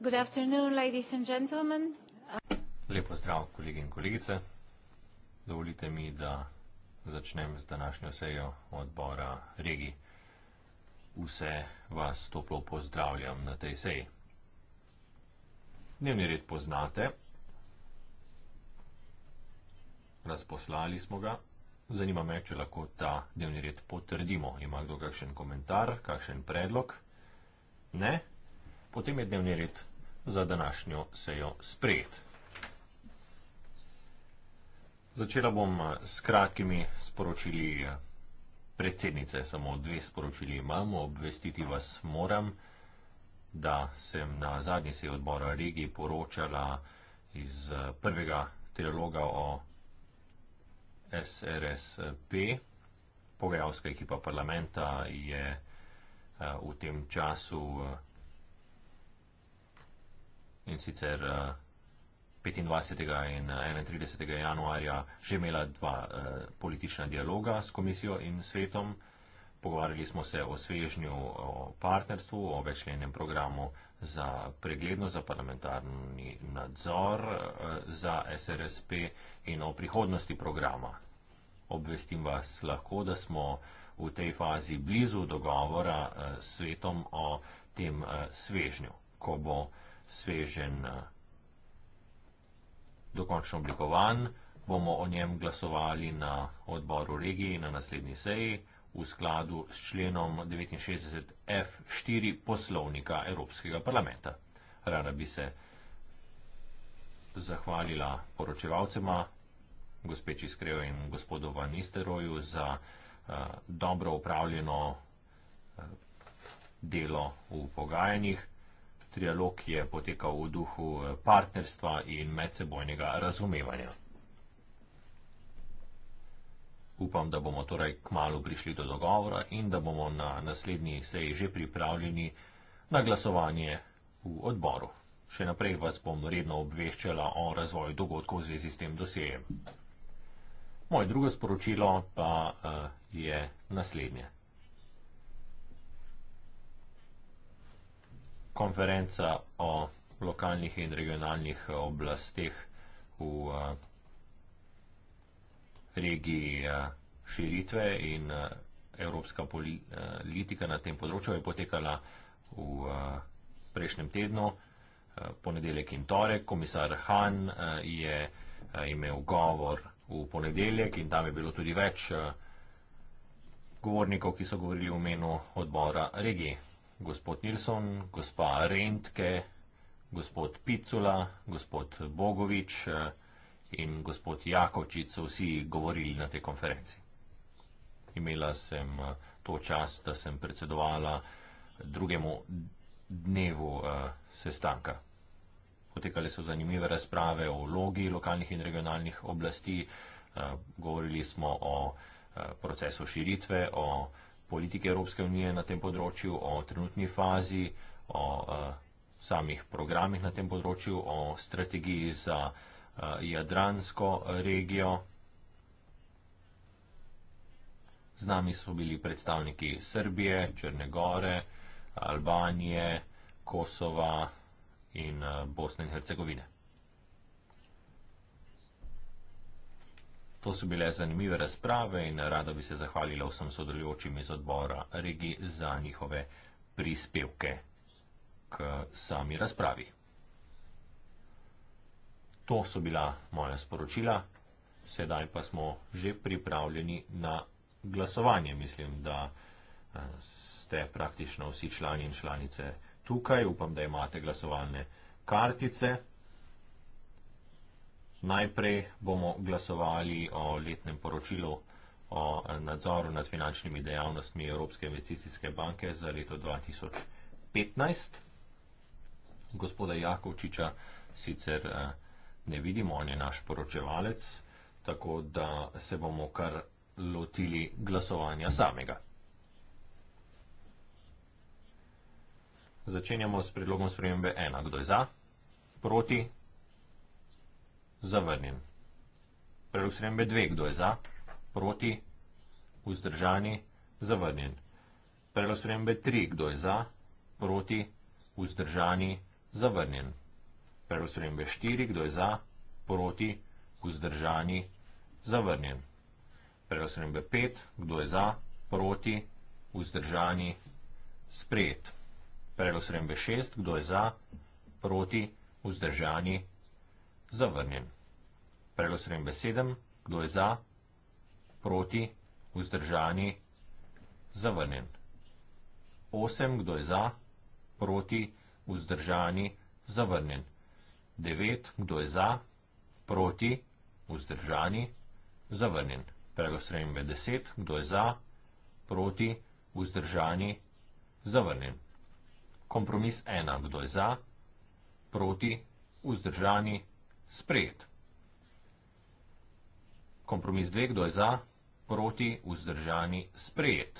Good afternoon, ladies and gentlemen. Lep pozdrav, kolegi in kolegice. Dovolite mi, da začnem z današnjo sejo odbora regij. Vse vas toplo pozdravljam na tej seji. Dnevni red poznate. Razposlali smo ga. Zanima me, če lahko ta dnevni red potrdimo. Ima kdo kakšen komentar, kakšen predlog? Ne? Potem je dnevni red za današnjo sejo sprejet. Začela bom eh, s kratkimi sporočili eh, predsednice. Samo dve sporočili imam. Obvestiti vas moram, da sem na zadnji seji odbora regiji poročala iz eh, prvega triloga o SRSP. Pogajalska ekipa parlamenta je eh, v tem času eh, in sicer 25. Eh, in 31. januarja že imela dva politična dialoga s komisijo in svetom. Pogovarjali smo se o svežnju, o partnerstvu, o večlenjem programu za pregledno, za parlamentarni nadzor za SRSP in o prihodnosti programa obvestim vas lahko, da smo v tej fazi blizu dogovora eh, s svetom o tem eh, svežnju, ko bo svežen eh, dokončno oblikovan, bomo o njem glasovali na odboru regije na naslednji seji v skladu s členom 69F4 poslovnika Evropskega parlamenta. Rada bi se zahvalila poročevalcema gospe Čiskrejo in gospodu Van Nisteroju za uh, dobro upravljeno uh, eh, delo v pogajanjih. Trialog je potekal v duhu eh, partnerstva in medsebojnega razumevanja. Upam, da bomo torej kmalo prišli do dogovora in da bomo na naslednji seji že pripravljeni na glasovanje v odboru. Še naprej vas bom redno obveščala o razvoju dogodkov v zvezi s tem dosejem. Moje drugo sporočilo pa uh, je naslednje. Konferenca o lokalnih in regionalnih oblastih v uh, regiji uh, širitve in uh, evropska politika na tem področju je potekala v uh, prejšnjem tednu, uh, ponedeljek in torek. Komisar Han uh, je uh, imel govor v ponedeljek in tam je bilo tudi več eh, govornikov, ki so govorili v menu odbora regije. Gospod Nilsson, gospa Rentke, gospod Picula, gospod Bogovič eh, in gospod Jakovčič so vsi govorili na tej konferenci. Imela sem eh, to čas, da sem predsedovala drugemu dnevu sestanka. Potekali so zanimive razprave o vlogi lokalnih in regionalnih oblasti, eh, govorili smo o eh, procesu širitve, o politiki Evropske unije na tem področju, o trenutni fazi, o eh, samih programih na tem področju, o strategiji za jadransko regijo. Z nami so bili predstavniki Srbije, Črne Gore, Albanije, Kosova, in eh, Bosne in Hercegovine. To so bile zanimive razprave in eh, rada bi se zahvalila vsem sodelujočim iz odbora regi za njihove prispevke k sami razpravi. To so bila moja sporočila, sedaj pa smo že pripravljeni na glasovanje. Mislim, da eh, ste praktično vsi člani in članice tukaj, upam, da imate glasovalne kartice. Najprej bomo glasovali o letnem poročilu o nadzoru nad finančnimi dejavnostmi Evropske investicijske banke za leto 2015. Gospoda Jakovčiča sicer eh, ne vidimo, on je naš poročevalec, tako da se bomo kar lotili glasovanja samega. Začenjamo s predlogom spremembe 1. Kdo je za? Proti? Zavrnjen. Predlog spremembe 2. Kdo je za? Proti? Vzdržani? Zavrnjen. Predlog spremembe 3. Kdo je za? Proti? Vzdržani? Zavrnjen. Predlog spremembe 4. Kdo je za? Proti? Vzdržani? Zavrnjen. Predlog spremembe 5. Kdo je za? Proti? Vzdržani? Sprejet. Predlog srembe 6, kdo je za, proti, vzdržani, zavrnjen. Predlog srembe 7, kdo je za, proti, vzdržani, zavrnjen. 8, kdo je za, proti, vzdržani, zavrnjen. 9, kdo je za, proti, vzdržani, zavrnjen. Predlog srembe 10, kdo je za, proti, vzdržani, zavrnjen. Kompromis ena. Kdo je za? Proti? Vzdržani? Sprejet. Kompromis dve. Kdo je za? Proti? Vzdržani? Sprejet.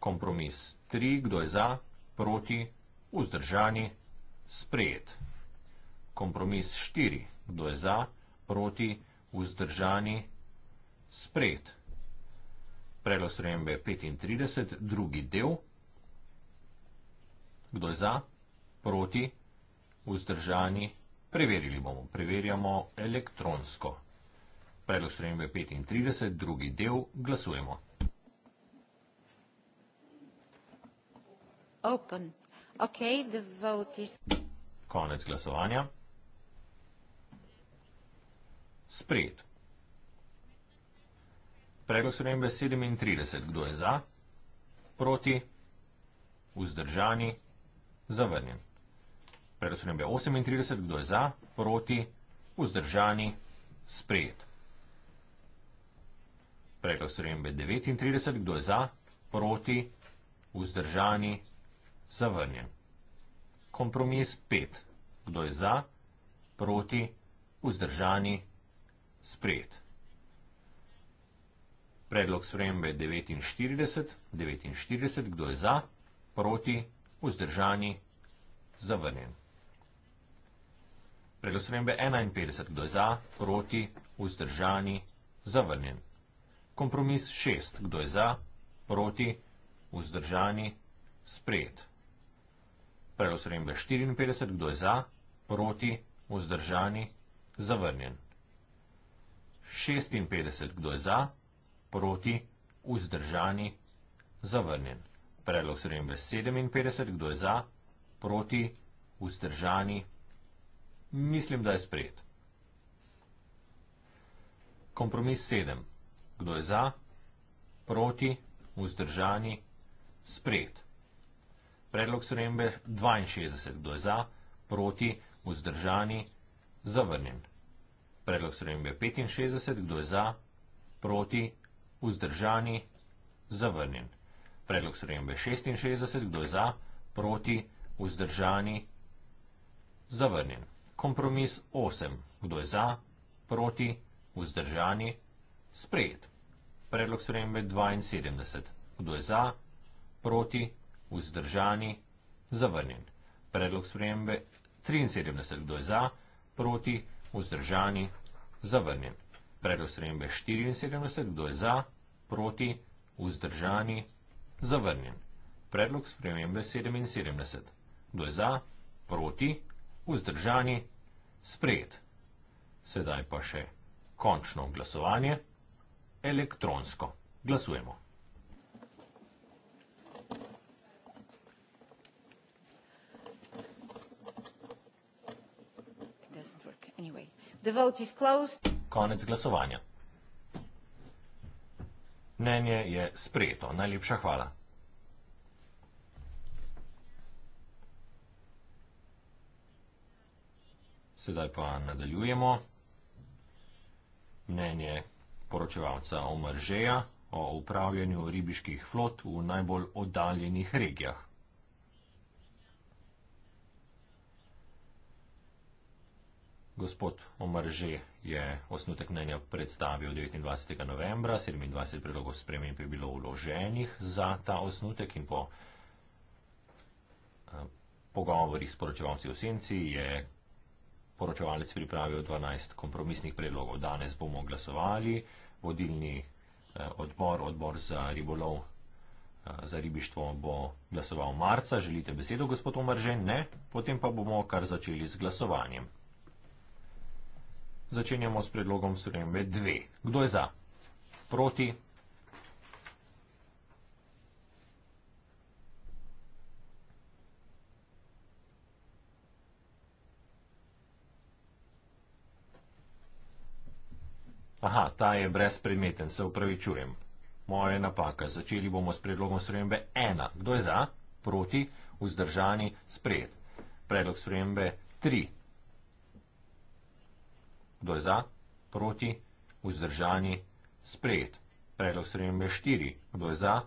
Kompromis tri. Kdo je za? Proti? Vzdržani? Sprejet. Kompromis štiri. Kdo je za? Proti? Vzdržani? Sprejet. Predlog strojembe 35, drugi del kdo je za, proti, vzdržani, preverili bomo, preverjamo elektronsko. Predlog spremembe 35, drugi del, glasujemo. Open. Okay, the vote is... Konec glasovanja. Sprejet. Predlog spremembe 37, kdo je za, proti, vzdržani, preverjamo zavrnjen. Preračunem je 38, kdo je za, proti, vzdržani, sprejet. Predlog sprejembe 39, kdo je za, proti, vzdržani, zavrnjen. Kompromis 5, kdo je za, proti, vzdržani, sprejet. Predlog sprejembe 49, 49, kdo je za, proti, vzdržani, sprejet vzdržani, zavrnjen. Predlog spremembe 51, kdo je za, proti, vzdržani, zavrnjen. Kompromis 6, kdo je za, proti, vzdržani, sprejet. Predlog spremembe 54, kdo je za, proti, vzdržani, zavrnjen. 56, kdo je za, proti, vzdržani, zavrnjen. Predlog spremembe 57, kdo je za, proti, vzdržani, mislim, da je sprejet. Kompromis 7, kdo je za, proti, vzdržani, sprejet. Predlog spremembe 62, kdo je za, proti, vzdržani, zavrnjen. Predlog spremembe 65, kdo je za, proti, vzdržani, zavrnjen. Predlog spremembe 66, kdo je za, proti, vzdržani, zavrnjen. Kompromis 8, kdo je za, proti, vzdržani, sprejet. Predlog spremembe 72, kdo je za, proti, vzdržani, zavrnjen. Predlog spremembe 73, kdo je za, proti, vzdržani, zavrnjen. Predlog spremembe 74, kdo je za, proti, vzdržani, zavrnjen zavrnjen. Predlog spremembe 77. Kdo je za, proti, vzdržani, sprejet. Sedaj pa še končno glasovanje. Elektronsko glasujemo. Konec glasovanja. Mnenje je sprejeto. Najlepša hvala. Sedaj pa nadaljujemo. Mnenje poročevalca Omržeja o upravljanju ribiških flot v najbolj oddaljenih regijah. Gospod Omržej je osnutek mnenja predstavil 29. novembra, 27 predlogov sprememb je bilo uloženih za ta osnutek in po eh, pogovorih s poročevalci v senci je poročevalec pripravil 12 kompromisnih predlogov. Danes bomo glasovali, vodilni eh, odbor, odbor za ribolov, eh, za ribištvo bo glasoval marca. Želite besedo, gospod Omaržen? Ne. Potem pa bomo kar začeli z glasovanjem. Začenjamo s predlogom spremembe 2. Kdo je za? Proti? Aha, ta je brezpredmeten, se upravičujem. Moja napaka. Začeli bomo s predlogom spremembe 1. Kdo je za? Proti? Vzdržani? Sprejet. Predlog spremembe 3. Kdo je za? Proti? Vzdržani? Sprejet. Predlog spremembe 4. Kdo je za?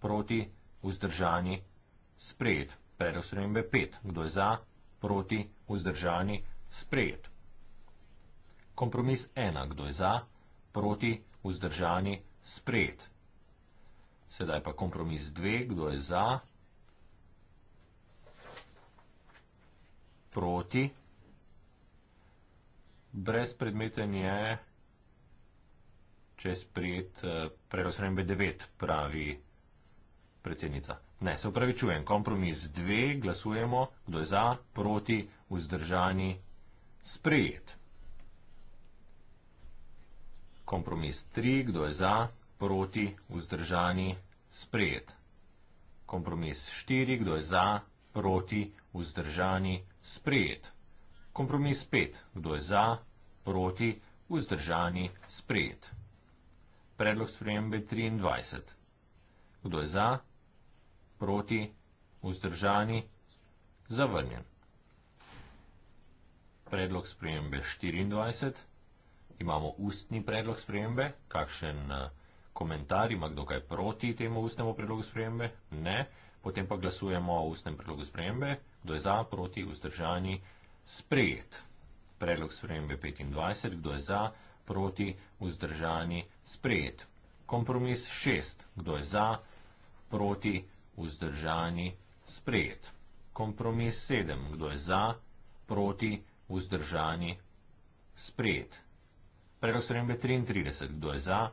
Proti? Vzdržani? Sprejet. Predlog spremembe 5. Kdo je za? Proti? Vzdržani? Sprejet. Kompromis 1. Kdo je za? Proti? Vzdržani? Sprejet. Sedaj pa kompromis 2. Kdo je za? Proti? Vzdržani? brezpredmeten je, če je sprejet uh, preraspodeljen B9, pravi predsednica. Ne, se upravičujem, kompromis dve, glasujemo, kdo je za, proti, vzdržani, sprejet. Kompromis tri, kdo je za, proti, vzdržani, sprejet. Kompromis štiri, kdo je za, proti, vzdržani, sprejet. Kompromis pet. Kdo je za, proti, vzdržani, sprejet. Predlog spremembe 23. Kdo je za, proti, vzdržani, zavrnjen. Predlog spremembe 24. Imamo ustni predlog spremembe. Kakšen eh, komentar ima kdo kaj proti temu ustnemu predlogu spremembe? Ne. Potem pa glasujemo o ustnem predlogu spremembe. Kdo je za, proti, vzdržani, zavrnjen sprejet. Predlog spremembe 25, kdo je za, proti, vzdržani, sprejet. Kompromis 6, kdo je za, proti, vzdržani, sprejet. Kompromis 7, kdo je za, proti, vzdržani, sprejet. Predlog spremembe 33, kdo je za,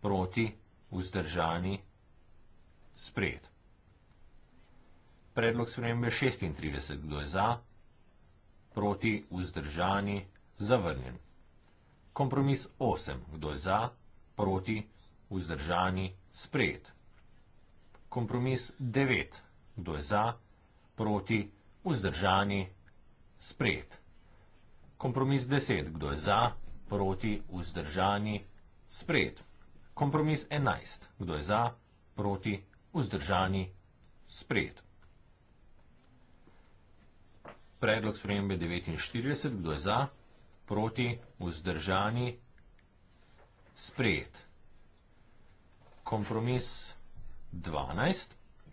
proti, vzdržani, sprejet. Predlog spremembe 36, kdo je za, proti vzdržani, zavrnjen. Kompromis 8. Kdo je za, proti vzdržani, sprejet. Kompromis 9. Kdo je za, proti vzdržani, sprejet. Kompromis 10. Kdo je za, proti vzdržani, sprejet. Kompromis 11. Kdo je za, proti vzdržani, sprejet. Predlog spremembe 49, kdo je za, proti, vzdržani, sprejet. Kompromis 12,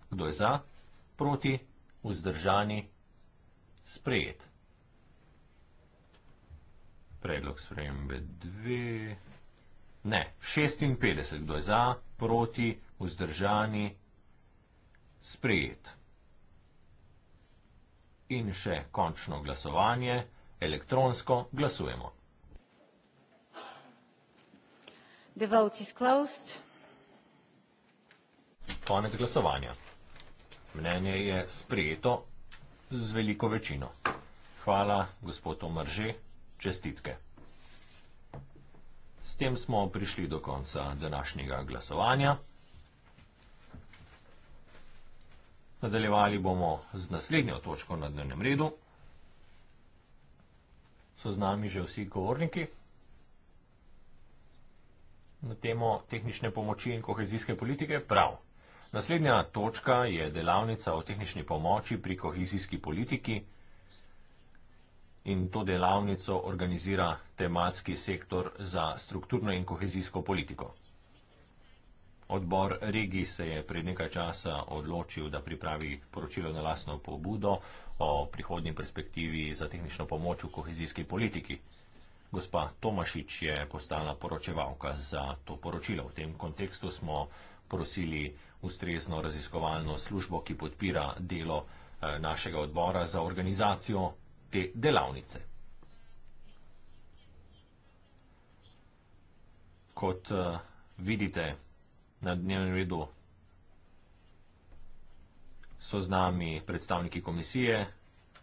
kdo je za, proti, vzdržani, sprejet. Predlog spremembe 2, ne, 56, kdo je za, proti, vzdržani, sprejet in še končno glasovanje, elektronsko glasujemo. The vote is closed. Konec glasovanja. Mnenje je sprejeto z veliko večino. Hvala, gospod Omrže, čestitke. S tem smo prišli do konca današnjega glasovanja. Nadaljevali bomo z naslednjo točko na dnevnem redu. So z nami že vsi govorniki na temo tehnične pomoči in kohezijske politike? Prav. Naslednja točka je delavnica o tehnični pomoči pri kohezijski politiki in to delavnico organizira tematski sektor za strukturno in kohezijsko politiko. Odbor regij se je pred nekaj časa odločil, da pripravi poročilo na lasno pobudo o prihodnji perspektivi za tehnično pomoč v kohezijski politiki. Gospa Tomašič je postala poročevalka za to poročilo. V tem kontekstu smo prosili ustrezno raziskovalno službo, ki podpira delo eh, našega odbora za organizacijo te delavnice. Kot eh, vidite, na dnevnem redu so z nami predstavniki komisije,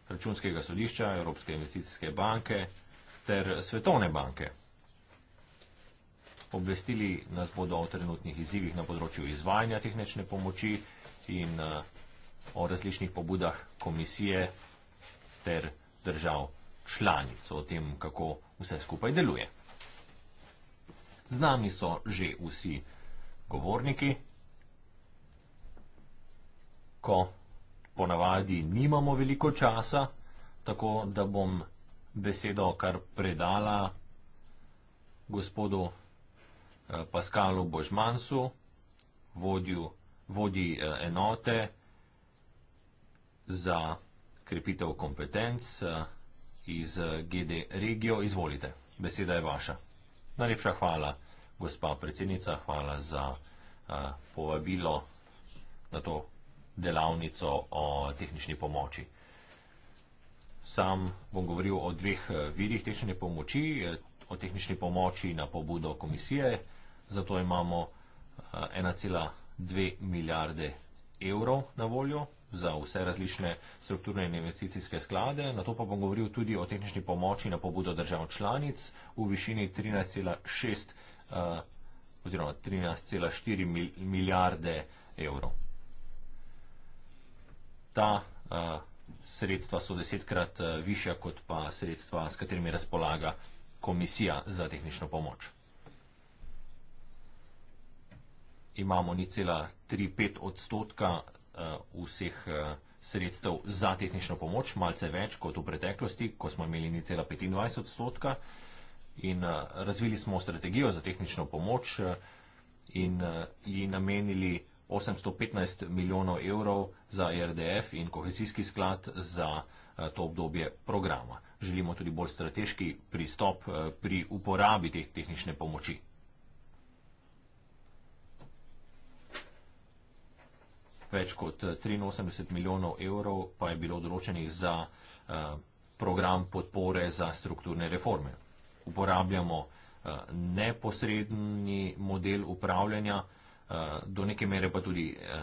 računskega sodišča, Evropske investicijske banke ter Svetovne banke. Obvestili nas bodo o trenutnih izzivih na področju izvajanja tehnične pomoči in eh, o različnih pobudah komisije ter držav članic o tem, kako vse skupaj deluje. Z nami so že vsi govorniki, ko ponavadi nimamo veliko časa, tako da bom besedo kar predala gospodu eh, Paskalu Božmansu, vodju, vodji eh, enote za krepitev kompetenc eh, iz GD Regijo. Izvolite, beseda je vaša. Najlepša hvala. Gospa predsednica, hvala za uh, povabilo na to delavnico o tehnični pomoči. Sam bom govoril o dveh eh, virih tehnične pomoči, eh, o tehnični pomoči na pobudo komisije. Zato imamo 1,2 milijarde evrov na voljo za vse različne strukturne in investicijske sklade. Na to pa bom govoril tudi o tehnični pomoči na pobudo držav članic v višini 13,6 milijarde. Eh, oziroma 13,4 milijarde evrov. Ta eh, sredstva so desetkrat eh, višja kot pa sredstva, s katerimi razpolaga Komisija za tehnično pomoč. Imamo ni cela 3,5 odstotka vseh sredstev za tehnično pomoč, malce več kot v preteklosti, ko smo imeli ni cela 25 odstotka. In eh, razvili smo strategijo za tehnično pomoč eh, in eh, ji namenili 815 milijonov evrov za RDF in kohezijski sklad za to obdobje programa. Želimo tudi bolj strateški pristop pri uporabi teh tehnične pomoči. Več kot 83 milijonov evrov pa je bilo odločenih za program podpore za strukturne reforme uporabljamo eh, neposredni model upravljanja, eh, do neke mere pa tudi eh,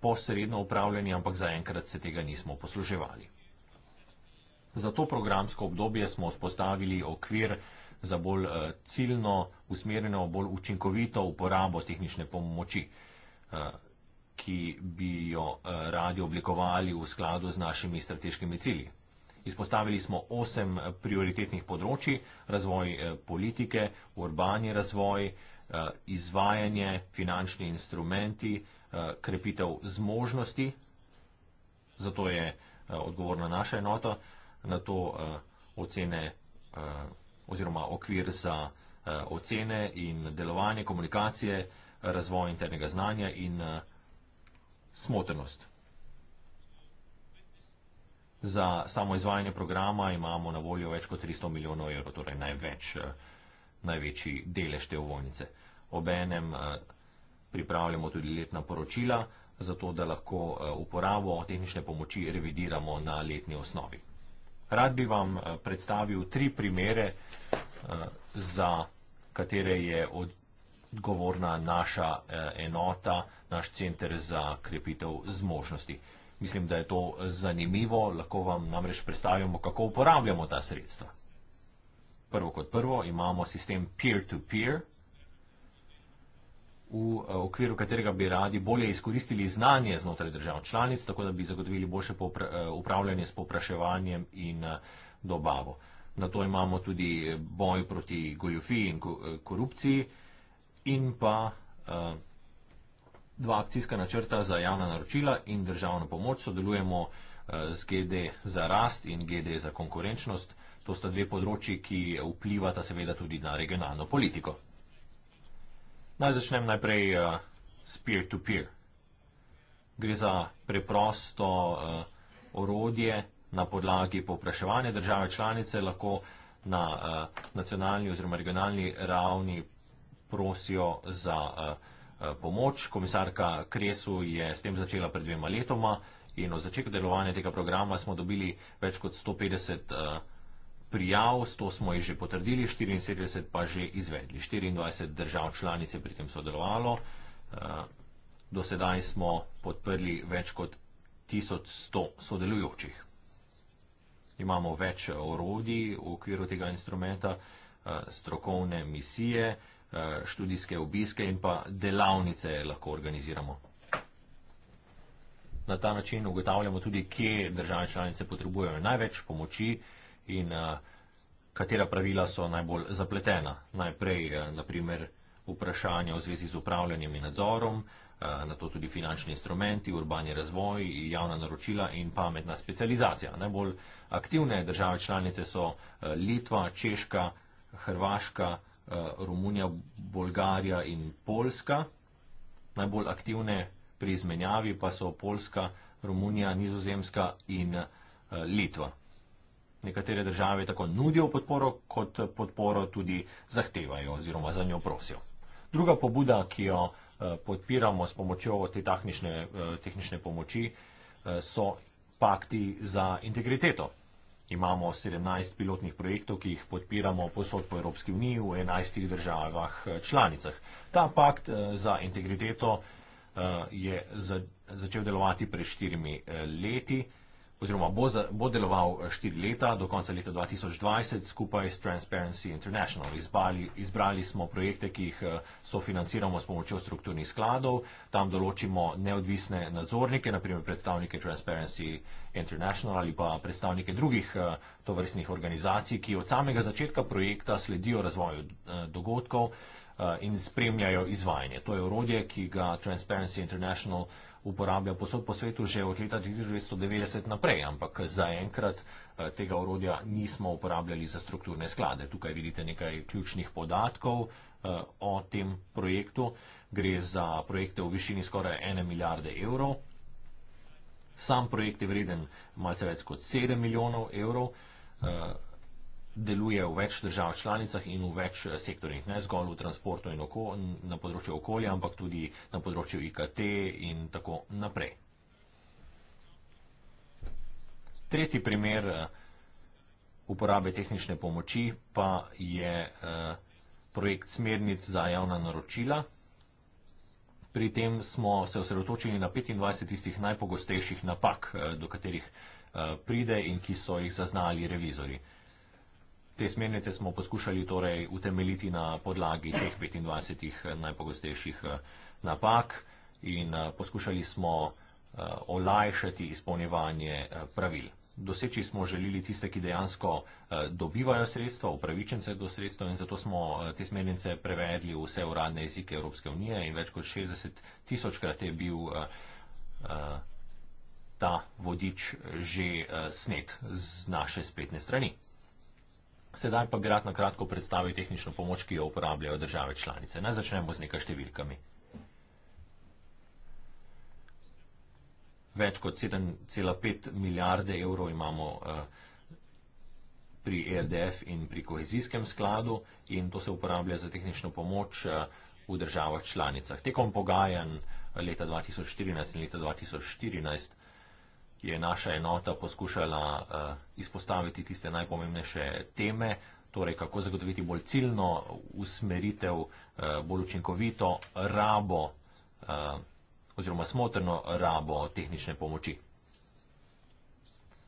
posredno upravljanje, ampak zaenkrat se tega nismo posluževali. Za to programsko obdobje smo vzpostavili okvir za bolj ciljno, usmerjeno, bolj učinkovito uporabo tehnične pomoči, ki bi jo radi oblikovali v skladu z našimi strateškimi cilji. Izpostavili smo osem eh, prioritetnih področji, razvoj eh, politike, urbani razvoj, eh, izvajanje, finančni instrumenti, krepitev zmožnosti, zato je odgovorna naša enota, na to ocene oziroma okvir za ocene in delovanje, komunikacije, razvoj internega znanja in smotrnost. Za samo izvajanje programa imamo na voljo več kot 300 milijonov evrov, torej največ, eh, največji delež te ovojnice. Obenem eh, pripravljamo tudi letna poročila, zato da lahko eh, uporabo tehnične pomoči revidiramo na letni osnovi. Rad bi vam predstavil tri primere, za katere je odgovorna naša enota, naš center za krepitev zmožnosti. Mislim, da je to zanimivo, lahko vam namreč predstavimo, kako uporabljamo ta sredstva. Prvo kot prvo imamo sistem peer-to-peer, v eh, okviru katerega bi radi bolje izkoristili znanje znotraj držav članic, tako da bi zagotovili boljše eh, upravljanje s popraševanjem in eh, dobavo. Na to imamo tudi boj proti goljofiji in korupciji in pa dva akcijska načrta za javna naročila in državno pomoč. Sodelujemo eh, z GD za rast in GD za konkurenčnost. To sta dve področji, ki vplivata seveda tudi na regionalno politiko. Naj začnem najprej eh, s peer-to-peer. Gre za preprosto eh, orodje na podlagi popraševanja države članice, lahko na nacionalni oziroma regionalni ravni prosijo za Eh, pomoč. Komisarka Kresu je s tem začela pred dvema letoma in od začetka delovanja tega programa smo dobili več kot 150 eh, prijav, 100 smo jih že potrdili, 74 pa že izvedli. 24 držav članic je pri tem sodelovalo. Eh, do sedaj smo podprli več kot 1100 sodelujočih. Imamo več orodij v okviru tega instrumenta, strokovne misije, Eh, študijske obiske in pa delavnice lahko organiziramo. Na ta način ugotavljamo tudi, kje države članice potrebujejo največ pomoči in eh, katera pravila so najbolj zapletena. Najprej, eh, naprimer, vprašanja v zvezi z upravljanjem in nadzorom, na to tudi finančni instrumenti, urbani razvoj, javna naročila in pametna specializacija. Najbolj aktivne države članice so Litva, Češka, Hrvaška, Eh, Romunija, Bolgarija in Poljska. Najbolj aktivne pri izmenjavi pa so Poljska, Romunija, Nizozemska in eh, Litva. Nekatere države tako nudijo podporo, kot podporo tudi zahtevajo oziroma za njo prosijo. Druga pobuda, ki jo eh, podpiramo s pomočjo te tehnične, tehnične pomoči, so pakti za integriteto. Imamo 17 pilotnih projektov, ki jih podpiramo posod po Evropski uniji v 11 državah eh, članicah. Ta pakt eh, za integriteto eh, je začel delovati pred štirimi leti oziroma bo, za, bo deloval eh, štiri leta do konca leta 2020 skupaj s Transparency International. Izbali, izbrali smo projekte, ki jih eh, sofinanciramo s pomočjo strukturnih skladov, tam določimo neodvisne nadzornike, naprimer predstavnike Transparency International ali pa predstavnike drugih eh, tovrstnih organizacij, ki od samega začetka projekta sledijo razvoju dogodkov in spremljajo izvajanje. To je orodje, ki ga Transparency International uporablja posod po svetu že od leta 1990 naprej, ampak zaenkrat eh, tega orodja nismo uporabljali za strukturne sklade. Tukaj vidite nekaj ključnih podatkov eh, o tem projektu. Gre za projekte v višini skoraj ene milijarde evrov. Sam projekt je vreden malce več kot 7 milijonov evrov. Uh, deluje v več držav članicah in v več eh, sektorjih, ne zgolj v transportu in oko, na področju okolja, ampak tudi na področju IKT in tako naprej. Tretji primer eh, uporabe tehnične pomoči pa je eh, projekt smernic za javna naročila. Pri tem smo se osredotočili na 25 tistih najpogostejših napak, do katerih pride in ki so jih zaznali revizori. Te smernice smo poskušali torej utemeljiti na podlagi teh 25 najpogostejših eh, napak in eh, poskušali smo eh, olajšati izpolnjevanje pravil. Doseči smo želeli tiste, ki dejansko dobivajo sredstva, upravičence do sredstva in zato smo te smernice prevedli v vse uradne jezike Evropske unije in več kot 60 tisočkrat je bil ta vodič že snet z naše spletne strani. Sedaj pa bi rad na kratko predstavil tehnično pomoč, ki jo uporabljajo države članice. Naj začnemo z nekaj številkami. Več kot 7,5 milijarde evrov imamo eh, pri ERDF in pri kohezijskem skladu in to se uporablja za tehnično pomoč eh, v državah članicah. Tekom pogajanj eh, leta 2014 in leta 2014 je naša enota poskušala eh, izpostaviti tiste najpomembnejše teme, torej kako zagotoviti bolj ciljno usmeritev, eh, bolj učinkovito rabo eh, oziroma smotrno rabo tehnične pomoči.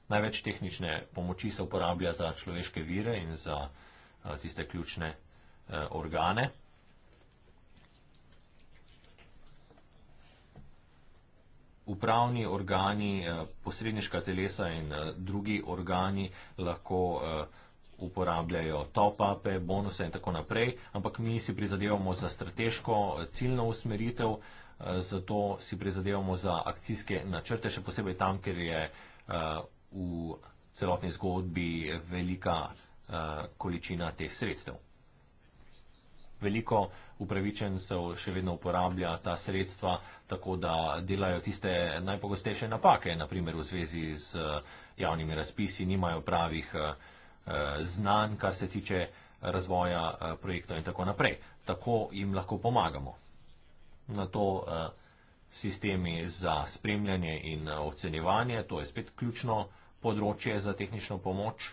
Največ tehnične pomoči se uporablja za človeške vire in za tiste ključne organe. upravni organi, eh, posredniška telesa in eh, drugi organi lahko eh, uporabljajo top-upe, bonuse in tako naprej, ampak mi si prizadevamo za strateško ciljno usmeritev, zato si prizadevamo za akcijske načrte, še posebej tam, ker je v celotni zgodbi velika količina teh sredstev veliko upravičencev še vedno uporablja ta sredstva, tako da delajo tiste najpogostejše napake, naprimer v zvezi z eh, javnimi razpisi, nimajo pravih eh, eh, znanj, kar se tiče razvoja projektov in tako naprej. Tako jim lahko pomagamo. Na to sistemi za spremljanje in ocenjevanje, to je spet ključno področje za tehnično pomoč.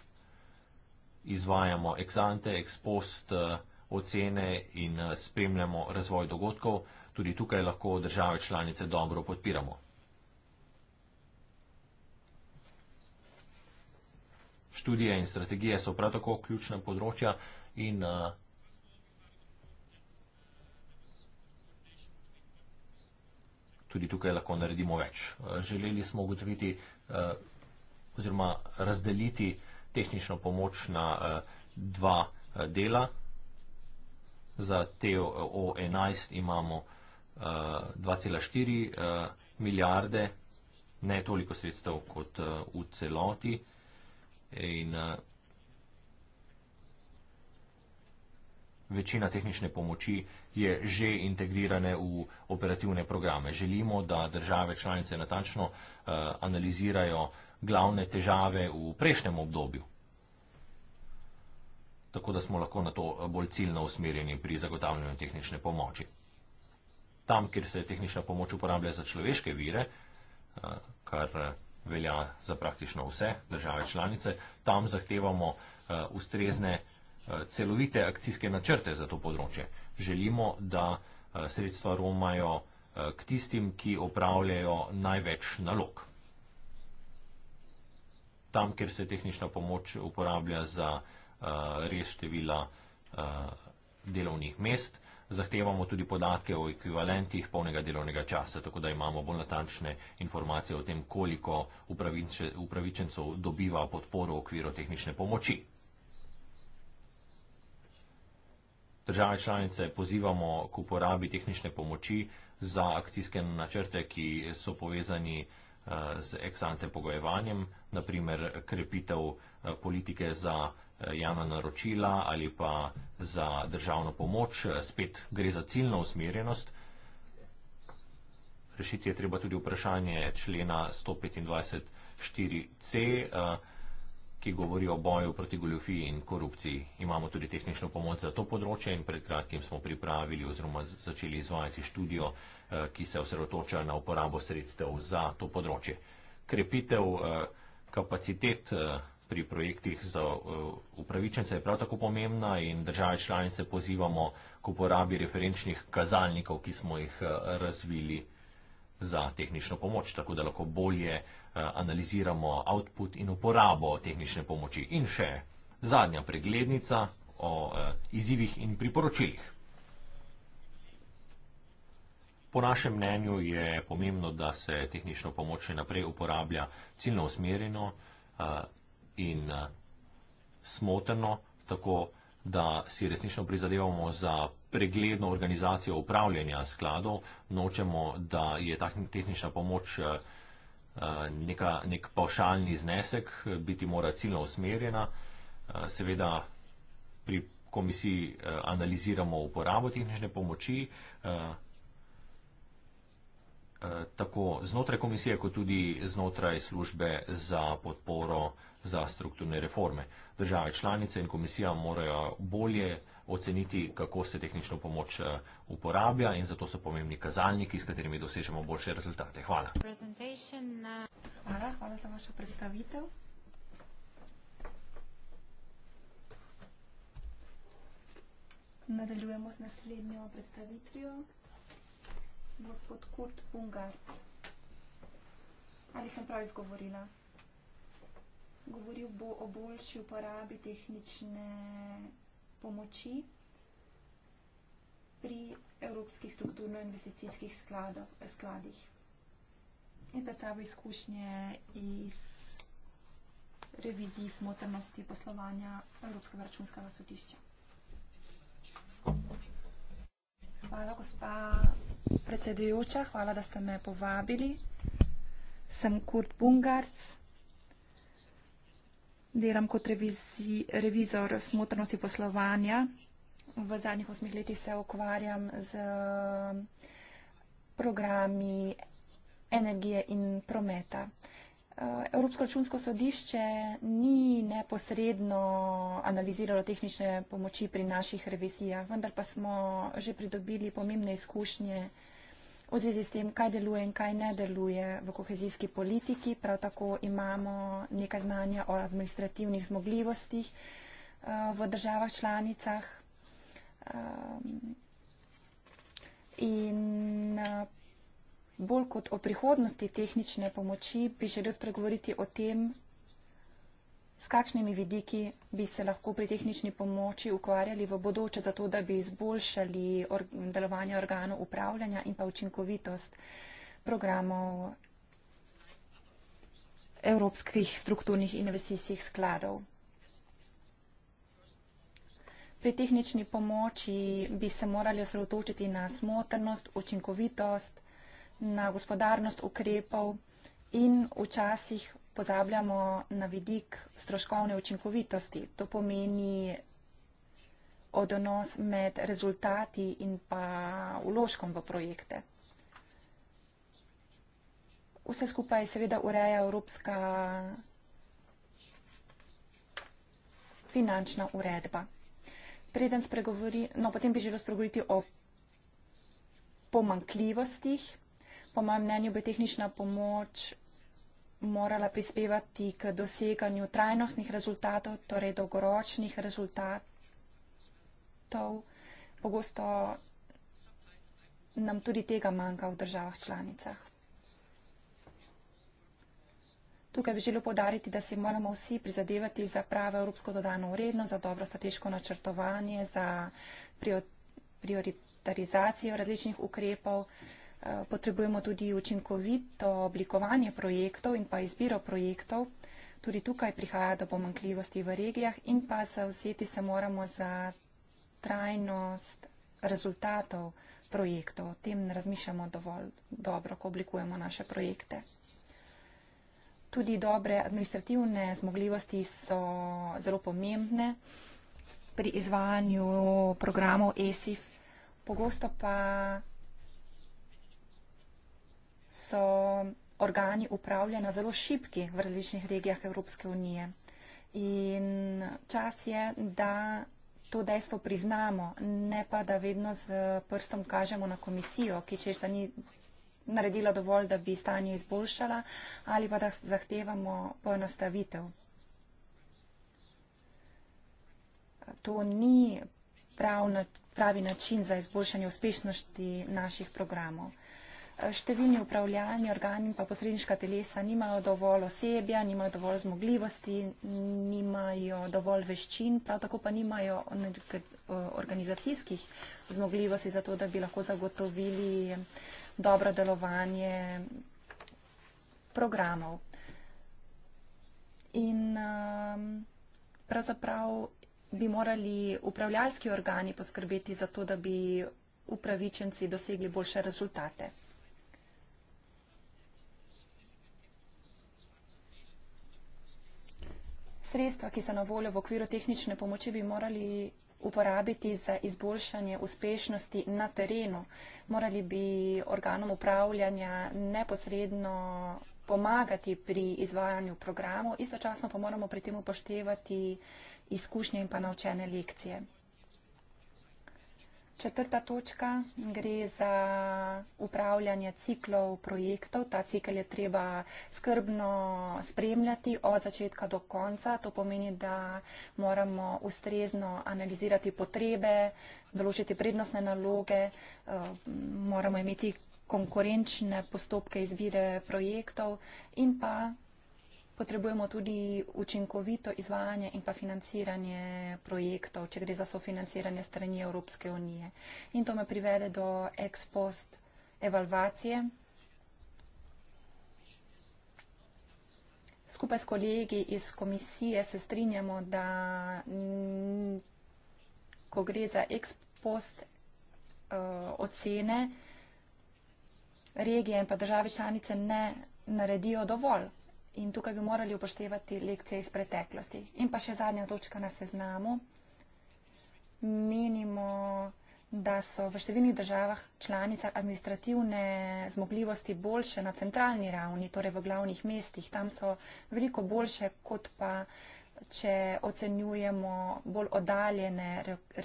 Izvajamo ex ante, ex post, uh, ocene in eh, spremljamo razvoj dogodkov, tudi tukaj lahko države članice dobro podpiramo. Študije in strategije so prav tako ključna področja in eh, tudi tukaj lahko naredimo več. Eh, želeli smo ugotoviti oziroma razdeliti tehnično pomoč na dva dela za TO11 imamo uh, 2,4 uh, milijarde, ne toliko sredstev kot uh, v celoti. In, uh, večina tehnične pomoči je že integrirane v operativne programe. Želimo, da države članice natančno uh, analizirajo glavne težave v prejšnjem obdobju tako da smo lahko na to eh, bolj ciljno usmerjeni pri zagotavljanju tehnične pomoči. Tam, kjer se tehnična pomoč uporablja za človeške vire, eh, kar eh, velja za praktično vse države članice, tam zahtevamo ustrezne celovite akcijske načrte za to področje. Želimo, da sredstva romajo k tistim, ki opravljajo največ nalog. Tam, kjer se tehnična pomoč uporablja za Eh, res števila eh, delovnih mest. Zahtevamo tudi podatke o ekvivalentih polnega delovnega časa, tako da imamo bolj natančne informacije o tem, koliko upraviče, upravičencov dobiva podporo v okviru tehnične pomoči. Države članice pozivamo k uporabi tehnične pomoči za akcijske načrte, ki so povezani eh, z ex ante pogojevanjem, naprimer krepitev politike za Eh, javna naročila ali pa za državno pomoč, eh, spet gre za ciljno usmerjenost. Rešiti je treba tudi vprašanje člena 125.4c, eh, ki govori o boju proti goljofiji in korupciji. Imamo tudi tehnično pomoč za to področje in pred kratkim smo pripravili oziroma začeli izvajati študijo, ki se osredotoča na uporabo sredstev za to področje. Krepitev kapacitet pri projektih za eh, upravičence je prav tako pomembna in države članice pozivamo k uporabi referenčnih kazalnikov, ki smo jih eh, razvili za tehnično pomoč, tako da lahko bolje eh, analiziramo output in uporabo tehnične pomoči. In še zadnja preglednica o izzivih in priporočilih. Po našem mnenju je pomembno, da se tehnično pomoč še naprej uporablja ciljno usmerjeno, in eh, smoteno, tako da si resnično prizadevamo za pregledno organizacijo upravljanja skladov. Nočemo, da je ta tehnična pomoč eh, eh, neka, nek pavšalni znesek, biti mora ciljno usmerjena. Seveda pri komisiji analiziramo uporabo tehnične pomoči. Tako znotraj komisije, kot tudi znotraj službe za podporo za strukturne reforme. Države članice in komisija morajo bolje oceniti, kako se tehnično pomoč eh, uporablja in zato so pomembni kazalniki, s katerimi dosežemo boljše rezultate. Hvala. Eh. Hvala, hvala za vašo predstavitev. Nadaljujemo s naslednjo predstavitvijo. Gospod Kurt Bungarc. Ali sem prav izgovorila? govoril bo o boljši uporabi tehnične pomoči pri evropskih strukturno-investicijskih skladih. In predstavil izkušnje iz reviziji smotrnosti poslovanja Evropskega računskega sodišča. Hvala, gospa predsedujoča. Hvala, da ste me povabili. Sem Kurt Bungarc. Delam kot revizi, revizor smotrnosti poslovanja. V zadnjih osmih letih se ukvarjam z um, programi energije in prometa. Uh, Evropsko računsko sodišče ni neposredno analiziralo tehnične pomoči pri naših revizijah, vendar pa smo že pridobili pomembne izkušnje v zvezi s tem, kaj deluje in kaj ne deluje v kohezijski politiki. Prav tako imamo nekaj znanja o administrativnih zmogljivostih eh, v državah članicah. Eh, in eh, bolj kot o prihodnosti tehnične pomoči bi želel spregovoriti o tem, S kakšnimi vidiki bi se lahko pri tehnični pomoči ukvarjali v bodoče, zato da bi izboljšali delovanje organov upravljanja in pa učinkovitost programov evropskih strukturnih investicijskih skladov? Pri tehnični pomoči bi se morali osredotočiti na smotrnost, učinkovitost, na gospodarnost ukrepov in včasih pozabljamo na vidik stroškovne učinkovitosti. To pomeni odnos med rezultati in pa vložkom v projekte. Vse skupaj seveda ureja Evropska finančna uredba. Preden spregovori, no potem bi želel spregovoriti o pomankljivostih. Po mojem mnenju bi tehnična pomoč morala prispevati k doseganju trajnostnih rezultatov, torej dolgoročnih rezultatov. Pogosto nam tudi tega manjka v državah članicah. Tukaj bi želel podariti, da si moramo vsi prizadevati za pravo evropsko dodano vredno, za dobro strateško načrtovanje, za prioritarizacijo različnih ukrepov. Eh, potrebujemo tudi učinkovito oblikovanje projektov in pa izbiro projektov. Tudi tukaj prihaja do pomankljivosti v regijah in pa zavzeti se moramo za trajnost rezultatov projektov. O tem ne razmišljamo dovolj dobro, ko oblikujemo naše projekte. Tudi dobre administrativne zmogljivosti so zelo pomembne pri izvajanju programov ESIF. Pogosto pa so organi upravljanja zelo šipki v različnih regijah Evropske unije. In čas je, da to dejstvo priznamo, ne pa, da vedno z prstom kažemo na komisijo, ki češ, da ni naredila dovolj, da bi stanje izboljšala, ali pa da zahtevamo poenostavitev. To ni prav na, pravi način za izboljšanje uspešnosti naših programov. Številni upravljalni organi pa posredniška telesa nimajo dovolj osebja, nimajo dovolj zmogljivosti, nimajo dovolj veščin, prav tako pa nimajo eh, organizacijskih zmogljivosti za to, da bi lahko zagotovili dobro delovanje programov. In ehm, pravzaprav bi morali upravljalski organi poskrbeti za to, da bi upravičenci dosegli boljše rezultate. sredstva, ki so na voljo v okviru tehnične pomoči, bi morali uporabiti za izboljšanje uspešnosti na terenu. Morali bi organom upravljanja neposredno pomagati pri izvajanju programov, istočasno pa moramo pri tem upoštevati izkušnje in pa naučene lekcije. Četrta točka gre za upravljanje ciklov projektov. Ta cikl je treba skrbno spremljati od začetka do konca. To pomeni, da moramo ustrezno analizirati potrebe, določiti prednostne naloge, eh, moramo imeti konkurenčne postopke izbire projektov in pa Potrebujemo tudi učinkovito izvajanje in pa financiranje projektov, če gre za sofinanciranje strani Evropske unije. In to me privede do ex post evalvacije. Skupaj s kolegi iz komisije se strinjamo, da ko gre za ex post eh, ocene, regije in pa države članice ne naredijo dovolj in tukaj bi morali upoštevati lekcije iz preteklosti. In pa še zadnja točka na seznamu. Menimo, da so v številnih državah članicah administrativne zmogljivosti boljše na centralni ravni, torej v glavnih mestih. Tam so veliko boljše, kot pa če ocenjujemo bolj oddaljene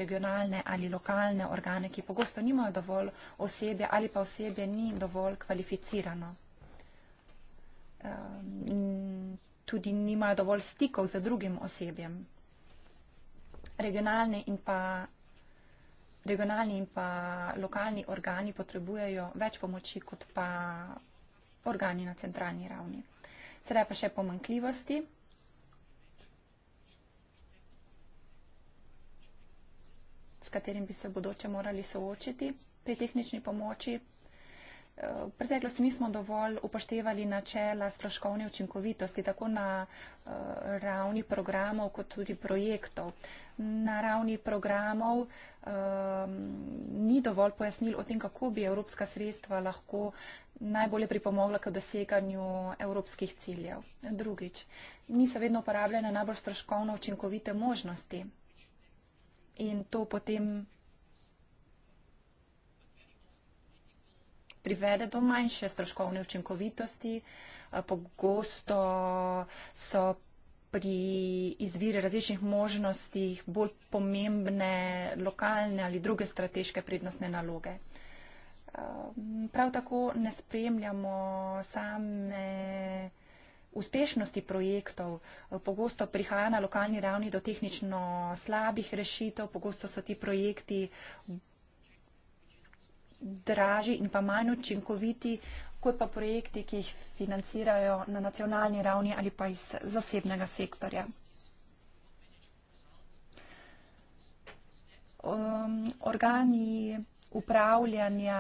regionalne ali lokalne organe, ki pogosto nimajo dovolj osebe ali pa osebe ni dovolj kvalificirano in ehm, tudi nimajo dovolj stikov z drugim osebjem. Regionalne in pa Regionalni in pa lokalni organi potrebujejo več pomoči kot pa organi na centralni ravni. Sedaj pa še pomankljivosti. S katerim bi se bodoče morali soočiti pri tehnični pomoči, v preteklosti nismo dovolj upoštevali načela stroškovne učinkovitosti, tako na eh, ravni programov, kot tudi projektov. Na ravni programov um, ni dovolj pojasnil o tem, kako bi evropska sredstva lahko najbolje pripomogla k doseganju evropskih ciljev. Drugič, niso vedno uporabljene najbolj stroškovno učinkovite možnosti. In to potem privede do manjše stroškovne učinkovitosti. Pogosto so pri izvire različnih možnosti bolj pomembne lokalne ali druge strateške prednostne naloge. Prav tako ne spremljamo same uspešnosti projektov. Pogosto prihaja na lokalni ravni do tehnično slabih rešitev, pogosto so ti projekti draži in pa manj učinkoviti, kot pa projekti, ki jih financirajo na nacionalni ravni ali pa iz zasebnega sektorja. Um, organi upravljanja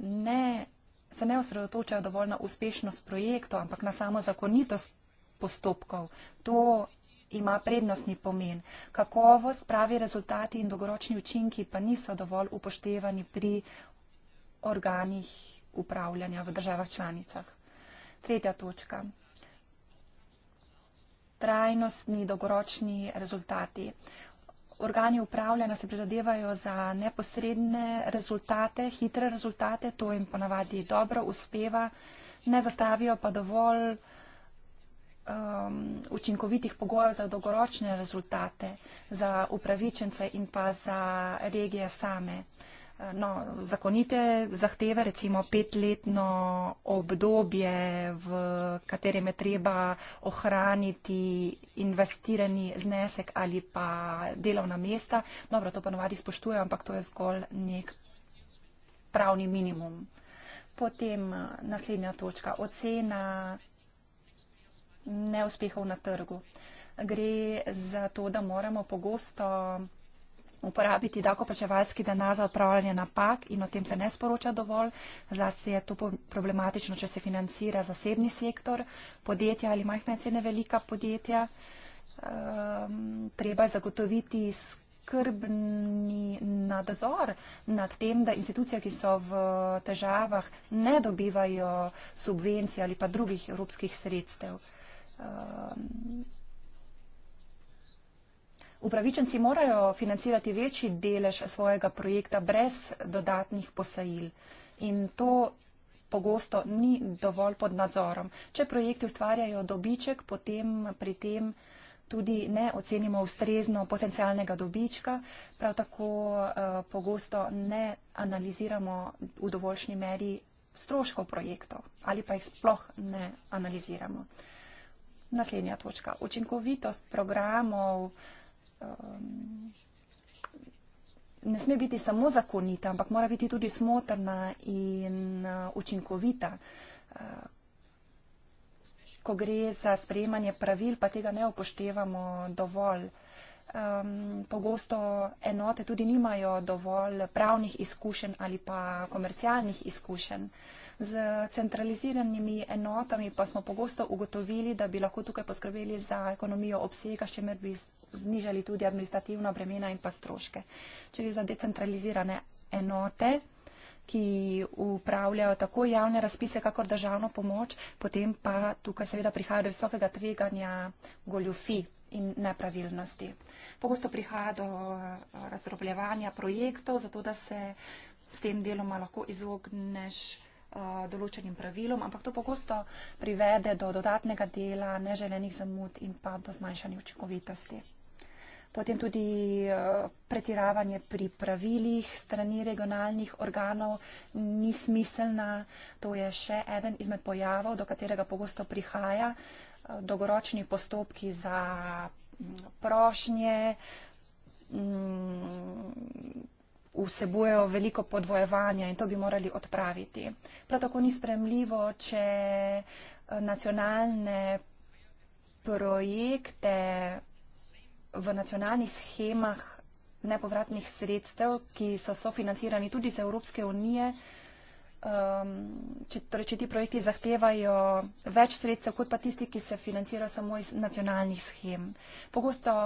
ne, se ne osredotočajo dovolj na uspešnost projektov, ampak na samo zakonitost postopkov. To ima prednostni pomen. Kakovost, pravi rezultati in dogoročni učinki pa niso dovolj upoštevani pri organih upravljanja v državah članicah. Tretja točka. Trajnostni dolgoročni rezultati. Organi upravljanja se prizadevajo za neposredne rezultate, hitre rezultate, to jim ponavadi dobro uspeva, ne zastavijo pa dovolj um, učinkovitih pogojev za dolgoročne rezultate, za upravičence in pa za regije same no, zakonite zahteve, recimo petletno obdobje, v katerem je treba ohraniti investirani znesek ali pa delovna mesta. Dobro, to pa novadi spoštuje, ampak to je zgolj nek pravni minimum. Potem eh, naslednja točka, ocena neuspehov na trgu. Gre za to, da moramo pogosto uporabiti dakoplačevalski denar za odpravljanje napak in o tem se ne sporoča dovolj. Zlasti je to problematično, če se financira zasebni sektor, podjetja ali majhna in srednja velika podjetja. Um, treba je zagotoviti skrbni nadzor nad tem, da institucije, ki so v težavah, ne dobivajo subvencij ali pa drugih evropskih sredstev. Um, Upravičenci morajo financirati večji delež svojega projekta brez dodatnih posajil in to pogosto ni dovolj pod nadzorom. Če projekti ustvarjajo dobiček, potem pri tem tudi ne ocenimo ustrezno potencialnega dobička, prav tako eh, pogosto ne analiziramo v dovoljšni meri stroškov projektov ali pa jih sploh ne analiziramo. Naslednja točka. Učinkovitost programov eh, um, ne sme biti samo zakonita, ampak mora biti tudi smotrna in uh, učinkovita. Uh, ko gre za sprejemanje pravil, pa tega ne upoštevamo dovolj. Um, pogosto enote tudi nimajo dovolj pravnih izkušenj ali pa komercialnih izkušenj. Z centraliziranimi enotami pa smo pogosto ugotovili, da bi lahko tukaj poskrbeli za ekonomijo obsega, s čemer bi znižali tudi administrativna bremena in pa stroške. Če gre za decentralizirane enote, ki upravljajo tako javne razpise, kakor državno pomoč, potem pa tukaj seveda prihaja do visokega tveganja goljufi in nepravilnosti. Pogosto prihaja do eh, razdrobljevanja projektov, zato da se s tem deloma lahko izogneš eh, določenim pravilom, ampak to pogosto privede do dodatnega dela, neželenih zamud in pa do zmanjšanja učinkovitosti potem tudi eh, pretiravanje pri pravilih strani regionalnih organov ni smiselna. To je še eden izmed pojavov, do katerega pogosto prihaja. Eh, Dogoročni postopki za mm, prošnje mm, vsebujejo veliko podvojevanja in to bi morali odpraviti. Prav tako ni spremljivo, če eh, nacionalne projekte v nacionalnih schemah nepovratnih sredstev, ki so sofinancirani tudi iz Evropske unije, um, če, torej, če ti projekti zahtevajo več sredstev, kot pa tisti, ki se financirajo samo iz nacionalnih schem. Pogosto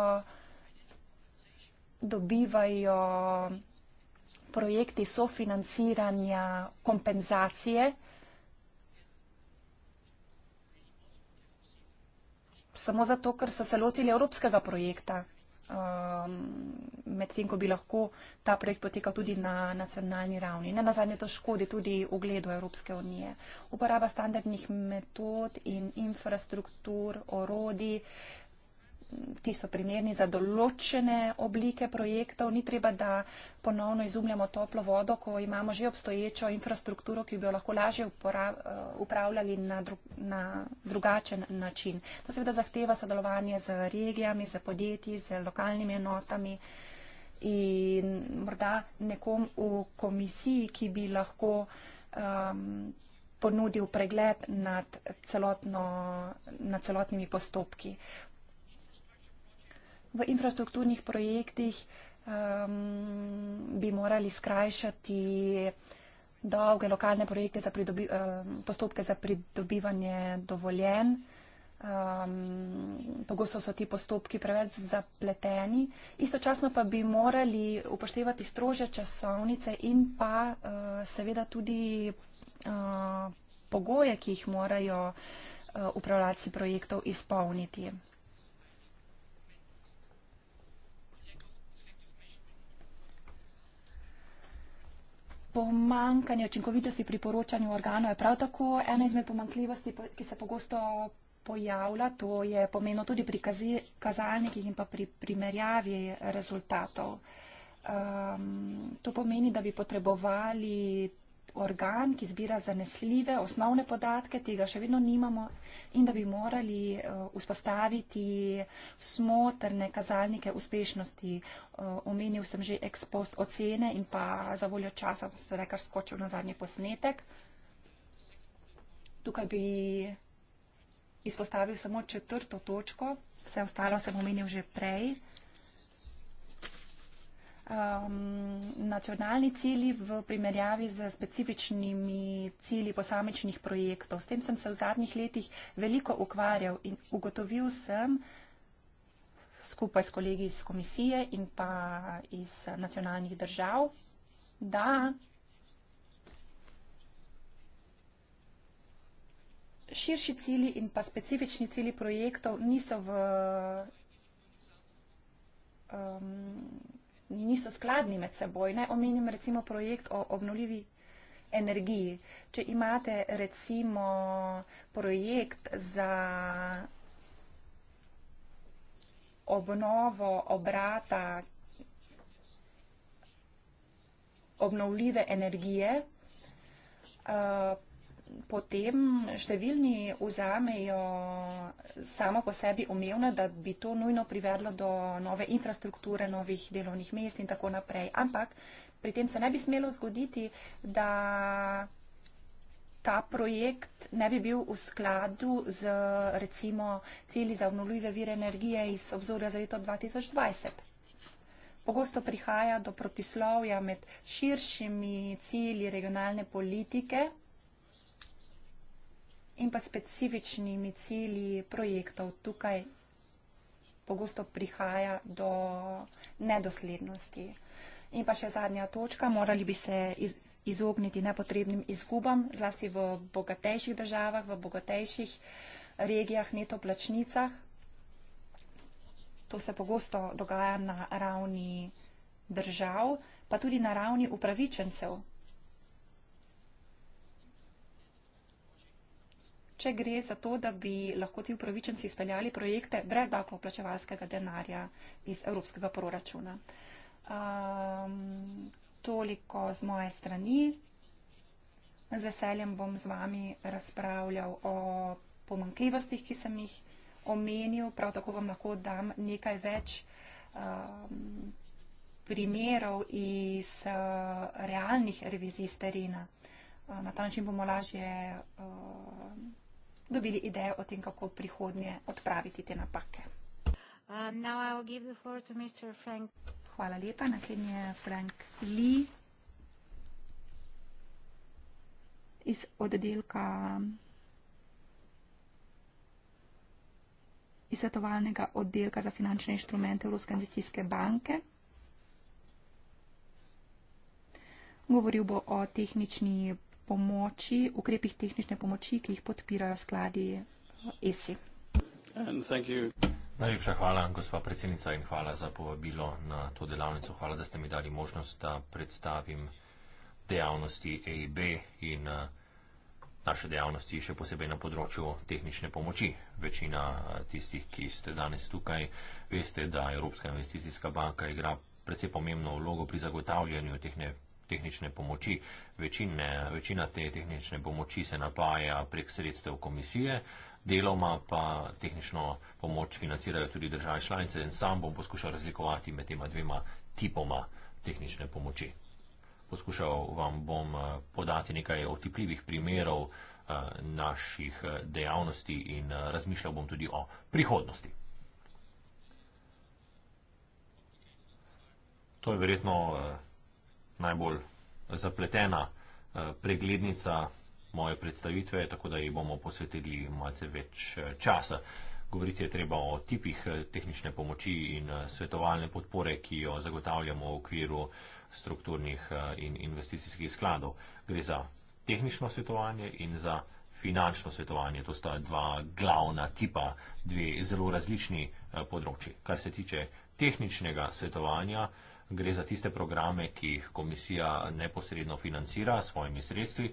dobivajo projekti sofinanciranja kompenzacije, samo zato, ker so se lotili evropskega projekta, um, medtem ko bi lahko ta projekt potekal tudi na nacionalni ravni. Ne na zadnje to škodi tudi ugledu Evropske unije. Uporaba standardnih metod in infrastruktur, orodi. Uh, ti so primerni za določene oblike projektov. Ni treba, da ponovno izumljamo toplo vodo, ko imamo že obstoječo infrastrukturo, ki bi jo lahko lažje eh, upravljali na, dru na drugačen način. To seveda zahteva sodelovanje z regijami, z podjetji, z lokalnimi enotami in morda nekom v komisiji, ki bi lahko. Um, ponudil pregled nad, celotno, nad celotnimi postopki v infrastrukturnih projektih um, bi morali skrajšati dolge lokalne projekte za pridobi, um, postopke za pridobivanje dovoljen. Um, pogosto so ti postopki preveč zapleteni. Istočasno pa bi morali upoštevati strože časovnice in pa uh, seveda tudi uh, pogoje, ki jih morajo uh, upravljalci projektov izpolniti. pomankanje učinkovitosti pri poročanju organov je prav tako ena izmed pomankljivosti, ki se pogosto pojavlja. To je pomeno tudi pri kazalnikih in pa pri primerjavi rezultatov. Um, to pomeni, da bi potrebovali organ, ki zbira zanesljive osnovne podatke, tega še vedno nimamo in da bi morali eh, vzpostaviti smotrne kazalnike uspešnosti. Eh, omenil sem že ekspost ocene in pa za voljo časa se rekar skočil na zadnji posnetek. Tukaj bi izpostavil samo četrto točko, vse ostalo sem omenil že prej um, nacionalni cilji v primerjavi z specifičnimi cilji posamičnih projektov. S tem sem se v zadnjih letih veliko ukvarjal in ugotovil sem skupaj s kolegi iz komisije in pa iz nacionalnih držav, da širši cilji in pa specifični cilji projektov niso v um, niso skladni med seboj. Naj omenim recimo projekt o obnoljivi energiji. Če imate recimo projekt za obnovo obrata obnovljive energije, eh, potem številni vzamejo samo po sebi umevno, da bi to nujno privedlo do nove infrastrukture, novih delovnih mest in tako naprej. Ampak pri tem se ne bi smelo zgoditi, da ta projekt ne bi bil v skladu z recimo cilji za obnovljive vire energije iz obzorja za leto 2020. Pogosto prihaja do protislovja med širšimi cilji regionalne politike in pa specifičnimi cilji projektov. Tukaj pogosto prihaja do nedoslednosti. In pa še zadnja točka, morali bi se izogniti nepotrebnim izgubam, zlasti v bogatejših državah, v bogatejših eh, regijah, netoplačnicah. To se pogosto dogaja na ravni držav, pa tudi na ravni upravičencev če gre za to, da bi lahko ti upravičenci izpeljali projekte brez davkoplačevalskega denarja iz evropskega proračuna. Um, toliko z moje strani. Z veseljem bom z vami razpravljal o pomankljivostih, ki sem jih omenil. Prav tako vam lahko dam nekaj več um, primerov iz uh, realnih revizij z terena. Uh, eh, na ta način bomo lažje. Uh, dobili idejo o tem, kako prihodnje odpraviti te napake. Um, Hvala lepa. Naslednji je Frank Lee iz oddelka iz svetovalnega oddelka za finančne inštrumente Evropske investicijske banke. Govoril bo o tehnični pomoči, ukrepih tehnične pomoči, ki jih podpirajo skladi eh, ESI. Najlepša hvala, gospa predsednica, in hvala za povabilo na to delavnico. Hvala, da ste mi dali možnost, da predstavim dejavnosti EIB in eh, naše dejavnosti, še posebej na področju tehnične pomoči. Večina eh, tistih, ki ste danes tukaj, veste, da Evropska investicijska banka igra precej pomembno vlogo pri zagotavljanju tehnične tehnične pomoči. Večine, večina te tehnične pomoči se napaja prek sredstev komisije, deloma pa tehnično pomoč financirajo tudi države članice in sam bom poskušal razlikovati med tema dvema tipoma tehnične pomoči. Poskušal vam bom eh, podati nekaj otipljivih primerov eh, naših eh, dejavnosti in razmišljal bom tudi o prihodnosti. To je verjetno najbolj zapletena eh, preglednica moje predstavitve, tako da ji bomo posvetili malce več eh, časa. Govoriti je treba o tipih eh, tehnične pomoči in svetovalne podpore, ki jo zagotavljamo v okviru strukturnih in investicijskih skladov. Gre za tehnično svetovanje in za finančno svetovanje. To sta dva glavna tipa, dve zelo različni področji. Kar se tiče tehničnega svetovanja, gre za tiste programe, ki jih komisija neposredno financira s svojimi sredstvi.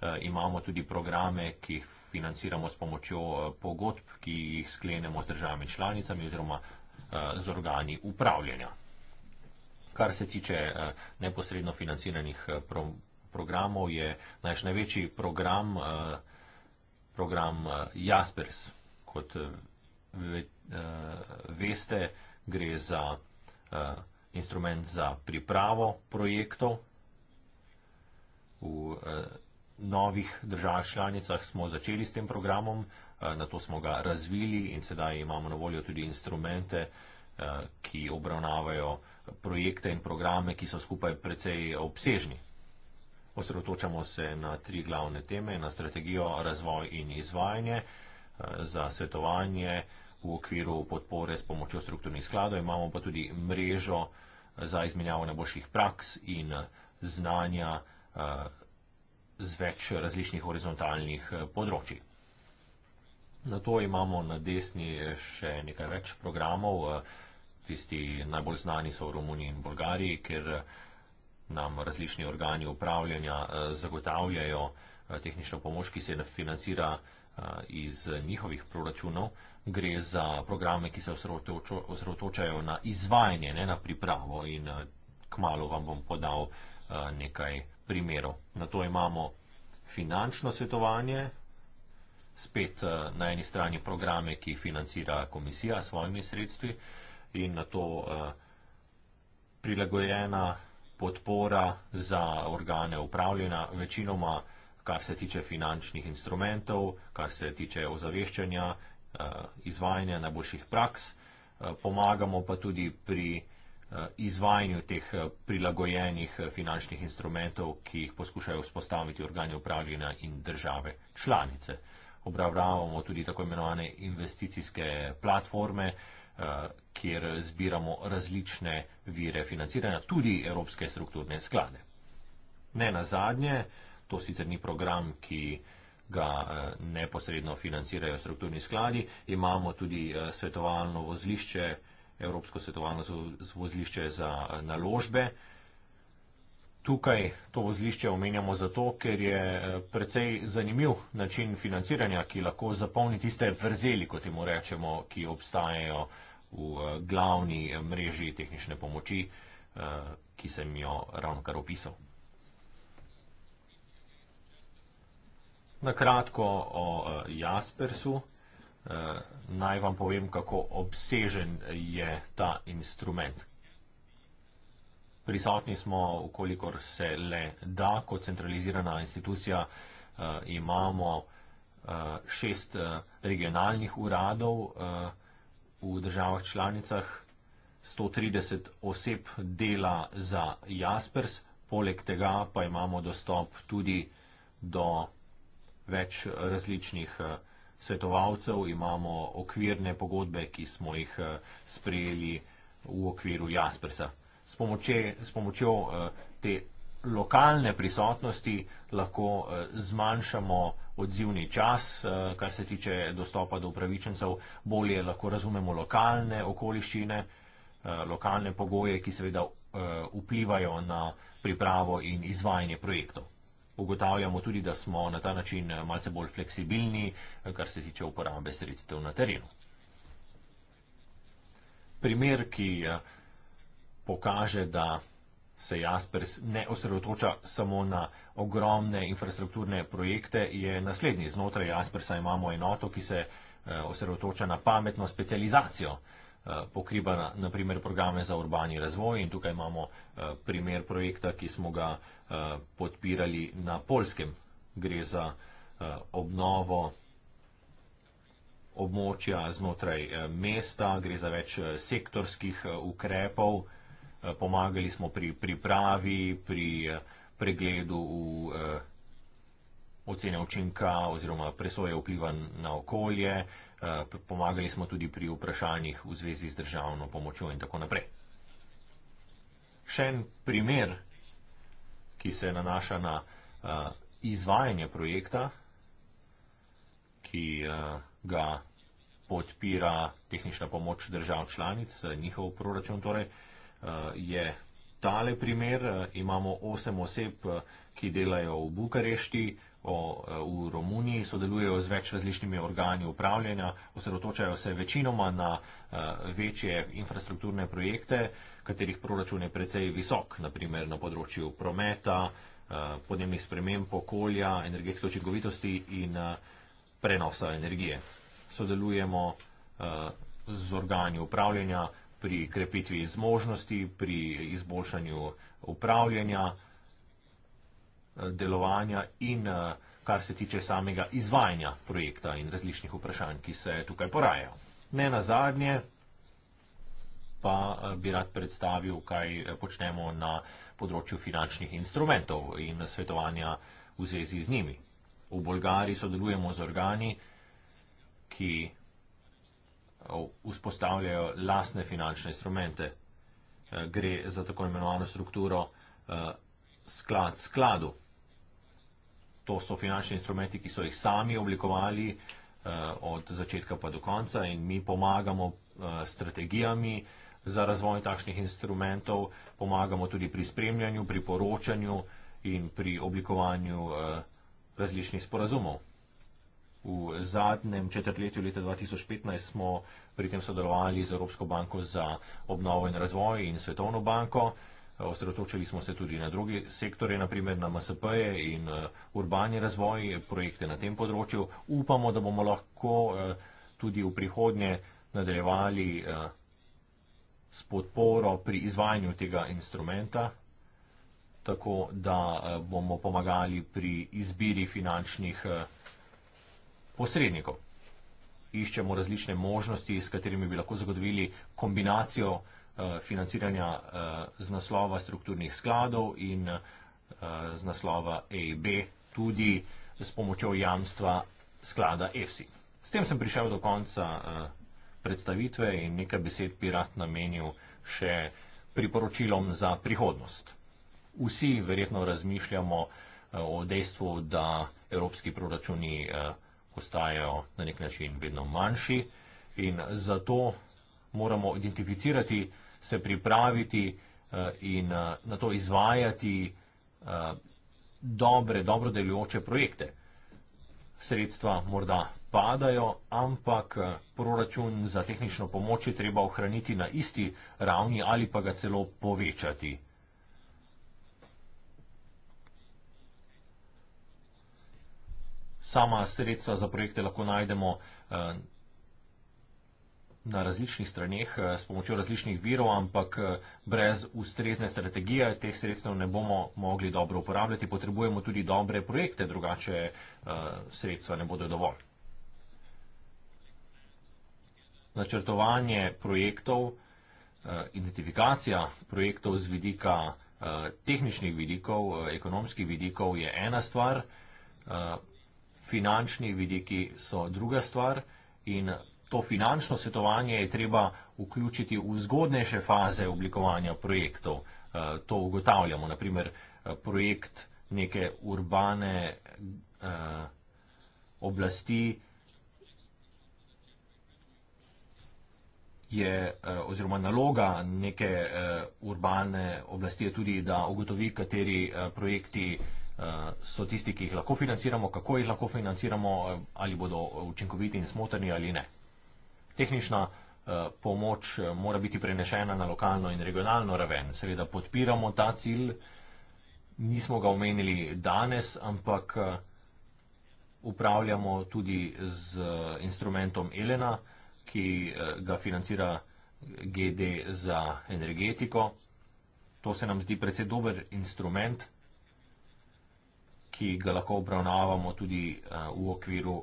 E, imamo tudi programe, ki jih financiramo s pomočjo e, pogodb, ki jih sklenemo z državami članicami oziroma e, z organi upravljanja. Kar se tiče neposredno financiranih pro programov, je naš največji program, program Jaspers. Kot veste, gre za instrument za pripravo projektov. V eh, novih državah članicah smo začeli s tem programom, eh, na to smo ga razvili in sedaj imamo na voljo tudi instrumente, eh, ki obravnavajo projekte in programe, ki so skupaj precej obsežni. Osredotočamo se na tri glavne teme, na strategijo, razvoj in izvajanje, eh, za svetovanje, eh, v okviru podpore s pomočjo strukturnih skladov, imamo pa tudi mrežo eh, za izmenjavo najboljših praks in eh, znanja eh, z več različnih horizontalnih področji. Na to imamo na desni še nekaj več programov, tisti najbolj znani so v Romuniji in Bolgariji, ker nam različni organi upravljanja zagotavljajo tehnično pomoč, ki se financira iz njihovih proračunov gre za programe, ki se osredotočajo na izvajanje, ne na pripravo. In eh, kmalo vam bom podal eh, nekaj primerov. Na to imamo finančno svetovanje, spet eh, na eni strani programe, ki jih financira komisija s svojimi sredstvi, in na to prilagojena podpora za organe upravljena, večinoma kar se tiče finančnih instrumentov, kar se tiče ozaveščanja Eh, izvajanja najboljših praks, eh, pomagamo pa tudi pri eh, izvajanju teh prilagojenih finančnih instrumentov, ki jih poskušajo vzpostaviti organi upravljanja in države članice. Obravnavamo tudi tako imenovane investicijske platforme, kjer zbiramo različne vire financiranja, tudi evropske strukturne sklade. Ne na zadnje, to sicer ni program, ki ga eh, neposredno financirajo strukturni skladi. Imamo tudi eh, svetovalno vozlišče, Evropsko svetovalno vozlišče za eh, naložbe. Tukaj to vozlišče omenjamo zato, ker je precej zanimiv način financiranja, ki lahko zapolni tiste vrzeli, kot jim rečemo, ki obstajajo v glavni mreži tehnične pomoči, ki sem jo ravno kar opisal. Na kratko o eh, Jaspersu. Eh, naj vam povem, kako obsežen je ta instrument. Prisotni smo, ukolikor se le da, kot centralizirana institucija eh, imamo šest regionalnih uradov v državah članicah. 130 oseb dela za Jaspers, poleg tega pa imamo dostop tudi do več različnih eh, svetovalcev, imamo okvirne pogodbe, ki smo jih eh, sprejeli v okviru Jaspersa. S pomočjo, s pomočjo eh, te lokalne prisotnosti lahko zmanjšamo odzivni čas, kar se tiče dostopa do upravičencev, bolje lahko razumemo lokalne okoliščine, lokalne pogoje, ki seveda vplivajo na pripravo in izvajanje projektov ugotavljamo tudi, da smo na ta način malce bolj fleksibilni, kar se tiče uporabe sredstev na terenu. Primer, ki pokaže, da se Jaspers ne osredotoča samo na ogromne infrastrukturne projekte, je naslednji. Znotraj Jaspersa imamo enoto, ki se osredotoča na pametno specializacijo. Eh, pokriva na, na primer programe za urbani razvoj in tukaj imamo eh, primer projekta, ki smo ga eh, podpirali na polskem. Gre za obnovo območja znotraj mesta, gre za več sektorskih ukrepov. Pomagali smo pri pripravi, pri pregledu v ocene učinka oziroma presoje vpliva na okolje, Eh, pomagali smo tudi pri vprašanjih v zvezi z državno pomočjo in tako naprej. Še en primer, ki se nanaša na uh, izvajanje projekta, ki uh, ga podpira tehnična pomoč držav članic, njihov proračun torej, uh, je tale primer. Uh, imamo osem oseb, uh, ki delajo v Bukarešti, o, e, v Romuniji, sodelujejo z več različnimi organi upravljanja, osredotočajo se večinoma na uh, večje infrastrukturne projekte, katerih proračun je precej visok, naprimer na področju prometa, uh, podnebnih sprememb, okolja, energetske očinkovitosti in uh, prenosa energije. Sodelujemo uh, z organi upravljanja pri krepitvi zmožnosti, pri izboljšanju upravljanja, Eh, delovanja in eh, kar se tiče samega izvajanja projekta in različnih vprašanj, ki se tukaj porajajo. Ne na zadnje pa eh, bi rad predstavil, kaj počnemo na področju finančnih instrumentov in svetovanja v zvezi z njimi. V Bolgariji sodelujemo z organi, ki vzpostavljajo lasne finančne instrumente. Gre za tako imenovano strukturo sklad skladu to so finančni instrumenti, ki so jih sami oblikovali eh, od začetka pa do konca in mi pomagamo eh, strategijami za razvoj takšnih instrumentov, pomagamo tudi pri spremljanju, pri poročanju in pri oblikovanju eh, različnih sporazumov. V zadnjem četrtletju leta 2015 smo pri tem sodelovali z Evropsko banko za obnovo in razvoj in Svetovno banko osredotočili smo se tudi na druge sektore, naprimer na MSP-je in eh, urbani razvoj, projekte na tem področju. Upamo, da bomo lahko eh, tudi v prihodnje nadaljevali eh, s podporo pri izvajanju tega instrumenta, tako da bomo pomagali pri izbiri finančnih posrednikov. Iščemo različne možnosti, s katerimi bi lahko zagotovili kombinacijo Eh, financiranja eh, z naslova strukturnih skladov in eh, z naslova EIB tudi s pomočjo jamstva sklada EFSI. S tem sem prišel do konca predstavitve in nekaj besed bi rad namenil še priporočilom za prihodnost. Vsi verjetno razmišljamo o dejstvu, da evropski proračuni ostajajo na nek način vedno manjši in zato moramo identificirati, se pripraviti eh, in eh, na to izvajati eh, dobre, dobro delujoče projekte. Sredstva morda padajo, ampak proračun za tehnično pomoč je treba ohraniti na isti ravni ali pa ga celo povečati. Sama sredstva za projekte lahko najdemo na različnih straneh eh, s pomočjo različnih virov, ampak eh, brez ustrezne strategije teh sredstev ne bomo mogli dobro uporabljati. Potrebujemo tudi dobre projekte, drugače eh, sredstva ne bodo dovolj. Načrtovanje projektov, identifikacija projektov z vidika tehničnih vidikov, ekonomskih vidikov je ena stvar, finančni vidiki so druga stvar in to finančno svetovanje je treba vključiti v zgodnejše faze oblikovanja projektov. Eh, to ugotavljamo, naprimer eh, projekt neke urbane eh, oblasti je, oziroma naloga neke urbane oblasti je tudi, da ugotovi, kateri projekti so tisti, ki jih lahko financiramo, kako jih lahko financiramo, ali bodo učinkoviti in smotrni ali ne. Tehnična eh, pomoč eh, mora biti prenešena na lokalno in regionalno raven. Seveda podpiramo ta cilj, nismo ga omenili danes, ampak eh, upravljamo tudi z instrumentom Elena, ki ga financira GD za energetiko. To se nam zdi predvsej dober instrument, ki ga lahko obravnavamo tudi v okviru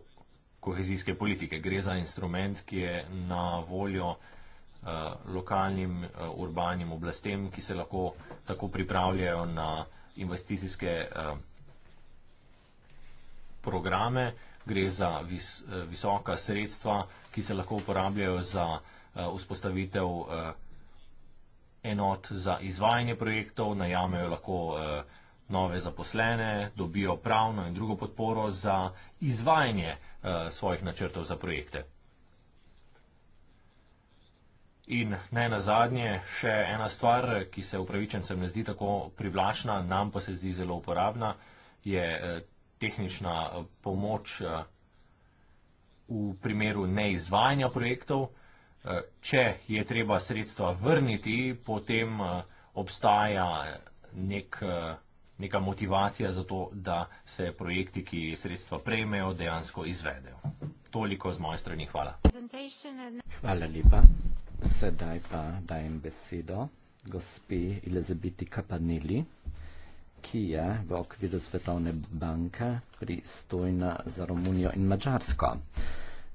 kohezijske politike. Gre za instrument, ki je na voljo eh, lokalnim eh, urbanim oblastem, ki se lahko tako pripravljajo na investicijske eh, programe. Gre za vis, visoka sredstva, ki se lahko uporabljajo za vzpostavitev enot za izvajanje projektov, najamejo lahko nove zaposlene, dobijo pravno in drugo podporo za izvajanje eh, svojih načrtov za projekte. In ne na zadnje, še ena stvar, ki se upravičencem ne zdi tako privlačna, nam pa se zdi zelo uporabna, je eh, tehnična eh, pomoč v primeru neizvajanja projektov. Če je treba sredstva vrniti, potem obstaja nek neka motivacija za to, da se projekti, ki sredstva prejmejo, dejansko izvedejo. Toliko z moje strani, hvala. Hvala lepa. Sedaj pa dajem besedo gospe Elizabeti Kapaneli, ki je v okviru Svetovne banke pristojna za Romunijo in Mačarsko.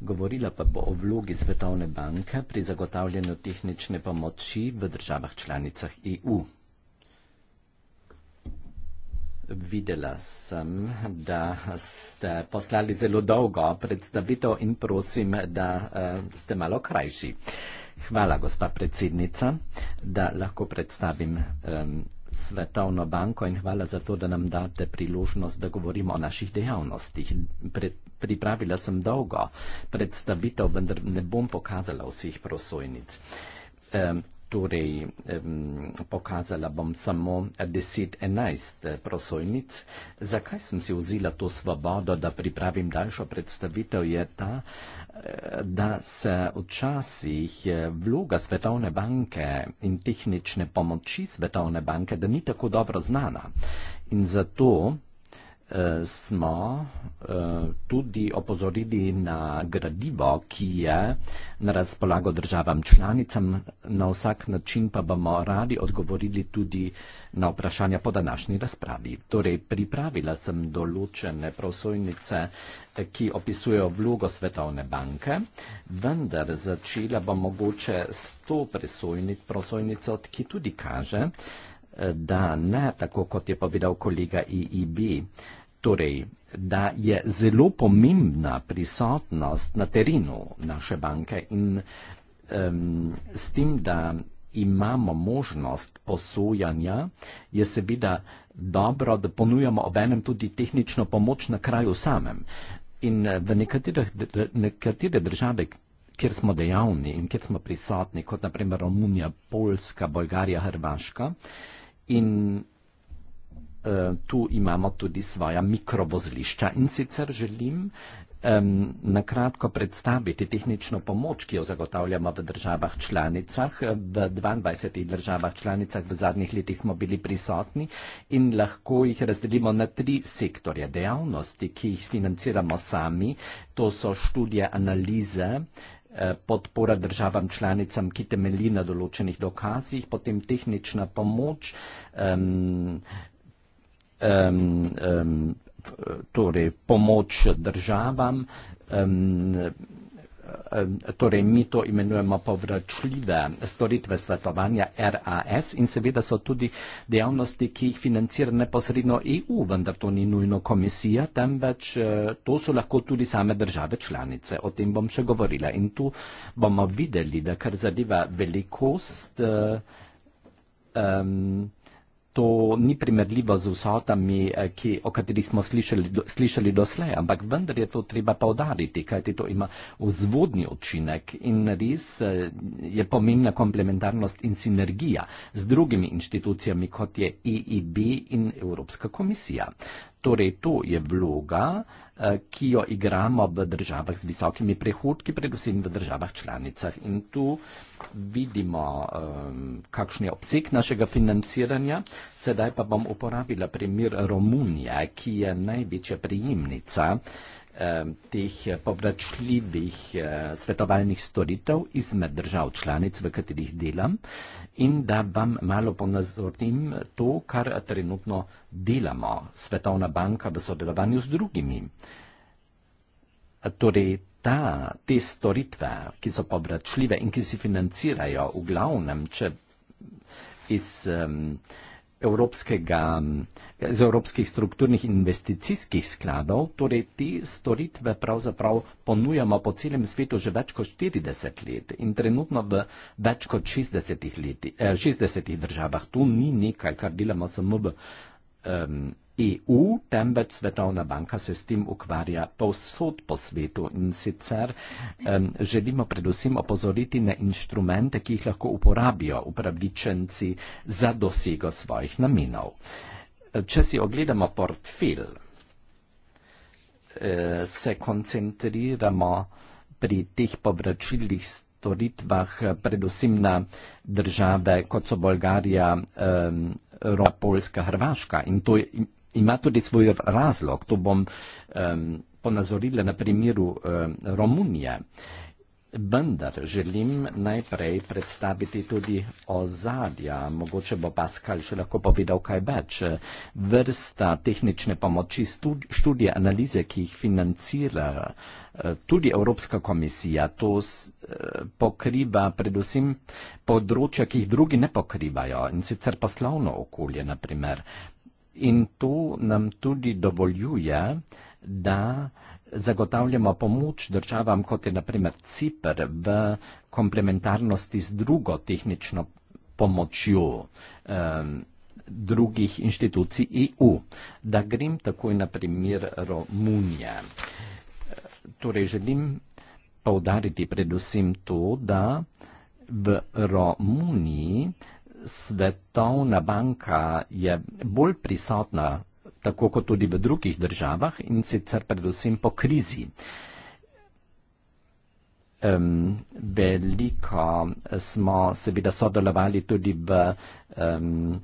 Govorila pa bo o vlogi Svetovne banke pri zagotavljanju tehnične pomoči v državah članicah EU. Videla sem, da ste poslali zelo dolgo predstavitev in prosim, da uh, ste malo krajši. Hvala, gospa predsednica, da lahko predstavim um, Svetovno banko in hvala za to, da nam date priložnost, da govorimo o naših dejavnostih. Pre, pripravila sem dolgo predstavitev, vendar ne bom pokazala vseh prosojnic. Um, torej um, pokazala bom samo 10-11 eh, prosojnic. Zakaj sem si vzela to svobodo, da pripravim daljšo predstavitev, je ta, eh, da se včasih eh, vloga Svetovne banke in tehnične pomoči Svetovne banke, da ni tako dobro znana. In zato Eh, smo eh, tudi opozorili na gradivo, ki je na razpolago državam članicam. Na vsak način pa bomo radi odgovorili tudi na vprašanja po današnji razpravi. Torej, pripravila sem določene prosojnice, eh, ki opisujejo vlogo Svetovne banke, vendar začela bom mogoče s to prosojnico, ki tudi kaže, da ne, tako kot je povedal kolega IEB. E torej, da je zelo pomembna prisotnost na terenu naše banke in um, s tem, da imamo možnost posojanja, je seveda dobro, da ponujamo obenem tudi tehnično pomoč na kraju samem. In eh, v nekaterih nekatere države, kjer smo dejavni in kjer smo prisotni, kot naprimer Romunija, Poljska, Bolgarija, Hrvaška, uh, in uh, tu imamo tudi svoja mikrovozlišča. In sicer želim um, nakratko predstaviti tehnično pomoč, ki jo zagotavljamo v državah članicah. V 22 državah članicah v zadnjih letih smo bili prisotni in lahko jih razdelimo na tri sektorje dejavnosti, ki jih financiramo sami. To so študije, analize. Uh, podpora državam članicam, ki temelji na določenih dokazih, potem tehnična pomoč, um, um, um, torej pomoč državam. Um, torej mi to imenujemo povračljive storitve svetovanja RAS in seveda so tudi dejavnosti, ki jih financira neposredno EU, vendar to ni nujno komisija, temveč eh, to so lahko tudi same države članice. O tem bom še govorila in tu bomo videli, da kar zadeva velikost. Um, to ni primerljivo z vsotami, eh, ki, o katerih smo slišali, do, slišali doslej, ampak vendar je to treba povdariti, kajti to ima vzvodni učinek in res eh, je pomembna komplementarnost in sinergija z drugimi inštitucijami, kot je EIB e in Evropska komisija. Torej, to je vloga, eh, ki jo igramo v državah z visokimi prehodki, predvsem v državah članicah. In tu vidimo, ehm, kakšen je obseg našega financiranja. Sedaj pa bom uporabila primer Romunije, ki je največja prijemnica teh eh, povračljivih eh, svetovalnih storitev izmed držav članic, v katerih delam in da vam malo ponazorim to, kar trenutno delamo. Svetovna banka v sodelovanju z drugimi. Torej, ta, te storitve, ki so povračljive in ki se financirajo v glavnem, če iz um, evropskega, z evropskih strukturnih investicijskih skladov, torej te storitve pravzaprav ponujamo po celem svetu že več kot 40 let in trenutno v več kot 60, leti, 60 eh, državah. Tu ni nekaj, kar delamo samo v. Um, EU, temveč Svetovna banka se s tem ukvarja povsod po svetu in sicer um, želimo predvsem opozoriti na inštrumente, ki jih lahko uporabijo upravičenci za dosego svojih namenov. Če si ogledamo portfel, eh, se koncentriramo pri teh povračilnih storitvah predvsem na države, kot so Bolgarija, Roma, Poljska, Hrvaška in to ima tudi svoj razlog. To bom um, ponazorila na primeru um, Romunije. Vendar želim najprej predstaviti tudi ozadja, mogoče bo Paskal še lahko povedal kaj več, vrsta tehnične pomoči, študije, analize, ki jih financira eh, tudi Evropska komisija. To eh, pokriva predvsem področja, ki jih drugi ne pokrivajo in sicer poslovno okolje, naprimer in to nam tudi dovoljuje, da zagotavljamo pomoč državam, kot je naprimer Cipr, v komplementarnosti z drugo tehnično pomočjo eh, drugih inštitucij EU. Da grem takoj na primer Romunije. Torej želim poudariti predvsem to, da v Romuniji svetovna banka je bolj prisotna, tako kot tudi v drugih državah in sicer predvsem po krizi. Um, veliko smo seveda sodelovali tudi v um,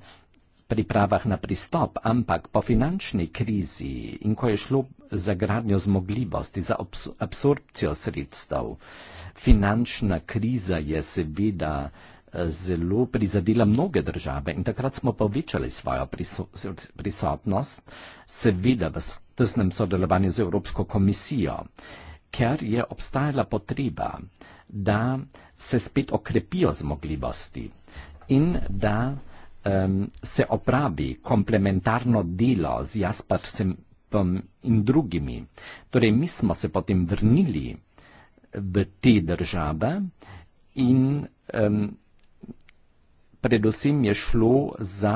pripravah na pristop, ampak po finančni krizi in ko je šlo za gradnjo zmogljivosti, za absorpcijo sredstev, finančna kriza je seveda zelo prizadela mnoge države in takrat smo povečali svojo prisotnost, seveda v tesnem sodelovanju z Evropsko komisijo, ker je obstajala potreba, da se spet okrepijo zmogljivosti in da um, se opravi komplementarno delo z Jasparcem in drugimi. Torej, mi smo se potem vrnili v te države in um, predvsem je šlo za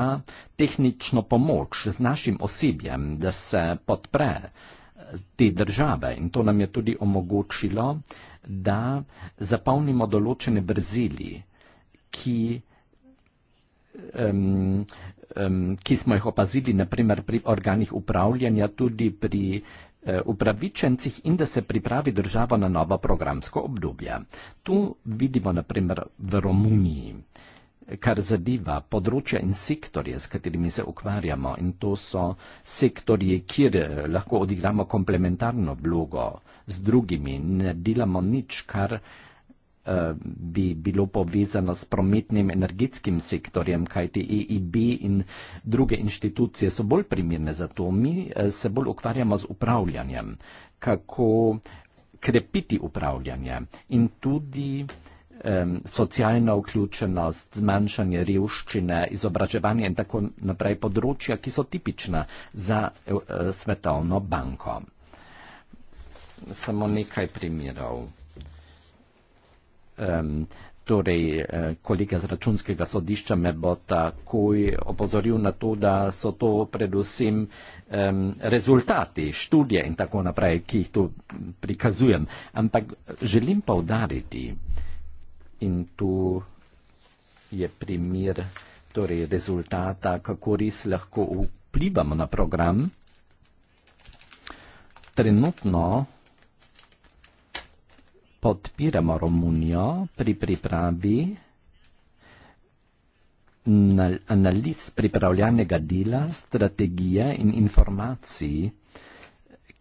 tehnično pomoč z našim osebjem, da se podpre eh, te države in to nam je tudi omogočilo, da zapolnimo določene brzili, ki, um, um, ki smo jih opazili naprimer pri organih upravljanja, tudi pri eh, upravičencih in da se pripravi država na novo programsko obdobje. Tu vidimo naprimer v Romuniji kar zadeva področja in sektorje, s katerimi se ukvarjamo. In to so sektorje, kjer eh, lahko odigramo komplementarno vlogo z drugimi. Ne delamo nič, kar eh, bi bilo povezano s prometnim energetskim sektorjem, kajti EIB in druge inštitucije so bolj primirne za to. Mi eh, se bolj ukvarjamo z upravljanjem, kako krepiti upravljanje in tudi um, socialna vključenost, zmanjšanje revščine, izobraževanje in tako naprej področja, ki so tipična za uh, svetovno banko. Samo nekaj primerov. Um, Torej, eh, kolega z računskega sodišča me bo takoj opozoril na to, da so to predvsem um, rezultati, študije in tako naprej, ki jih tu prikazujem. Ampak želim pa udariti, in tu je primer torej rezultata, kako res lahko vplivamo na program. Trenutno podpiramo Romunijo pri pripravi analiz pripravljanega dela, strategije in informacij,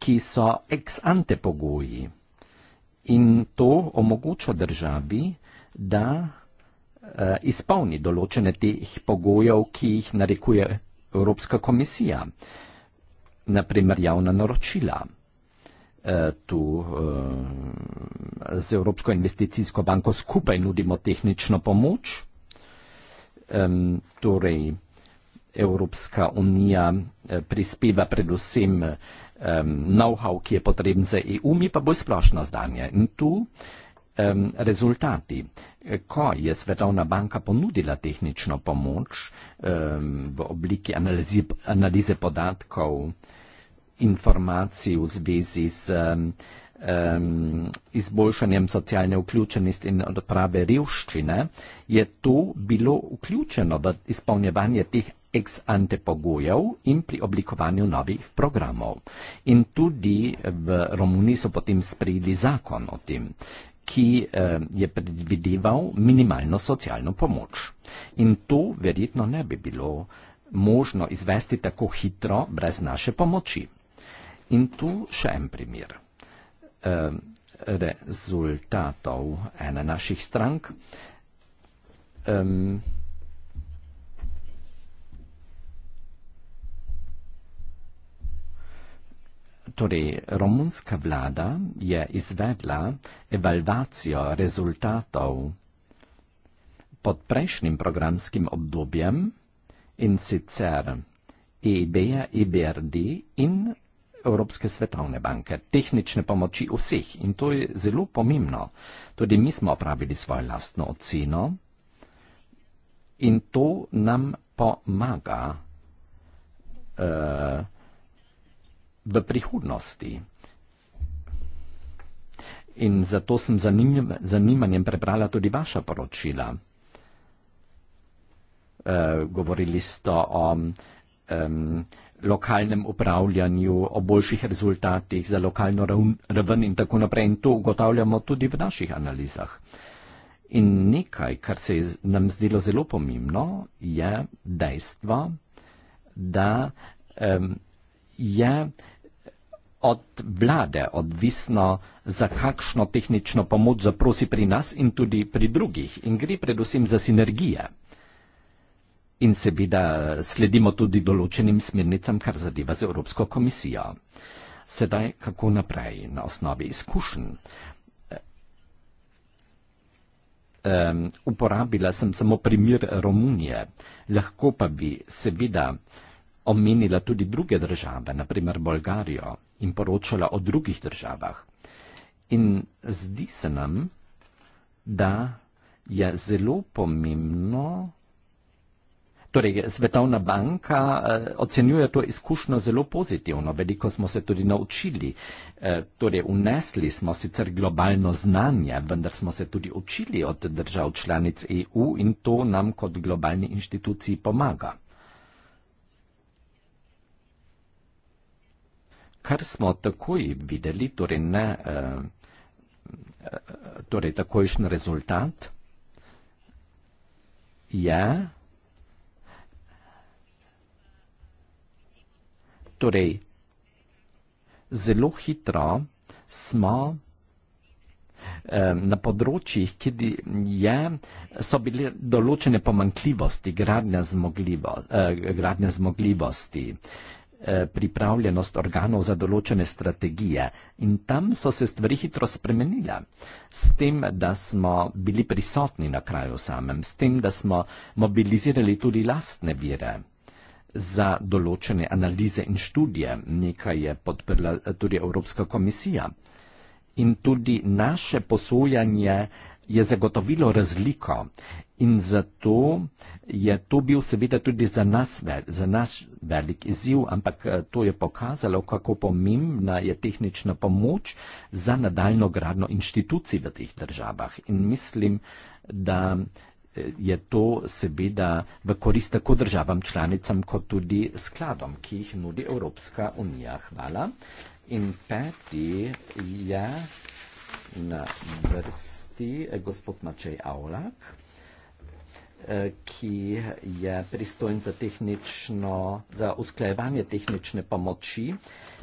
ki so ex ante pogoji. In to omogoča državi, da eh, izpolni določene teh pogojev, ki jih narekuje Evropska komisija. Naprimer javna naročila. Eh, tu eh, z Evropsko investicijsko banko skupaj nudimo tehnično pomoč. Um, torej, Evropska unija eh, prispeva predvsem eh, know-how, ki je potreben za EU, mi pa bolj splošno znanje. In tu eh, rezultati. Ko je Svetovna banka ponudila tehnično pomoč um, v obliki analizi, analize podatkov, informacij v zvezi z um, izboljšanjem socialne vključenosti in odprave revščine, je to bilo vključeno v izpolnjevanje teh ex ante pogojev in pri oblikovanju novih programov. In tudi v Romuniji so potem sprejeli zakon o tem ki eh, je predvideval minimalno socialno pomoč. In to verjetno ne bi bilo možno izvesti tako hitro brez naše pomoči. In tu še en primer eh, rezultatov ene naših strank. Eh, Torej, romunska vlada je izvedla evalvacijo rezultatov pod prejšnjim programskim obdobjem in sicer EBA, EBRD in Evropske svetovne banke, tehnične pomoči vseh in to je zelo pomembno. Tudi mi smo opravili svojo lastno oceno in to nam pomaga. Uh, v prihodnosti. In zato sem zanimiv, zanimanjem prebrala tudi vaša poročila. E, govorili ste o em, lokalnem upravljanju, o boljših rezultatih za lokalno raven in tako naprej. In to ugotavljamo tudi v naših analizah. In nekaj, kar se je nam zdelo zelo pomembno, je dejstvo, da em, je od vlade, odvisno, za kakšno tehnično pomoč zaprosi pri nas in tudi pri drugih. In gre predvsem za sinergije. In seveda sledimo tudi določenim smernicam, kar zadeva z Evropsko komisijo. Sedaj, kako naprej, na osnovi izkušenj. Um, uporabila sem samo primer Romunije, lahko pa bi seveda omenila tudi druge države, naprimer Bolgarijo, in poročala o drugih državah. In zdi se nam, da je zelo pomembno, torej Svetovna banka eh, ocenjuje to izkušnjo zelo pozitivno, veliko smo se tudi naučili, eh, torej unesli smo sicer globalno znanje, vendar smo se tudi učili od držav članic EU in to nam kot globalni inštituciji pomaga. kar smo takoj videli, torej, ne, eh, eh, torej takojšen rezultat, je torej, zelo hitro smo eh, na področjih, kjer je, so bile določene pomankljivosti gradnja zmogljivo, zmogljivosti. Eh, pripravljenost organov za določene strategije in tam so se stvari hitro spremenile. S tem, da smo bili prisotni na kraju samem, s tem, da smo mobilizirali tudi lastne vire za določene analize in študije, nekaj je podprla tudi Evropska komisija. In tudi naše posojanje je zagotovilo razliko in zato je to bil seveda tudi za nas, vel, za nas velik izziv, ampak eh, to je pokazalo, kako pomembna je tehnična pomoč za nadaljno gradno inštitucij v teh državah. In mislim, da eh, je to seveda v korist tako državam članicam, kot tudi skladom, ki jih nudi Evropska unija. Hvala. In peti je na vrsti gosti eh, gospod Mačej Avlak, eh, ki je pristojen za, tehnično, za usklajevanje tehnične pomoči,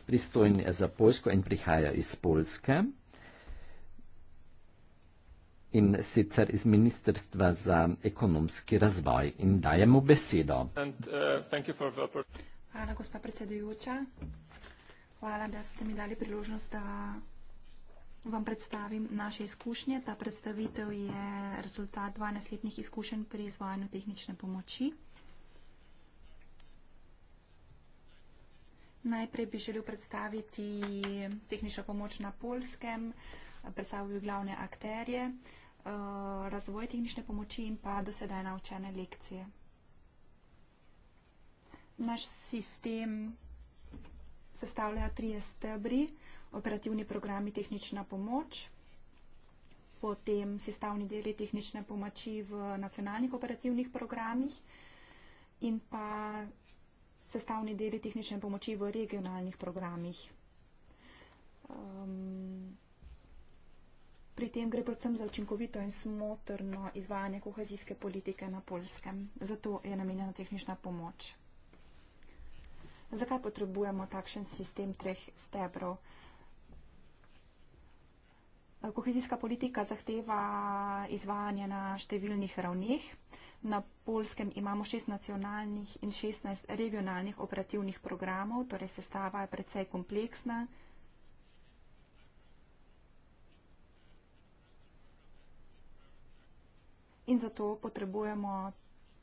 pristojen je za Poljsko in prihaja iz Poljske in sicer iz Ministrstva za ekonomski razvoj in dajemo besedo. Uh, Hvala, gospa predsedujoča. Hvala, da ste mi dali priložnost, da vam predstavim naše izkušnje. Ta predstavitev je rezultat 12-letnih izkušenj pri izvajanju tehnične pomoči. Najprej bi želel predstaviti tehnično pomoč na Polskem, predstavljajo glavne akterje, eh, razvoj tehnične pomoči in pa dosedaj naučene lekcije. Naš sistem sestavlja trije stebri, operativni programi tehnična pomoč, potem sestavni deli tehnične pomoči v nacionalnih operativnih programih in pa sestavni deli tehnične pomoči v regionalnih programih. Um, pri tem gre predvsem za učinkovito in smotrno izvajanje kohezijske politike na polskem. Zato je namenjena tehnična pomoč. Zakaj potrebujemo takšen sistem treh stebrov? Uh, Kohezijska politika zahteva izvajanje na številnih ravneh. Na Polskem imamo šest nacionalnih in šestnaest regionalnih operativnih programov, torej sestava je predvsej kompleksna. In zato potrebujemo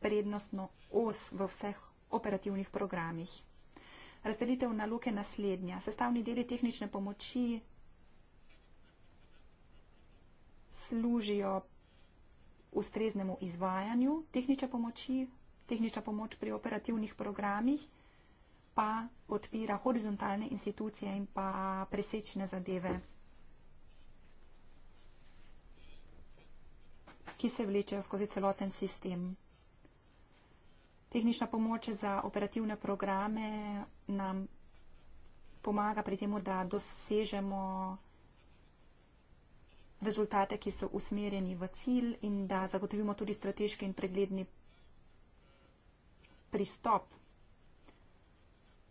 prednostno os v vseh operativnih programih. Razdelitev naloge je naslednja. Sestavni deli tehnične pomoči služijo ustreznemu izvajanju tehnične pomoči, tehnična pomoč pri operativnih programih, pa odpira horizontalne institucije in pa presečne zadeve, ki se vlečejo skozi celoten sistem. Tehnična pomoč za operativne programe nam pomaga pri temu, da dosežemo rezultate, ki so usmerjeni v cilj in da zagotovimo tudi strateški in pregledni pristop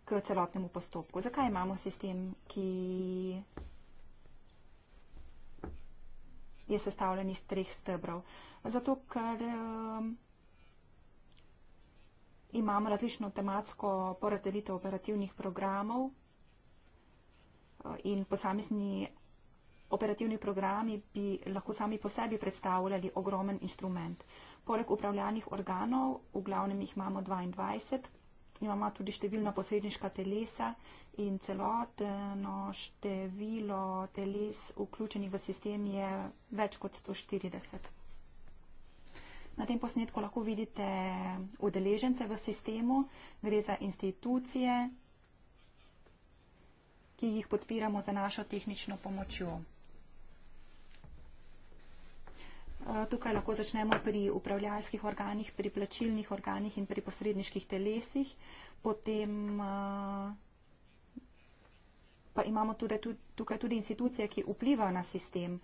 k celotnemu postopku. Zakaj imamo sistem, ki je sestavljen iz treh stebrov? Zato, ker um, imamo različno tematsko porazdelitev operativnih programov uh, in posamezni Operativni programi bi lahko sami po sebi predstavljali ogromen instrument. Poleg upravljanih organov, v glavnem jih imamo 22, imamo tudi številna posredniška telesa in celotno število teles vključenih v sistem je več kot 140. Na tem posnetku lahko vidite udeležence v sistemu, gre za institucije, ki jih podpiramo za našo tehnično pomočjo. Eh, tukaj lahko začnemo pri upravljalskih organih, pri plačilnih organih in pri posredniških telesih. Potem eh, pa imamo tudi, tudi, tukaj tudi institucije, ki vplivajo na sistem.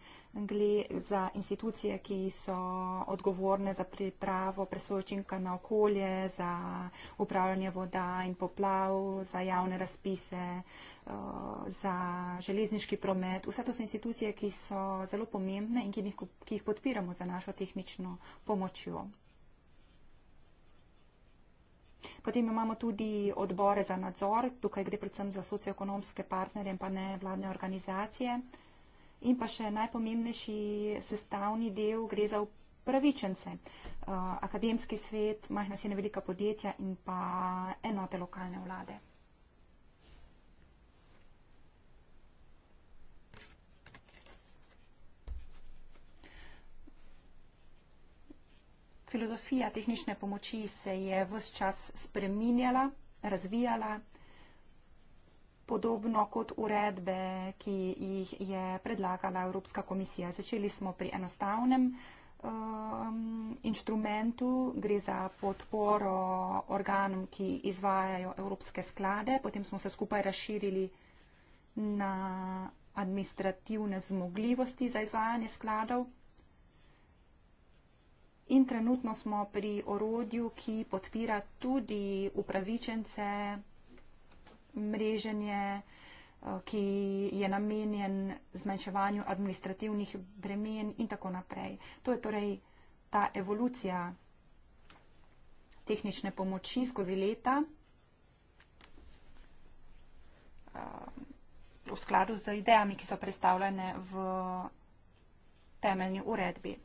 Gre za institucije, ki so odgovorne za pripravo presojočinka na okolje, za upravljanje voda in poplav, za javne razpise, eh, za železniški promet. Vse to so institucije, ki so zelo pomembne in ki jih, ki jih podpiramo za našo tehnično pomočjo. Potem imamo tudi odbore za nadzor, tukaj gre predvsem za socioekonomske partnerje in pa ne vladne organizacije. In pa še najpomembnejši sestavni del gre za upravičence, uh, akademski svet, majhna sine velika podjetja in pa enote lokalne vlade. filozofija tehnične pomoči se je vse čas spreminjala, razvijala, podobno kot uredbe, ki jih je predlagala Evropska komisija. Začeli smo pri enostavnem um, inštrumentu, gre za podporo organom, ki izvajajo evropske sklade, potem smo se skupaj razširili na administrativne zmogljivosti za izvajanje skladov. In trenutno smo pri orodju, ki podpira tudi upravičence mreženje, eh, ki je namenjen zmanjševanju administrativnih bremen in tako naprej. To je torej ta evolucija tehnične pomoči skozi leta eh, v skladu z idejami, ki so predstavljene v temeljni uredbi.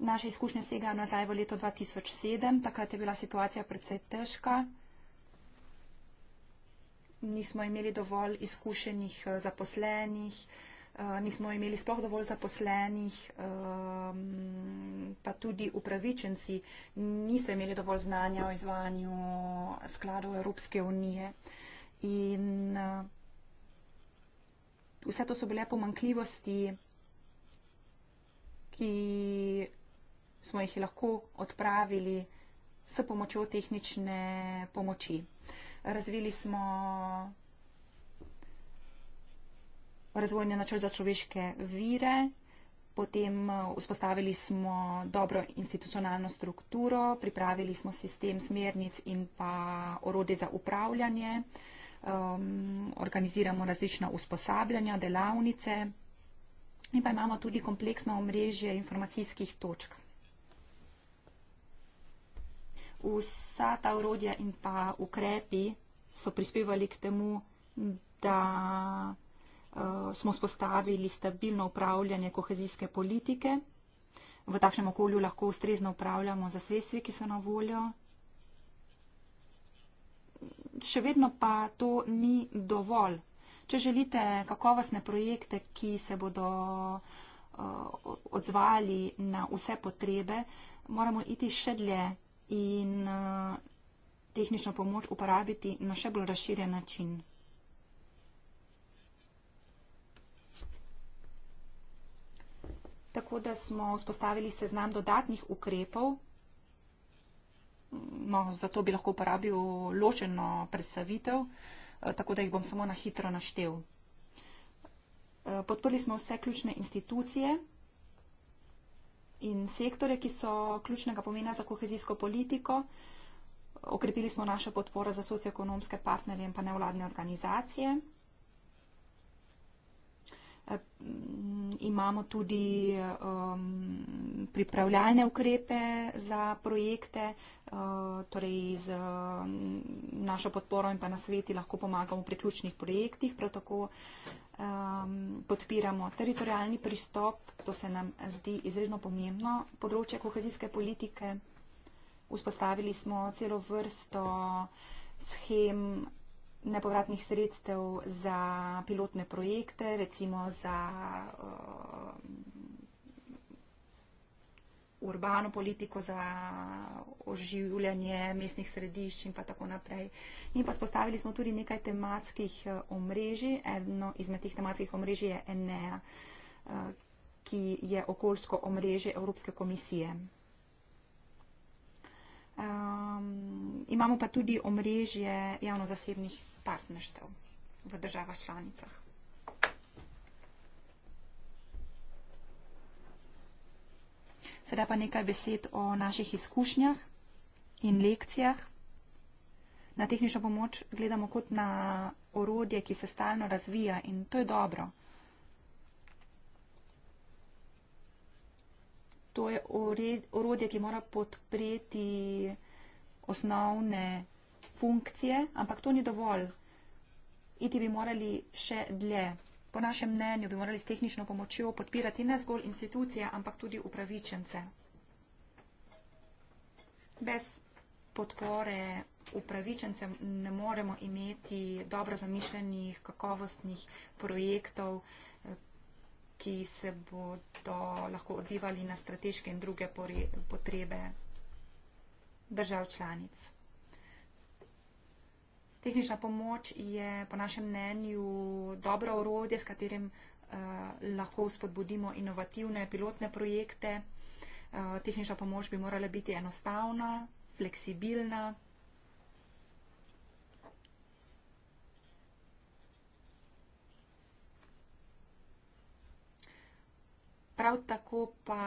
Naše izkušnje segajo nazaj v leto 2007, takrat je bila situacija predvsej težka. Nismo imeli dovolj izkušenih eh, zaposlenih, eh, nismo imeli sploh dovolj zaposlenih, eh, pa tudi upravičenci niso imeli dovolj znanja o izvajanju skladov Evropske unije. In vse to so bile pomankljivosti, ki smo jih lahko odpravili s pomočjo tehnične pomoči. Razvili smo razvojni načrt za človeške vire, potem eh, vzpostavili smo dobro institucionalno strukturo, pripravili smo sistem smernic in pa orode za upravljanje, um, organiziramo različna usposabljanja, delavnice in pa imamo tudi kompleksno omrežje informacijskih točk vsa ta urodja in pa ukrepi so prispevali k temu, da uh, smo spostavili stabilno upravljanje kohezijske politike. V takšnem okolju lahko ustrezno upravljamo za sredstvi, ki so na voljo. Še vedno pa to ni dovolj. Če želite kakovostne projekte, ki se bodo uh, odzvali na vse potrebe, moramo iti še dlje in eh, tehnično pomoč uporabiti na še bolj razširjen način. Tako da smo vzpostavili seznam dodatnih ukrepov. No, zato bi lahko uporabil ločeno predstavitev, eh, tako da jih bom samo na hitro naštel. Eh, podprli smo vse ključne institucije in sektore, ki so ključnega pomena za kohezijsko politiko. Okrepili smo našo podporo za socioekonomske partnerje in pa nevladne organizacije. Eh, imamo tudi um, pripravljalne ukrepe za projekte, uh, torej z um, našo podporo in pa na sveti lahko pomagamo pri ključnih projektih. Prav tako um, podpiramo teritorijalni pristop, to se nam zdi izredno pomembno področje kohezijske politike. Vzpostavili smo celo vrsto schem nepovratnih sredstev za pilotne projekte, recimo za uh, urbano politiko, za oživljanje mestnih središč in pa tako naprej. In pa spostavili smo tudi nekaj tematskih eh, omrežij. Eno izmed teh tematskih omrežij je Enea, uh, ki je okoljsko omrežje Evropske komisije. Um, imamo pa tudi omrežje javno-zasebnih partnerstev v državah članicah. Sedaj pa nekaj besed o naših izkušnjah in lekcijah. Na tehnično pomoč gledamo kot na orodje, ki se stalno razvija in to je dobro. to je orodje, ki mora podpreti osnovne funkcije, ampak to ni dovolj. Iti bi morali še dlje. Po našem mnenju bi morali s tehnično pomočjo podpirati ne zgolj institucije, ampak tudi upravičence. Bez podpore upravičencem ne moremo imeti dobro zamišljenih, kakovostnih projektov ki se bodo lahko odzivali na strateške in druge potrebe držav članic. Tehnična pomoč je po našem mnenju dobro orodje, s katerim eh, lahko spodbudimo inovativne pilotne projekte. Eh, tehnična pomoč bi morala biti enostavna, fleksibilna. prav tako pa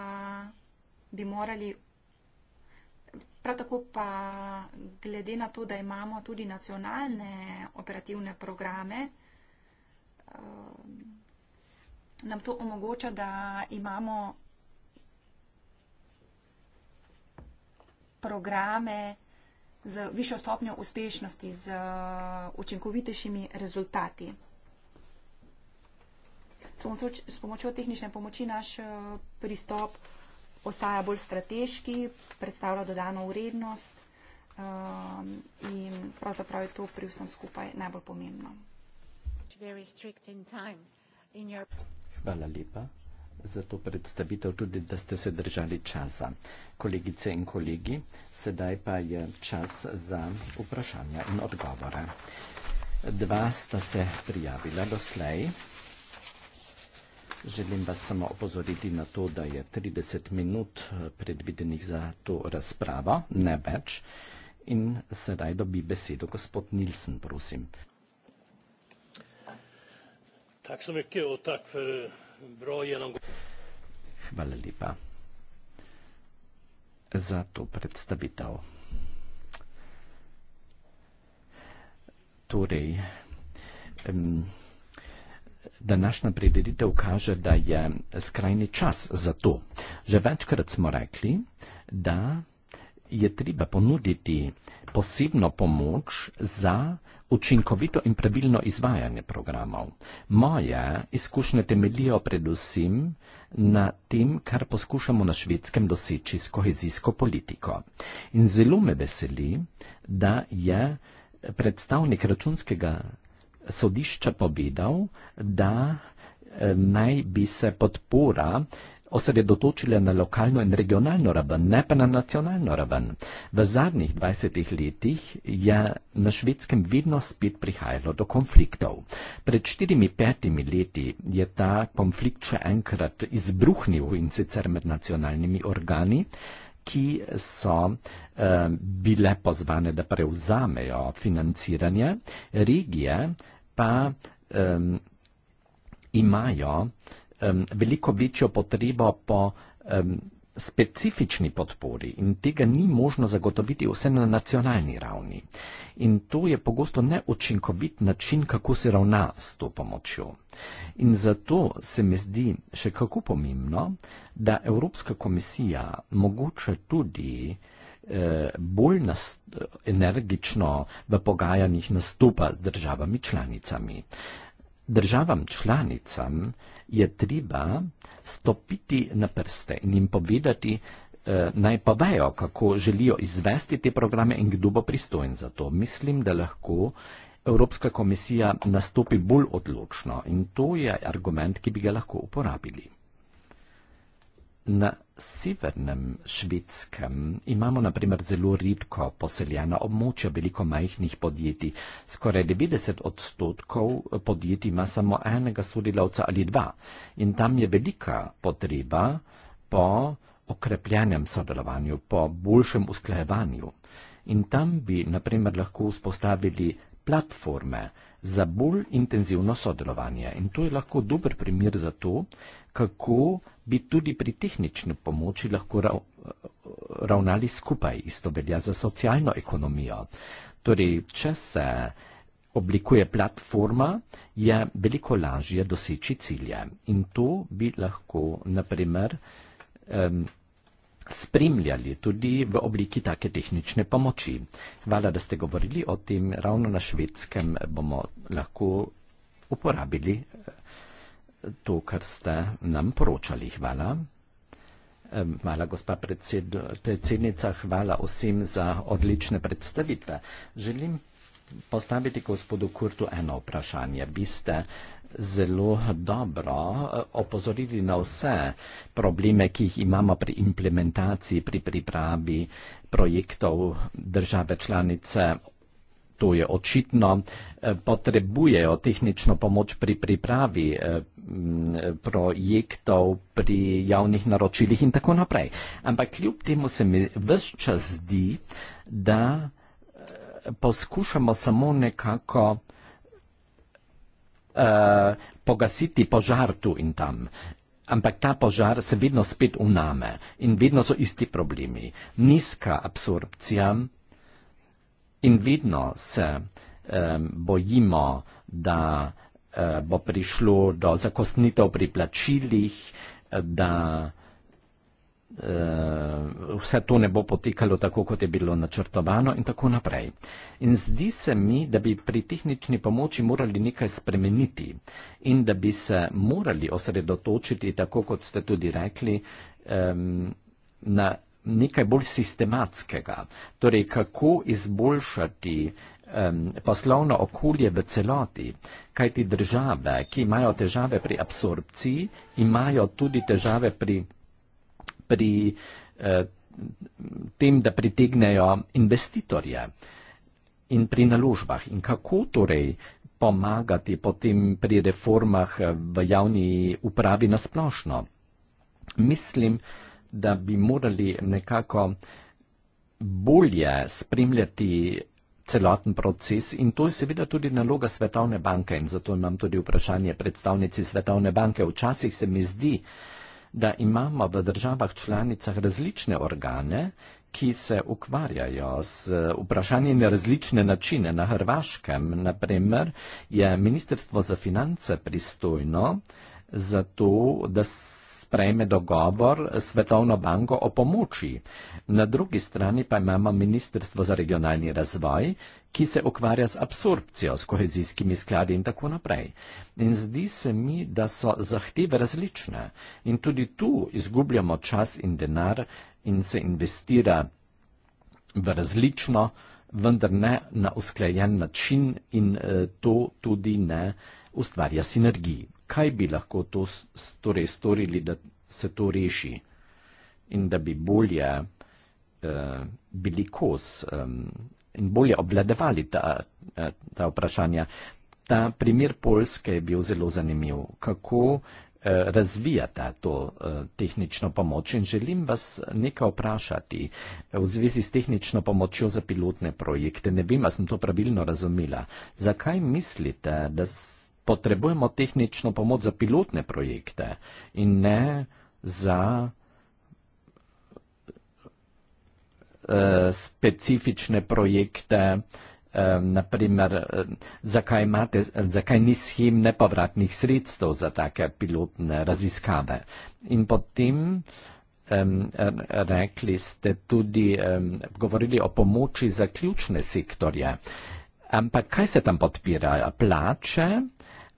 bi morali. Prav tako pa glede na to, da imamo tudi nacionalne operativne programe, eh, nam to omogoča, da imamo programe z višjo stopnjo uspešnosti, z eh, učinkovitejšimi rezultati pomočjo, s pomočjo tehnične pomoči naš eh, pristop ostaja bolj strateški, predstavlja dodano vrednost um, in pravzaprav je to pri vsem skupaj najbolj pomembno. Hvala lepa za to predstavitev, tudi da ste se držali časa. Kolegice in kolegi, sedaj pa je čas za vprašanja in odgovore. Dva sta se prijavila doslej. Želim vas samo opozoriti na to, da je 30 minut eh, predvidenih za to razpravo, ne več. In sedaj dobi besedo gospod Nilsen, prosim. Eh, Hvala lepa za to predstavitev. Torej, današnja prireditev kaže, da je skrajni čas za to. Že večkrat smo rekli, da je treba ponuditi posebno pomoč za učinkovito in pravilno izvajanje programov. Moje izkušnje temeljijo predvsem na tem, kar poskušamo na švedskem doseči s kohezijsko politiko. In zelo me veseli, da je predstavnik računskega sodišče povedal, da eh, naj bi se podpora osredotočila na lokalno in regionalno raven, ne pa na nacionalno raven. V zadnjih 20 letih je na švedskem vedno spet prihajalo do konfliktov. Pred 4-5 leti je ta konflikt še enkrat izbruhnil in sicer med nacionalnimi organi, ki so uh, Eh, bile pozvane, da prevzamejo financiranje, regije pa um, imajo um, veliko večjo potrebo po um, specifični podpori in tega ni možno zagotoviti vse na nacionalni ravni. In to je pogosto neučinkovit način, kako se ravna s to pomočjo. In zato se mi zdi še kako pomembno, da Evropska komisija mogoče tudi Eh, bolj energično v pogajanjih nastopa z državami članicami. Državam članicam je treba stopiti na prste in jim povedati, eh, naj povejo, kako želijo izvesti te programe in kdo bo pristojen za to. Mislim, da lahko Evropska komisija nastopi bolj odločno in to je argument, ki bi ga lahko uporabili. Na severnem Švedskem imamo na primer zelo redko poseljena območja veliko majhnih podjetij. Skoraj 90 odstotkov podjetij ima samo enega sodelavca ali dva in tam je velika potreba po okrepljenem sodelovanju, po boljšem usklajevanju. In tam bi na primer lahko vzpostavili platforme za bolj intenzivno sodelovanje. In to je lahko dober primer za to, kako bi tudi pri tehnični pomoči lahko rav, ravnali skupaj. Isto velja za socialno ekonomijo. Torej, če se oblikuje platforma, je veliko lažje doseči cilje. In to bi lahko, naprimer, um, spremljali tudi v obliki take tehnične pomoči. Hvala, da ste govorili o tem. Ravno na švedskem bomo lahko uporabili. Uh, to, kar ste nam poročali. Hvala. Hvala, gospa predsednica, hvala vsem za odlične predstavitve. Želim postaviti gospodu Kurtu eno vprašanje. Vi ste zelo dobro eh, opozorili na vse probleme, ki jih imamo pri implementaciji, pri pripravi projektov države članice. To je očitno. Eh, potrebujejo tehnično pomoč pri pripravi eh, projektov pri javnih naročilih in tako naprej. Ampak kljub temu se mi vse čas zdi, da eh, poskušamo samo nekako uh, pogasiti požar tu in tam. Ampak ta požar se vedno spet uname in vedno so isti problemi. Nizka absorpcija in vedno se um, bojimo, da Eh, bo prišlo do zakostnitev pri plačilih, eh, da eh, vse to ne bo potekalo tako, kot je bilo načrtovano in tako naprej. In zdi se mi, da bi pri tehnični pomoči morali nekaj spremeniti in da bi se morali osredotočiti, tako kot ste tudi rekli, na nekaj bolj sistematskega. Torej, kako izboljšati uh, poslovno okolje v celoti, kajti države, ki imajo težave pri absorpciji, imajo tudi težave pri, pri eh, tem, da pritegnejo investitorje in pri naložbah. In kako torej pomagati potem pri reformah eh, v javni upravi nasplošno? Mislim, da bi morali nekako bolje spremljati celoten proces in to je seveda tudi naloga Svetovne banke in zato imam tudi vprašanje predstavnici Svetovne banke. Včasih se mi zdi, da imamo v državah članicah različne organe, ki se ukvarjajo z eh, vprašanji na različne načine. Na Hrvaškem, naprimer, je Ministrstvo za finance pristojno za to, da se sprejme dogovor s Svetovno banko o pomoči. Na drugi strani pa imamo Ministrstvo za regionalni razvoj, ki se ukvarja z absorpcijo, s kohezijskimi skladi in tako naprej. In zdi se mi, da so zahteve različne in tudi tu izgubljamo čas in denar in se investira v različno, vendar ne na usklajen način in eh, to tudi ne ustvarja sinergiji kaj bi lahko to torej storili, da se to reši in da bi bolje eh, bili kos eh, in bolje obvladevali ta, eh, ta vprašanja. Ta primer Polske je bil zelo zanimiv, kako eh, razvijate to eh, tehnično pomoč in želim vas nekaj vprašati eh, v zvezi s tehnično pomočjo za pilotne projekte. Ne vem, ali sem to pravilno razumela. Zakaj mislite, da potrebujemo tehnično pomoč za pilotne projekte in ne za uh, specifične projekte, uh, eh, naprimer, uh, eh, zakaj, imate, uh, zakaj ni schem nepovratnih sredstev za take pilotne raziskave. In potem um, rekli ste tudi, um, govorili o pomoči za ključne sektorje. Ampak kaj se tam podpira? Plače,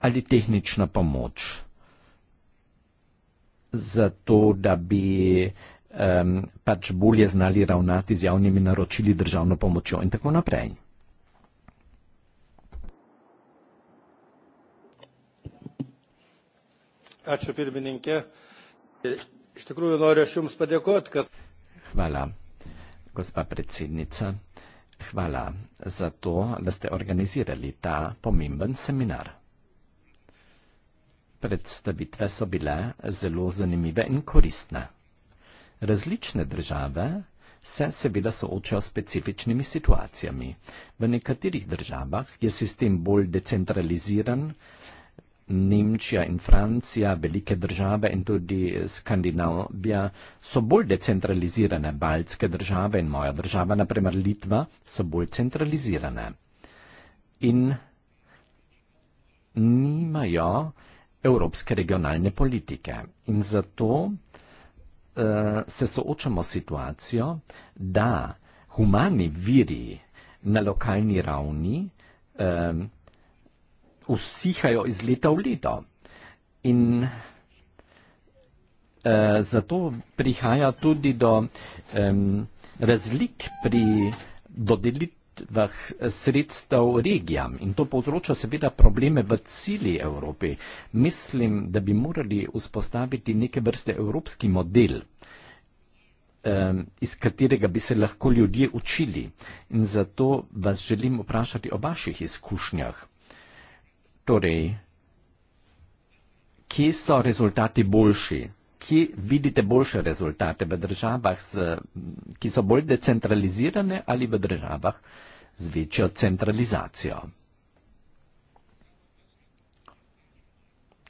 ali tehnična pomoč. Zato, da bi um, pač bolje znali ravnati z javnimi naročili državno pomočjo in tako naprej. Ačiū pirmininkė. Iš tikrųjų noriu aš Jums padėkoti, kad. Hvala, gospa predsednica. Hvala za to, da ste organizirali ta pomemben seminar predstavitve so bile zelo zanimive in koristne. Različne države se seveda soočajo s specifičnimi situacijami. V nekaterih državah je sistem bolj decentraliziran, Nemčija in Francija, velike države in tudi Skandinavija so bolj decentralizirane, baltske države in moja država, naprimer Litva, so bolj centralizirane. In nimajo uh, evropske regionalne politike. In zato uh, se soočamo s situacijo, da humani viri na lokalni ravni uh, usihajo iz leta v leto. In uh, zato prihaja tudi do um, razlik pri dodelitvi omejitvah sredstev regijam in to povzroča seveda probleme v celi Evropi. Mislim, da bi morali vzpostaviti neke vrste evropski model, iz katerega bi se lahko ljudje učili in zato vas želim vprašati o vaših izkušnjah. Torej, kje so rezultati boljši? kje vidite boljše rezultate, v državah, z, ki so bolj decentralizirane ali v državah z večjo centralizacijo?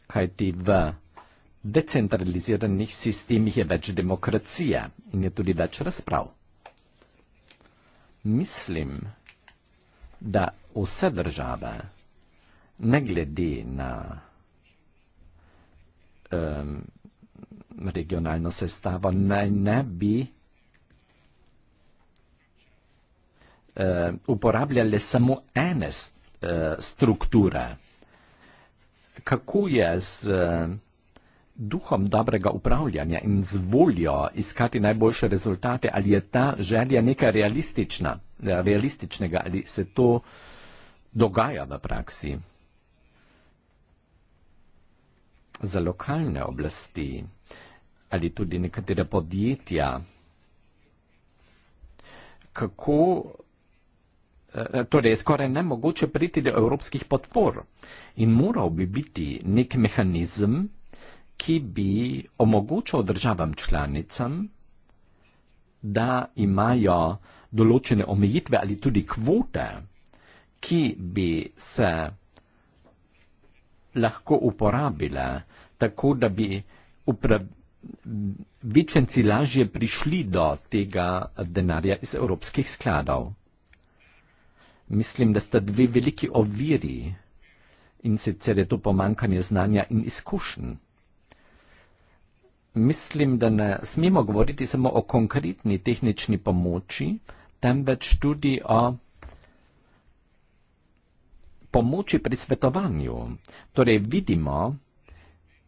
Kaj ti v decentraliziranih sistemih je več demokracije in je tudi več razprav? Mislim, da vse države, ne glede na um, regionalno sestavo naj ne bi eh, uporabljale samo ene eh, strukture. Kako je z eh, duhom dobrega upravljanja in z voljo iskati najboljše rezultate, ali je ta želja nekaj realistična, realističnega, ali se to dogaja v praksi? Za lokalne oblasti ali tudi nekatera podjetja, kako, eh, torej je skoraj nemogoče priti do evropskih podpor in moral bi biti nek mehanizem, ki bi omogočal državam članicam, da imajo določene omejitve ali tudi kvote, ki bi se lahko uporabile tako, da bi upravljali vičenci lažje prišli do tega denarja iz evropskih skladov. Mislim, da sta dve veliki oviri in sicer je to pomankanje znanja in izkušenj. Mislim, da ne smemo govoriti samo o konkretni tehnični pomoči, temveč tudi o pomoči pri svetovanju. Torej vidimo,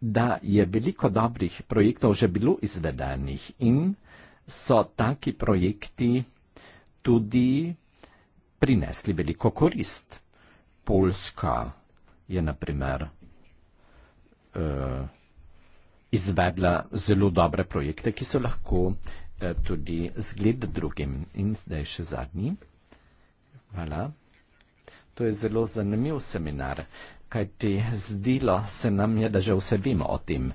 da je veliko dobrih projektov že bilo izvedenih in so taki projekti tudi prinesli veliko korist. Poljska je naprimer uh, eh, izvedla zelo dobre projekte, ki so lahko uh, tudi zgled drugim. In zdaj še zadnji. Hvala. To je zelo zanimiv seminar. Uh, kajti zdilo se nam je, da že vse vemo o tem,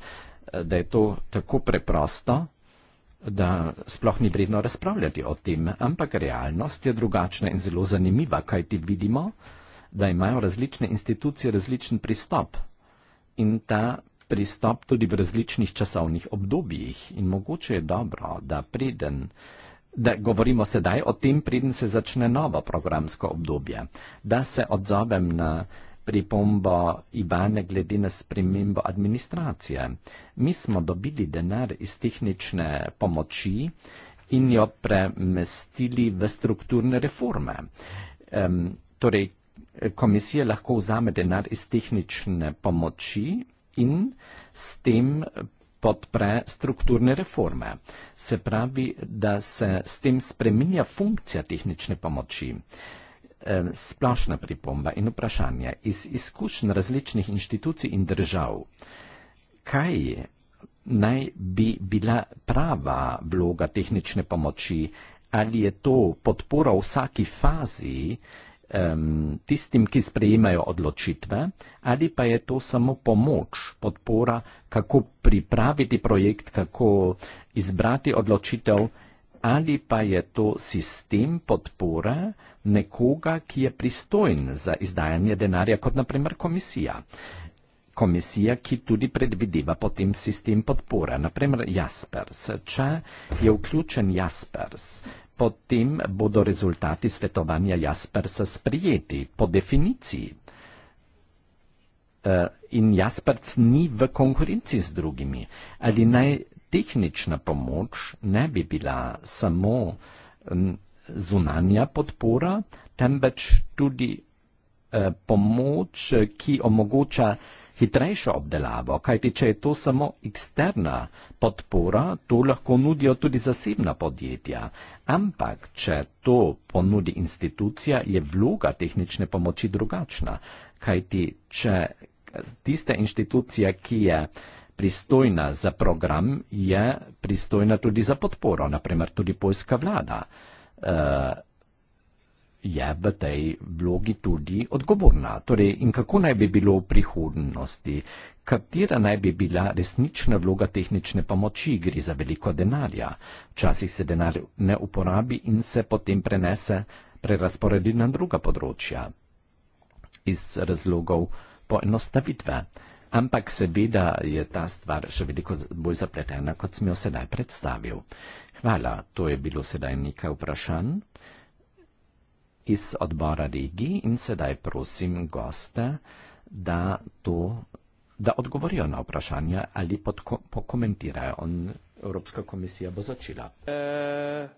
da je to tako preprosto, da sploh ni vredno razpravljati o tem, ampak realnost je drugačna in zelo zanimiva, kajti vidimo, da imajo različne institucije različen pristop in ta pristop tudi v različnih časovnih obdobjih in mogoče je dobro, da preden. Da govorimo sedaj o tem, preden se začne novo programsko obdobje, da se odzovem na pripombo Ivane glede na spremembo administracije. Mi smo dobili denar iz tehnične pomoči in jo premestili v strukturne reforme. Um, torej, komisija lahko vzame denar iz tehnične pomoči in s tem podpre strukturne reforme. Se pravi, da se s tem spreminja funkcija tehnične pomoči. Uh, eh, splošna pripomba in vprašanje iz izkušenj različnih inštitucij in držav, kaj naj bi bila prava vloga tehnične pomoči, ali je to podpora v vsaki fazi eh, tistim, ki sprejemajo odločitve, ali pa je to samo pomoč, podpora, kako pripraviti projekt, kako izbrati odločitev. Ali pa je to sistem podpore, nekoga, ki je pristojen za izdajanje denarja, kot naprimer komisija. Komisija, ki tudi predvideva potem sistem podpore, naprimer Jaspers. Če je vključen Jaspers, potem bodo rezultati svetovanja Jaspersa sprijeti po definiciji. Eh, in Jaspers ni v konkurenci z drugimi. Ali naj tehnična pomoč ne bi bila samo mm, zunanja podpora, temveč tudi eh, pomoč, ki omogoča hitrejšo obdelavo, kajti če je to samo eksterna podpora, to lahko nudijo tudi zasebna podjetja. Ampak, če to ponudi institucija, je vloga tehnične pomoči drugačna, kajti če tista institucija, ki je pristojna za program, je pristojna tudi za podporo, naprimer tudi poljska vlada uh, je v tej vlogi tudi odgovorna. Torej, in kako naj bi bilo v prihodnosti? Katera naj bi bila resnična vloga tehnične pomoči? Gre za veliko denarja. Včasih se denar ne uporabi in se potem prenese, prerasporedi na druga področja. Iz razlogov poenostavitve. Ampak seveda je ta stvar še veliko bolj zapletena, kot sem jo sedaj predstavil. Uh, Hvala, to je bilo sedaj nekaj vprašanj iz odbora regij in sedaj prosim goste, da, to, da odgovorijo na vprašanje ali podko, pokomentirajo. On, Evropska komisija bo začela. Uh,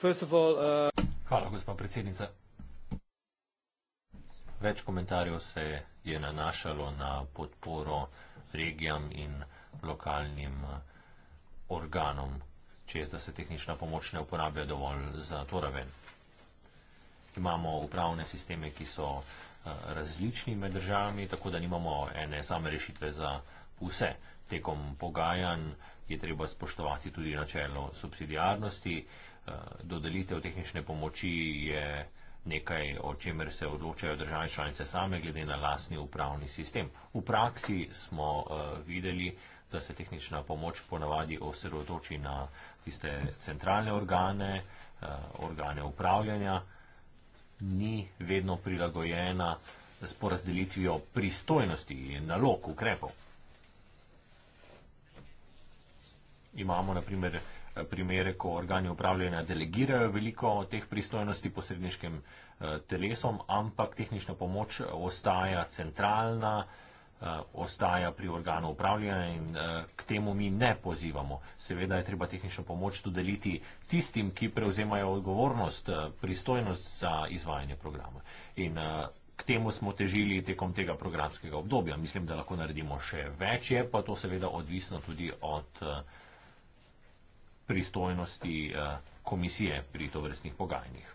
all, uh... Hvala, gospod predsednica. Več komentarjev se je nanašalo na podporo regijam in lokalnim uh, organom, čez da se tehnična pomoč ne uporablja dovolj za to raven. Imamo upravne sisteme, ki so eh, različni med državami, tako da nimamo ene same rešitve za vse. Tekom pogajanj je treba spoštovati tudi načelo subsidijarnosti. Eh, dodelitev tehnične pomoči je nekaj, o čemer se odločajo države članice same, glede na lasni upravni sistem. V praksi smo eh, videli, da se tehnična pomoč ponavadi osredotoči na tiste centralne organe, eh, organe upravljanja, ni vedno prilagojena s porazdelitvijo pristojnosti in nalog ukrepov. Imamo naprimer eh, primere, ko organi upravljanja delegirajo veliko teh pristojnosti posredniškim eh, telesom, ampak tehnična pomoč ostaja centralna, Eh, ostaja pri organu upravljanja in eh, k temu mi ne pozivamo. Seveda je treba tehnično pomoč dodeliti tistim, ki prevzemajo odgovornost, eh, pristojnost za izvajanje programa. In k temu smo težili tekom tega programskega obdobja. Mislim, da lahko naredimo še več, je pa to seveda odvisno tudi od pristojnosti komisije pri tovrstnih pogajanjih.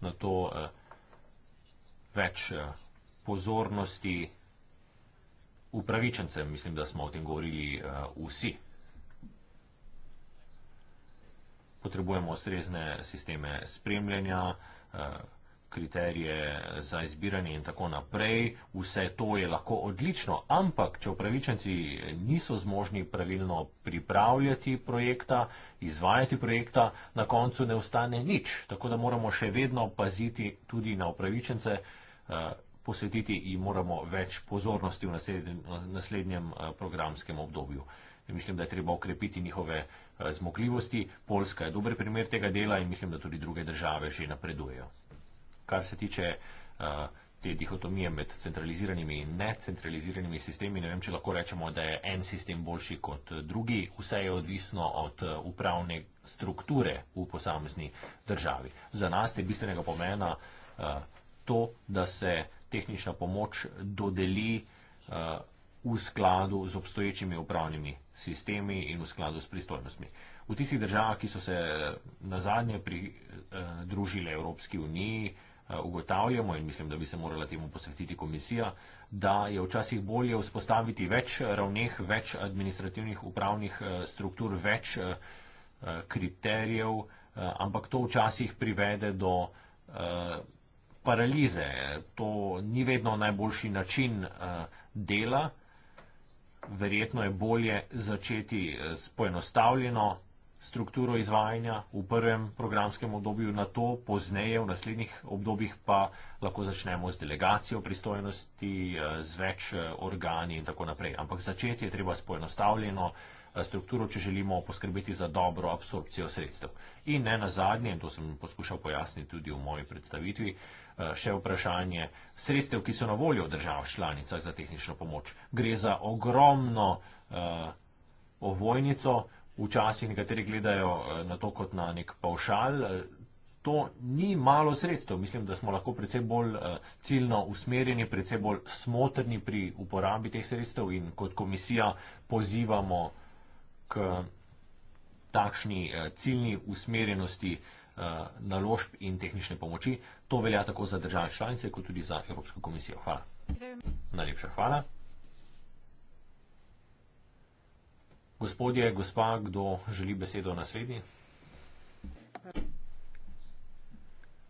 Na to eh, več eh, pozornosti upravičencem. Mislim, da smo o tem govorili eh, vsi. Potrebujemo ustrezne sisteme spremljanja, eh, kriterije za izbiranje in tako naprej. Vse to je lahko odlično, ampak če upravičenci niso zmožni pravilno pripravljati projekta, izvajati projekta, na koncu ne ostane nič. Tako da moramo še vedno paziti tudi na upravičence, Eh, posvetiti in moramo več pozornosti v naslednjem eh, programskem obdobju. Mislim, da je treba okrepiti njihove eh, zmogljivosti. Polska je dober primer tega dela in mislim, da tudi druge države že napredujejo. Kar se tiče te dihotomije med centraliziranimi in necentraliziranimi sistemi, ne vem, če lahko rečemo, da je en sistem boljši kot drugi. Vse je odvisno od upravne strukture v posamezni državi. Za nas je bistvenega pomena to, da se tehnična pomoč dodeli eh, v skladu z obstoječimi upravnimi sistemi in v skladu s pristojnostmi. V tistih državah, ki so se eh, na zadnje pridružile eh, Evropski uniji, ugotavljamo in mislim, da bi se morala temu posvetiti komisija, da je včasih bolje vzpostaviti več ravneh, več administrativnih upravnih struktur, več kriterijev, ampak to včasih privede do paralize. To ni vedno najboljši način eh, dela. Verjetno je bolje začeti eh, s poenostavljeno strukturo izvajanja v prvem programskem obdobju, na to pozneje v naslednjih obdobjih pa lahko začnemo z delegacijo pristojnosti, eh, z več organi in tako naprej. Ampak začeti je treba s poenostavljeno strukturo, če želimo poskrbeti za dobro absorpcijo sredstev. In ne na zadnje, in to sem poskušal pojasniti tudi v moji predstavitvi, Eh, še vprašanje sredstev, ki so na voljo v državah članicah za tehnično pomoč. Gre za ogromno uh, ovojnico, včasih nekateri gledajo eh, na to kot na nek paušal. To ni malo sredstev. Mislim, da smo lahko predvsem bolj ciljno usmerjeni, predvsem bolj smotrni pri uporabi teh sredstev in kot komisija pozivamo k takšni ciljni usmerjenosti. Eh, naložb in tehnične pomoči. To velja tako za države članice, kot tudi za Evropsko komisijo. Hvala. Najlepša hvala. Gospodje, gospa, kdo želi besedo naslednji?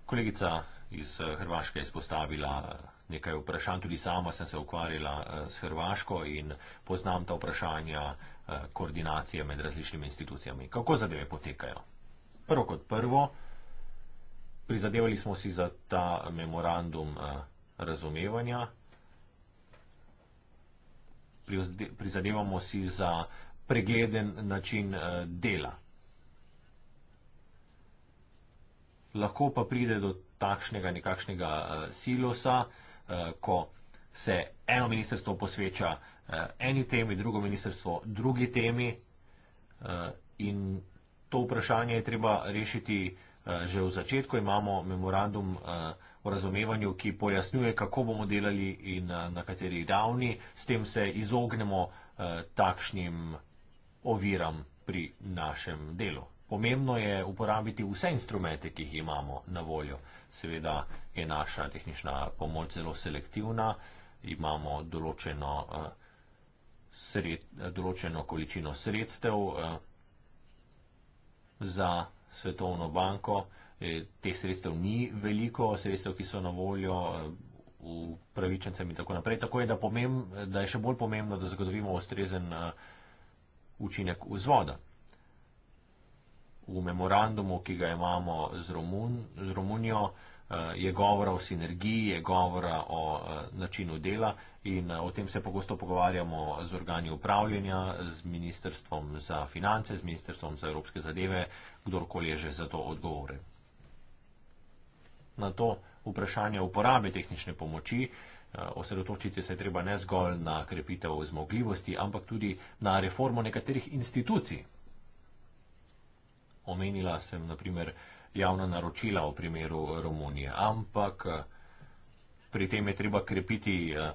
Kolegica iz eh, Hrvaške je spostavila eh, nekaj vprašanj, tudi sama sem se ukvarjala s Hrvaško in poznam ta vprašanja koordinacije med različnimi institucijami. Kako zadeve potekajo? prvo kot prvo, prizadevali smo si za ta memorandum eh, razumevanja, prizadevamo si za pregleden način eh, dela. Lahko pa pride do takšnega nekakšnega eh, silosa, ko se eno ministrstvo posveča eni temi, drugo ministrstvo drugi temi in to vprašanje je treba rešiti eh, že v začetku. Imamo memorandum eh, o razumevanju, ki pojasnjuje, kako bomo delali in eh, na kateri ravni. S tem se izognemo takšnim oviram pri našem delu. Pomembno je uporabiti vse instrumente, ki jih imamo na voljo. Seveda je naša tehnična pomoč zelo selektivna, imamo določeno, sred, določeno količino sredstev za Svetovno banko. E, teh sredstev ni veliko, sredstev, ki so na voljo e, upravičencem in tako naprej. Tako je, da, pomemb, da je še bolj pomembno, da zagotovimo ustrezen e, učinek vzvoda. V memorandumu, ki ga imamo z, Romun, z Romunijo, je govora o sinergiji, je govora o eh, načinu dela in eh, o tem se pogosto pogovarjamo z organi upravljanja, z Ministrstvom za finance, z Ministrstvom za evropske zadeve, kdorkoli je že za to odgovore. Na to vprašanje uporabe tehnične pomoči eh, osredotočiti se treba ne zgolj na krepitev zmogljivosti, ampak tudi na reformo nekaterih institucij. Omenila sem naprimer javna naročila v primeru Romunije. Ampak eh, pri tem je treba krepiti eh,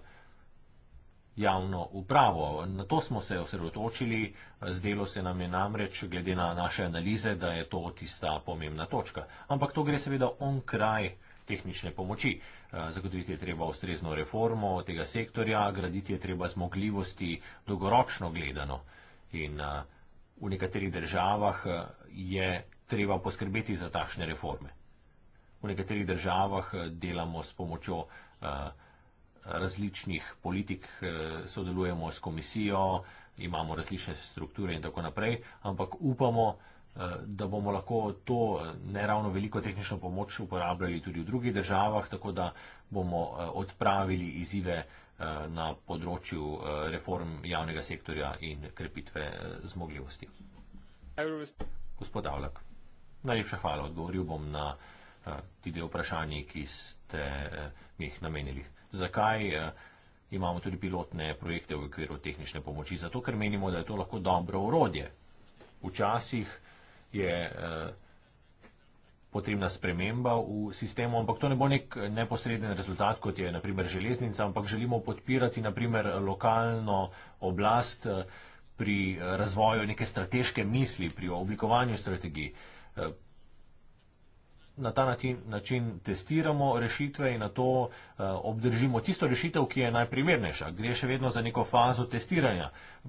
javno upravo. Na to smo se osredotočili, eh, zdelo se nam je namreč, glede na naše analize, da je to tista pomembna točka. Ampak to gre seveda on kraj tehnične pomoči. Zagotoviti je treba ustrezno reformo tega sektorja, graditi je treba zmogljivosti dolgoročno gledano. In v nekaterih državah je treba poskrbeti za takšne reforme. V nekaterih državah eh, delamo s pomočjo eh, različnih politik, eh, sodelujemo s komisijo, imamo različne strukture in tako naprej, ampak upamo, da bomo lahko to neravno veliko tehnično pomoč uporabljali tudi v drugih državah, tako da bomo odpravili izive na področju reform javnega sektorja in krepitve zmogljivosti. Gospod Avlak. Najlepša hvala. Odgovoril bom na eh, ti dve vprašanji, ki ste eh, mi jih namenili. Zakaj eh, imamo tudi pilotne projekte v okviru tehnične pomoči? Zato, ker menimo, da je to lahko dobro urodje. Včasih je potrebna sprememba v sistemu, ampak to ne bo nek neposreden rezultat, kot je naprimer železnica, ampak želimo podpirati naprimer lokalno oblast pri razvoju neke strateške misli, pri oblikovanju strategij. Eh, na ta način, način testiramo rešitve in na to eh, obdržimo tisto rešitev, ki je najprimernejša. Gre še vedno za neko fazo testiranja,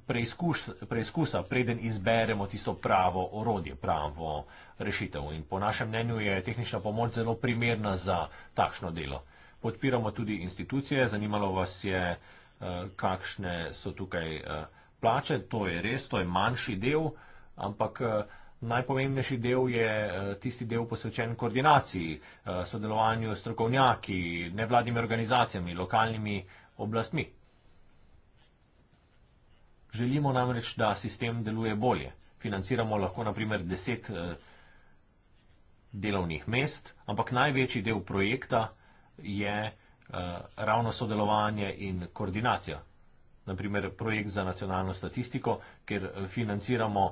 preizkus, preizkusa, preden izberemo tisto pravo orodje, pravo rešitev. In po našem mnenju je tehnična pomoč zelo primerna za takšno delo. Podpiramo tudi institucije, zanimalo vas je, eh, kakšne so tukaj plače, to je res, to je manjši del, ampak. Najpomembnejši del je eh, tisti del posvečen koordinaciji, eh, sodelovanju s strokovnjaki, nevladnimi organizacijami, lokalnimi oblastmi. Želimo namreč, da sistem deluje bolje. Financiramo lahko naprimer deset eh, delovnih mest, ampak največji del projekta je ravno sodelovanje in koordinacija. Naprimer projekt za nacionalno statistiko, kjer financiramo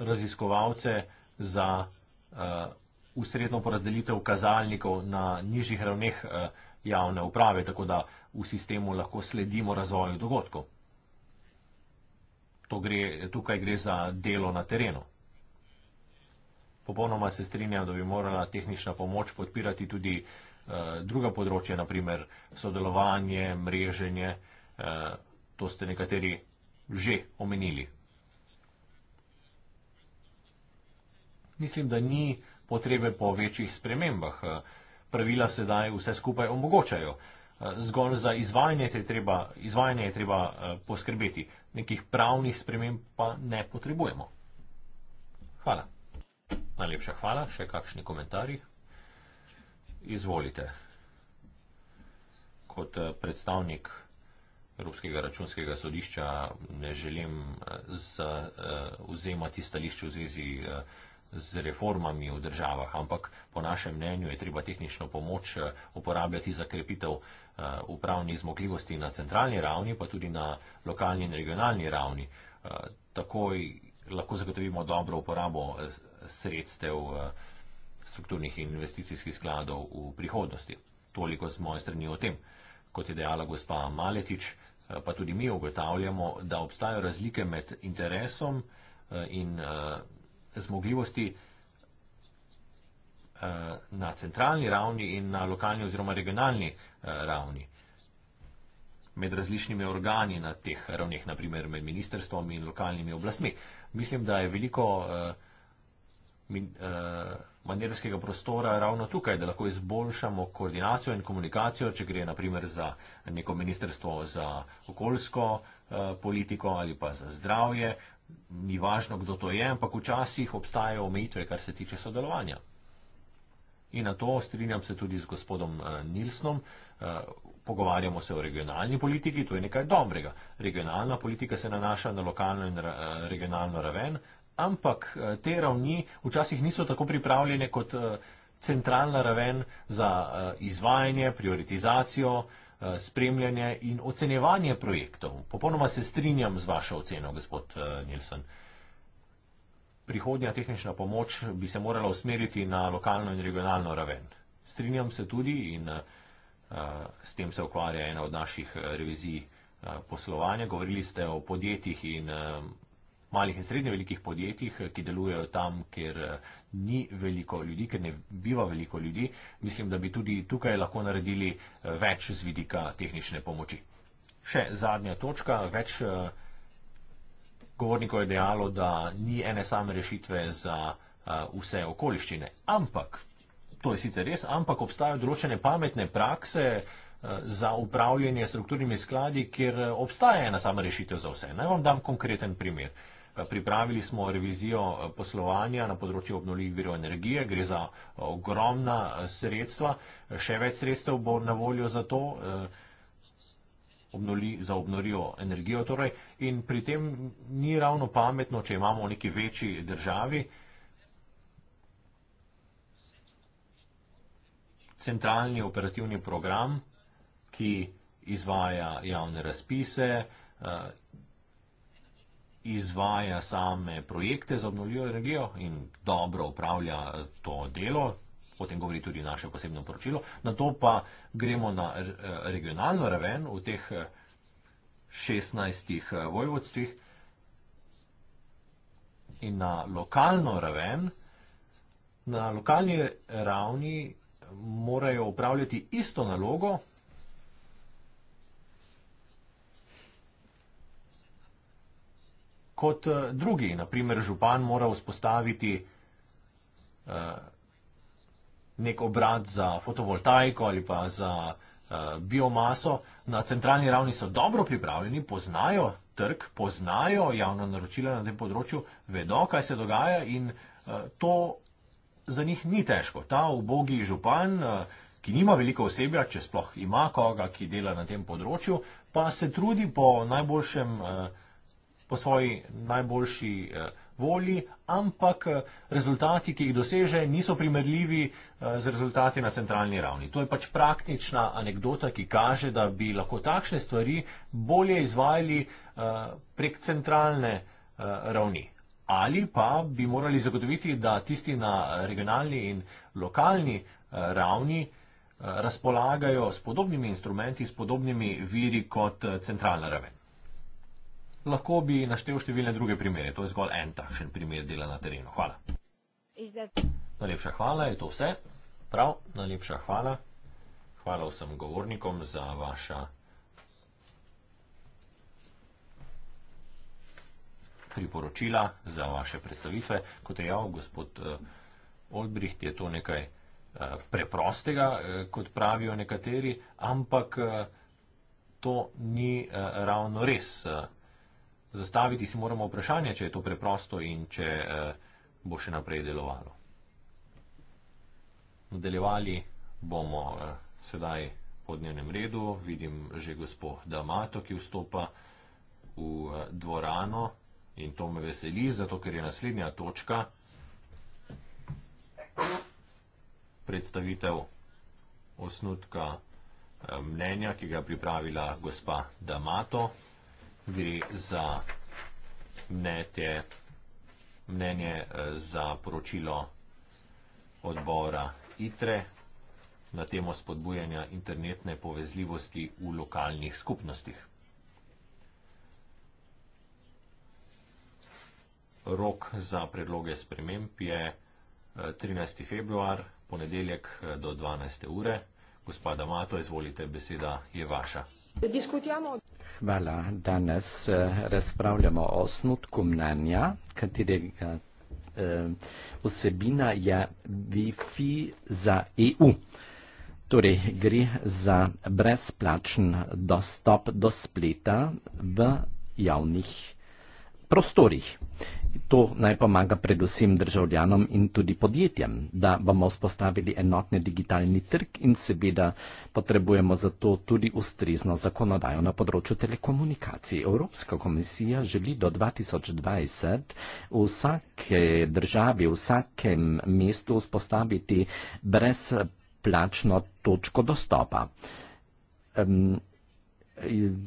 raziskovalce za uh, ustrezno porazdelitev kazalnikov na nižjih ravneh uh, javne uprave, tako da v sistemu lahko sledimo razvoju dogodkov. Gre, tukaj gre za delo na terenu. Popolnoma se strinjam, da bi morala tehnična pomoč podpirati tudi uh, druga področja, naprimer sodelovanje, mreženje. Uh, to ste nekateri že omenili. mislim, da ni potrebe po večjih spremembah. Eh, pravila sedaj vse skupaj omogočajo. Eh, zgolj za izvajanje, treba, izvajanje je treba eh, poskrbeti, nekih pravnih sprememb pa ne potrebujemo. Hvala. Najlepša hvala. Še kakšni komentarji? Izvolite. Kot predstavnik Evropskega računskega sodišča ne želim vzemati stališče v zvezi. Uh, z reformami v državah, ampak po našem mnenju je treba tehnično pomoč eh, uporabljati za krepitev eh, upravnih zmogljivosti na centralni ravni, pa tudi na lokalni in regionalni ravni. Eh, takoj lahko zagotovimo dobro uporabo sredstev strukturnih in investicijskih skladov v prihodnosti. Toliko z moje strani o tem. Kot je dejala gospa Maletič, pa tudi mi ugotavljamo, da obstajajo razlike med interesom in zmogljivosti eh, na centralni ravni in na lokalni oziroma regionalni eh, ravni med različnimi organi na teh ravneh, naprimer med ministrstvom in lokalnimi oblastmi. Mislim, da je veliko eh, manjerskega prostora ravno tukaj, da lahko izboljšamo koordinacijo in komunikacijo, če gre naprimer za neko ministrstvo za okoljsko politiko ali pa za zdravje, ni važno, kdo to je, ampak včasih obstajajo omejitve, kar se tiče sodelovanja. In na to strinjam se tudi z gospodom eh, Nilsnom. Eh, pogovarjamo se o regionalni politiki, to je nekaj dobrega. Regionalna politika se nanaša na lokalno in eh, regionalno raven, ampak te ravni včasih niso tako pripravljene kot centralna raven za izvajanje, prioritizacijo, Eh, spremljanje in ocenjevanje projektov. Popolnoma se strinjam z vašo oceno, gospod eh, Nilsson. Prihodnja tehnična pomoč bi se morala usmeriti na lokalno in regionalno raven. Strinjam se tudi in eh, s tem se ukvarja ena od naših revizij poslovanja. Govorili ste o podjetjih in malih in srednje velikih podjetjih, eh, ki delujejo tam, kjer eh, ni veliko ljudi, kjer ne biva veliko ljudi, mislim, da bi tudi tukaj lahko naredili eh, več z vidika tehnične pomoči. Še zadnja točka. Več govornikov je dejalo, da ni ene same rešitve za vse okoliščine. Ampak, to je sicer res, ampak obstajajo določene pametne prakse za upravljanje strukturnimi skladi, kjer obstaja ena sama rešitev za vse. Naj vam dam konkreten primer. Pripravili smo revizijo eh, poslovanja na področju obnovljivih virov energije, gre za eh, ogromna eh, sredstva, še več sredstev bo na voljo za to, obnoli, za obnorijo energijo. Torej. In pri tem ni ravno pametno, če imamo v neki večji državi centralni operativni program, ki izvaja javne razpise izvaja same projekte za obnovljivo energijo in dobro upravlja to delo, o tem govori tudi naše posebno poročilo. Na to pa gremo na eh, regionalno raven v teh 16 eh, eh, vojvodstvih in na lokalno raven. Na lokalni ravni morajo upravljati isto nalogo, kot eh, drugi. Naprimer, župan mora vzpostaviti eh, nek obrat za fotovoltaiko ali pa za eh, biomaso. Na centralni ravni so dobro pripravljeni, poznajo trg, poznajo javno naročila na tem področju, vedo, kaj se dogaja in to za njih ni težko. Ta ubogi župan, ki nima veliko osebja, če sploh ima koga, ki dela na tem področju, pa se trudi po najboljšem po svoji najboljši eh, volji, ampak eh, rezultati, ki jih doseže, niso primerljivi eh, z rezultati na centralni ravni. To je pač praktična anekdota, ki kaže, da bi lahko takšne stvari bolje izvajali prek centralne ravni. Ali pa bi morali zagotoviti, da tisti na regionalni in lokalni ravni razpolagajo s podobnimi instrumenti, s podobnimi viri kot centralna raven. Lahko bi naštel številne druge primere, to je zgolj en takšen primer dela na terenu. Hvala. Najlepša hvala, je to vse. Prav, najlepša hvala. Hvala vsem govornikom za vaša priporočila, za vaše predstavitve. Kot je javil gospod uh, Olbricht, je to nekaj uh, preprostega, uh, kot pravijo nekateri, ampak uh, to ni uh, ravno res. Uh, zastaviti si moramo vprašanje, če je to preprosto in če eh, bo še naprej delovalo. Nadaljevali bomo eh, sedaj po dnevnem redu. Vidim že gospod Damato, ki vstopa v eh, dvorano in to me veseli, zato ker je naslednja točka predstavitev osnutka mnenja, ki ga je pripravila gospa Damato gre za mnetje, mnenje eh, za poročilo odbora ITRE na temo spodbujanja internetne povezljivosti v lokalnih skupnostih. Rok za predloge sprememb je 13. Eh, februar, ponedeljek eh, do 12. ure. Gospoda Mato, izvolite, beseda je vaša. Diskutiamo o Hvala. Danes eh, razpravljamo o osnutku mnenja, katerega osebina eh, je Wi-Fi za EU. Torej gre za brezplačen dostop do spleta v javnih prostorih. To naj pomaga predvsem državljanom in tudi podjetjem, da bomo vzpostavili enotni digitalni trg in seveda potrebujemo za to tudi ustrezno zakonodajo na področju telekomunikacij. Evropska komisija želi do 2020 v vsake državi, v vsakem mestu vzpostaviti brezplačno točko dostopa.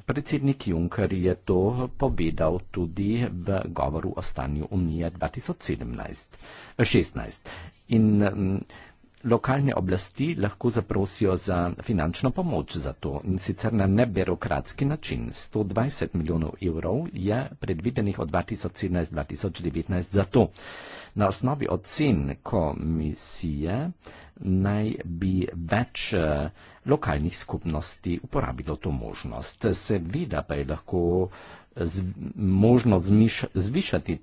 Predsednik Juncker je to povedal tudi v govoru o stanju Unije 2017-2016. In mm, lokalne oblasti lahko zaprosijo za finančno pomoč za to in sicer na nebirokratski način. 120 milijonov evrov je predvidenih od 2017-2019 za to. Na osnovi ocen komisije naj bi več eh, lokalnih skupnosti uporabilo to možnost. Seveda pa je lahko uh, z, možno zmiš, zvišati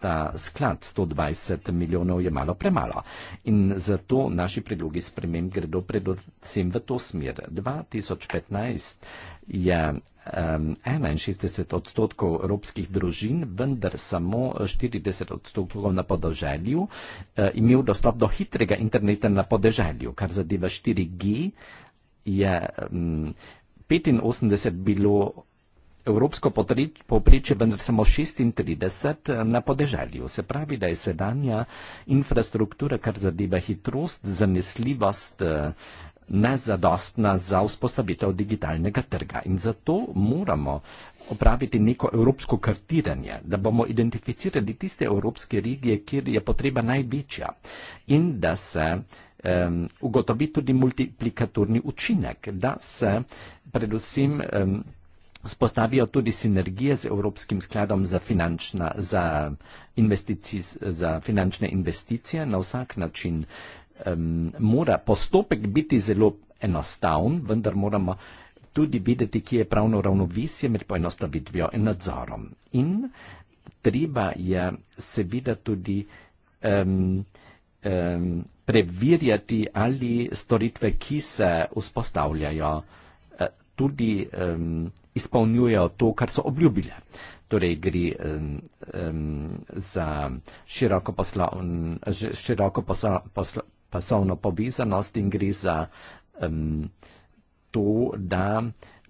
ta sklad. 120 milijonov je malo premalo. In zato naši predlogi sprememb gredo predvsem v to smer. 2015 je um, 61 odstotkov evropskih družin, vendar samo 40 odstotkov na podeželju, uh, imel dostop do hitrega interneta na podeželju, kar zadeva 4G. Je um, 85 bilo Evropsko povprečje vendar samo 36 eh, na podeželju. Se pravi, da je sedanja infrastruktura, kar zadeva hitrost, zanesljivost, eh, nezadostna za vzpostavitev digitalnega trga. In zato moramo opraviti neko evropsko kartiranje, da bomo identificirali tiste evropske regije, kjer je potreba največja in da se um, ugotovi tudi multiplikatorni učinek, da se predvsem um, vzpostavijo tudi sinergije z Evropskim skladom za, finančna, za, za finančne investicije na vsak način. Um, mora postopek biti zelo enostavn, vendar moramo tudi videti, kje je pravno ravnovesje med poenostavitvijo in nadzorom. In treba je seveda tudi um, um, preverjati, ali storitve, ki se vzpostavljajo, eh, tudi um, izpolnjujejo to, kar so obljubile. Torej gre um, um, za široko, poslov, široko poslov, poslov, pasovno povezanost in gre za um, to, da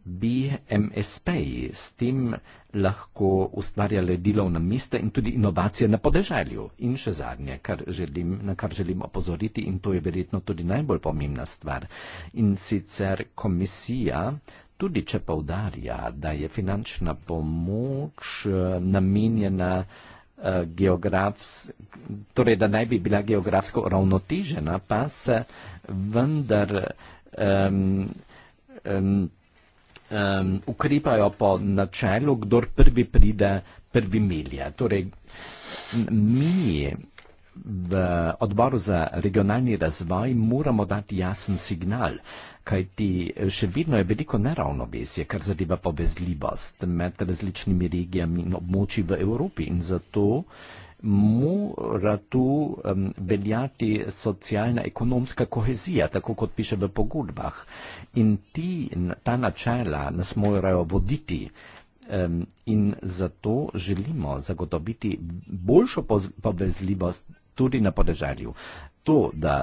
bi MSP-ji s tem lahko ustvarjali delovna mesta in tudi inovacije na podeželju. In še zadnje, želim, na kar želim opozoriti in to je verjetno tudi najbolj pomembna stvar. In sicer komisija tudi če povdarja, da je finančna pomoč eh, namenjena eh, geografsko, torej da naj bi bila geografsko ravnotežena, pa se vendar um, um, um, ukrepajo po načelu, kdor prvi pride, prvi milja. Torej, mi v odboru za regionalni razvoj moramo dati jasen signal. Uh, kajti še vedno je veliko neravnovesje, kar zadeva povezljivost med različnimi regijami in območji v Evropi in zato mora tu um, veljati socialna ekonomska kohezija, tako kot piše v pogodbah. In ti, ta načela nas morajo voditi. Um, in zato želimo zagotoviti boljšo povezljivost tudi na podeželju. To, da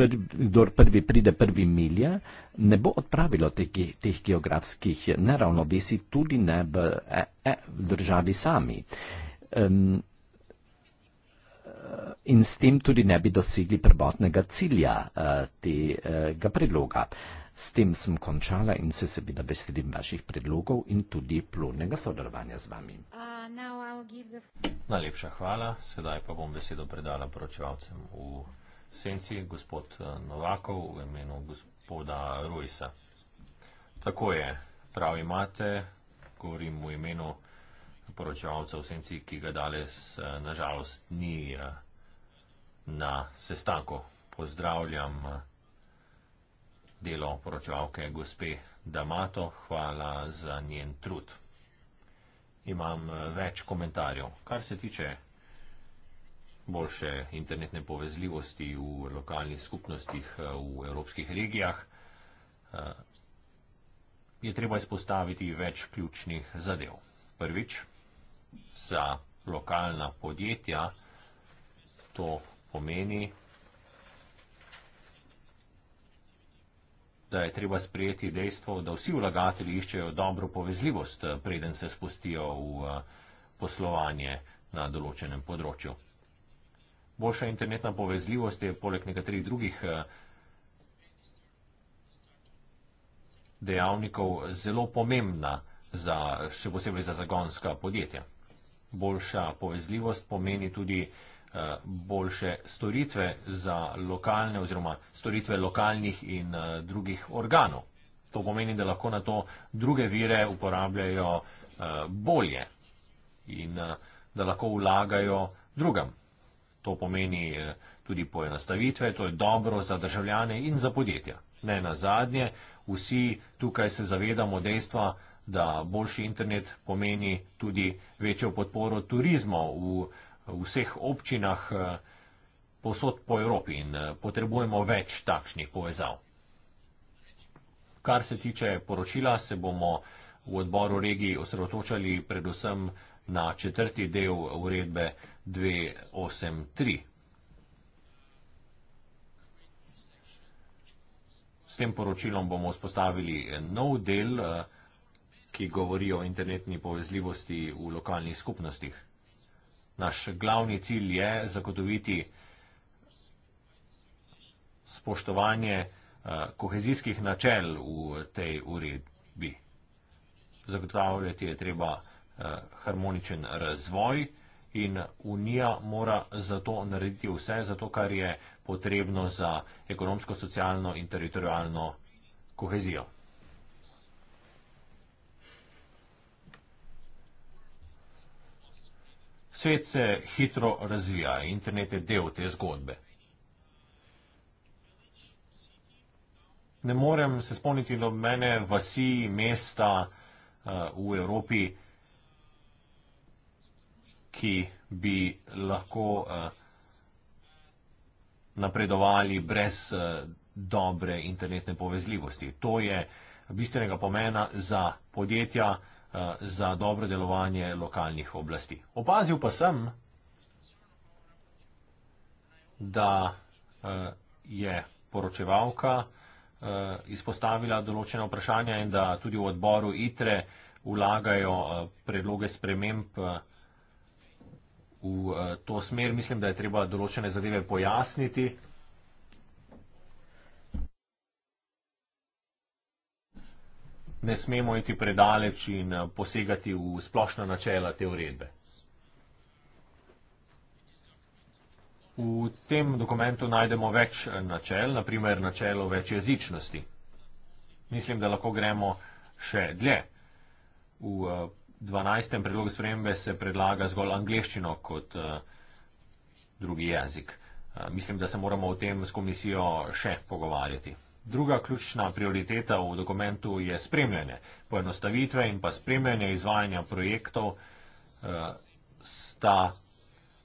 prvi, kdor prvi pride, prvi milje, ne bo odpravilo teh, teh geografskih neravnovesij, tudi ne v, e, e, v državi sami. Um, in s tem tudi ne bi dosegli prvotnega cilja uh, tega uh, predloga. S tem sem končala in se seveda veselim vaših predlogov in tudi plodnega sodelovanja z vami. Uh, the... Najlepša hvala, sedaj pa bom besedo predala poročevalcem v senci gospod eh, Novakov v imenu gospoda Rojsa. Tako je, prav imate, govorim v imenu poročevalca v senci, ki ga danes eh, nažalost ni eh, na sestanku. Pozdravljam delo poročevalke gospe Damato, hvala za njen trud. Imam več komentarjev. Kar se tiče boljše internetne povezljivosti v lokalnih skupnostih eh, v evropskih regijah, eh, je treba izpostaviti več ključnih zadev. Prvič, za lokalna podjetja to pomeni, da je treba sprejeti dejstvo, da vsi vlagatelji iščejo dobro povezljivost, preden se spustijo v eh, poslovanje na določenem področju boljša internetna povezljivost je poleg nekaterih drugih eh, dejavnikov zelo pomembna, za, še posebej za zagonska podjetja. Boljša povezljivost pomeni tudi eh, boljše storitve za lokalne oziroma storitve lokalnih in eh, drugih organov. To pomeni, da lahko na to druge vire uporabljajo bolje in da lahko vlagajo drugam. To pomeni eh, tudi poenostavitve, to je dobro za državljane in za podjetja. Ne na zadnje, vsi tukaj se zavedamo dejstva, da boljši internet pomeni tudi večjo podporo turizma v vseh občinah eh, posod po Evropi in eh, potrebujemo več takšnih povezav. Kar se tiče poročila, se bomo v odboru regiji osredotočali predvsem na četrti del uredbe. 283. S tem poročilom bomo vzpostavili eh, nov del, eh, ki govori o internetni povezljivosti v lokalnih skupnostih. Naš glavni cilj je zagotoviti spoštovanje eh, kohezijskih načel v tej uredbi. Zagotavljati je treba harmoničen razvoj in Unija mora zato narediti vse, zato kar je potrebno za ekonomsko, socialno in teritorijalno kohezijo. Svet se hitro razvija, internet je del te zgodbe. Ne morem se spomniti do mene vasi, mesta uh, v Evropi, ki bi lahko eh, napredovali brez eh, dobre internetne povezljivosti. To je bistvenega pomena za podjetja, eh, za dobro delovanje lokalnih oblasti. Opazil pa sem, da je poročevalka izpostavila določena vprašanja in da tudi v odboru ITRE vlagajo predloge sprememb v eh, to smer. Mislim, da je treba določene zadeve pojasniti. Ne smemo iti predaleč in eh, posegati v splošna načela te uredbe. V tem dokumentu najdemo več eh, načel, naprimer načelo večjezičnosti. Mislim, da lahko gremo še dlje. V 12. predlogu spremembe se predlaga zgolj angliščino kot uh, drugi jezik. Uh, mislim, da se moramo o tem s komisijo še pogovarjati. Druga ključna prioriteta v dokumentu je spremljanje, poenostavitve in pa spremljanje izvajanja projektov uh, sta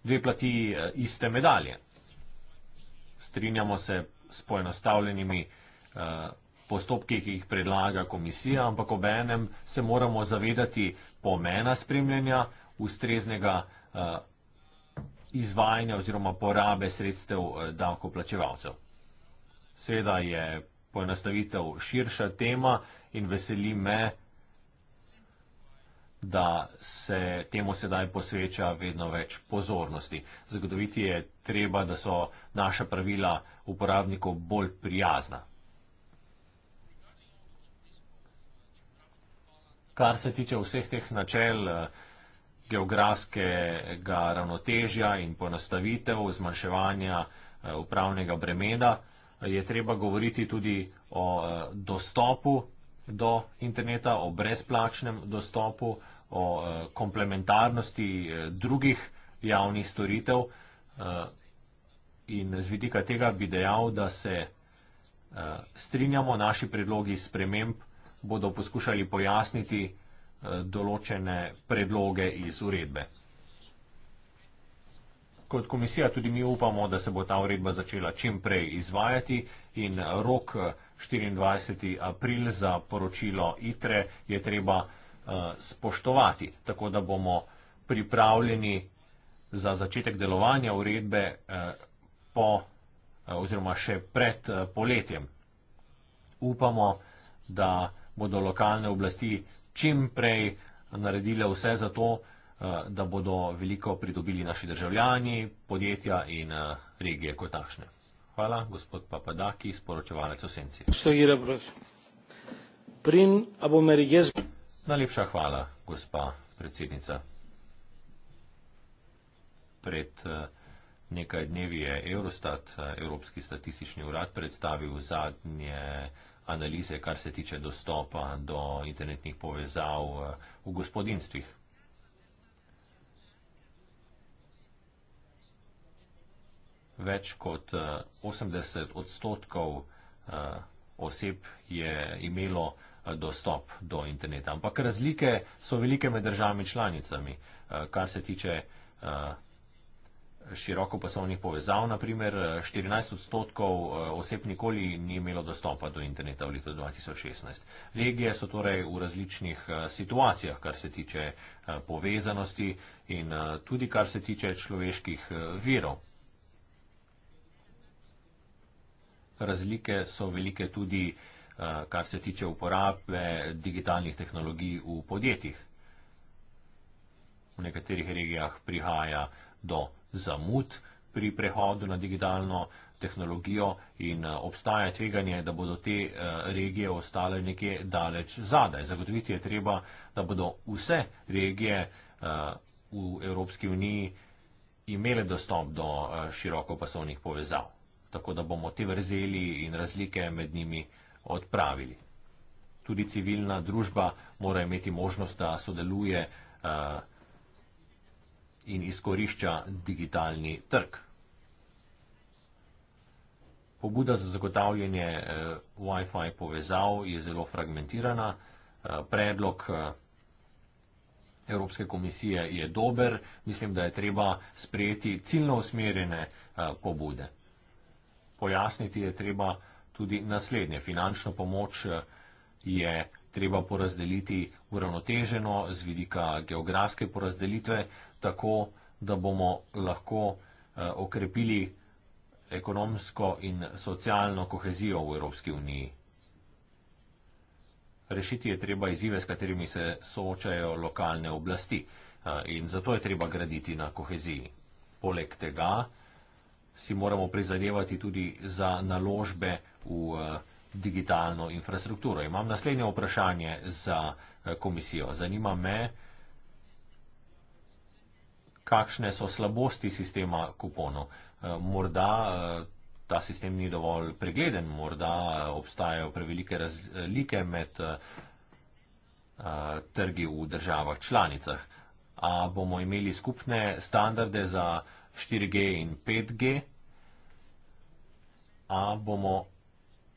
dve plati uh, iste medalje. Strinjamo se s poenostavljenimi uh, postopki, ki jih predlaga komisija, ampak ob enem se moramo zavedati pomena spremljanja, ustreznega uh, izvajanja oziroma porabe sredstev uh, davkoplačevalcev. Seveda je poenostavitev širša tema in veseli me, da se temu sedaj posveča vedno več pozornosti. Zagotoviti je treba, da so naša pravila uporabnikov bolj prijazna. kar se tiče vseh teh načel eh, geografskega ravnotežja in ponastavitev zmanjševanja eh, upravnega bremena, eh, je treba govoriti tudi o dostopu do interneta, o brezplačnem dostopu, o komplementarnosti drugih javnih storitev in z vidika tega bi dejal, da se strinjamo, naši predlogi sprememb bodo poskušali pojasniti eh, določene predloge iz uredbe. Kot komisija tudi mi upamo, da se bo ta uredba začela čim prej izvajati in rok 24. Eh, april za poročilo ITRE je treba eh, spoštovati, tako da bomo pripravljeni za začetek delovanja uredbe po oziroma še pred poletjem. Upamo, da bomo da bodo lokalne oblasti čim prej naredile vse za to, eh, da bodo veliko pridobili naši državljani, podjetja in eh, regije kot takšne. Hvala, gospod Papadaki, sporočevalec v Senci. Najlepša hvala, gospa predsednica. Pred eh, nekaj dnevi je Eurostat, Evropski statistični urad, predstavil zadnje analize, kar se tiče dostopa do internetnih povezav eh, v gospodinstvih. Več kot 80 eh, odstotkov eh, oseb je imelo dostop do interneta. Ampak razlike so velike med državami članicami, kar se tiče širokopasovnih povezav, naprimer 14 eh, odstotkov eh, oseb nikoli ni imelo dostopa do interneta v letu 2016. Regije so torej v različnih eh, situacijah, kar se tiče povezanosti in tudi kar se tiče človeških virov. Razlike so velike tudi, kar se tiče uporabe digitalnih tehnologij v podjetjih. V nekaterih regijah prihaja do zamud pri prehodu na digitalno tehnologijo in eh, obstaja tveganje, da bodo te eh, regije ostale nekje daleč zadaj. Zagotoviti je treba, da bodo vse regije eh, v Evropski uniji imele dostop do širokopasovnih povezav, tako da bomo te vrzeli in razlike med njimi odpravili. Tudi civilna družba mora imeti možnost, da sodeluje in izkorišča digitalni trg. Pobuda za zagotavljanje eh, Wi-Fi povezav je zelo fragmentirana. Eh, predlog eh, Evropske komisije je dober. Mislim, da je treba sprejeti ciljno usmerjene pobude. Pojasniti je treba tudi naslednje. Finančno pomoč je treba porazdeliti uravnoteženo z vidika geografske porazdelitve, tako, da bomo lahko eh, okrepili ekonomsko in socialno kohezijo v Evropski uniji. Rešiti je treba izzive, s katerimi se soočajo lokalne oblasti eh, in zato je treba graditi na koheziji. Poleg tega si moramo prizadevati tudi za naložbe v eh, digitalno infrastrukturo. Imam naslednje vprašanje za komisijo. Zanima me, kakšne so slabosti sistema kuponov. Eh, morda eh, ta sistem ni dovolj pregleden, morda eh, obstajajo prevelike razlike med trgi v državah članicah. A bomo imeli skupne standarde za 4G in 5G? A bomo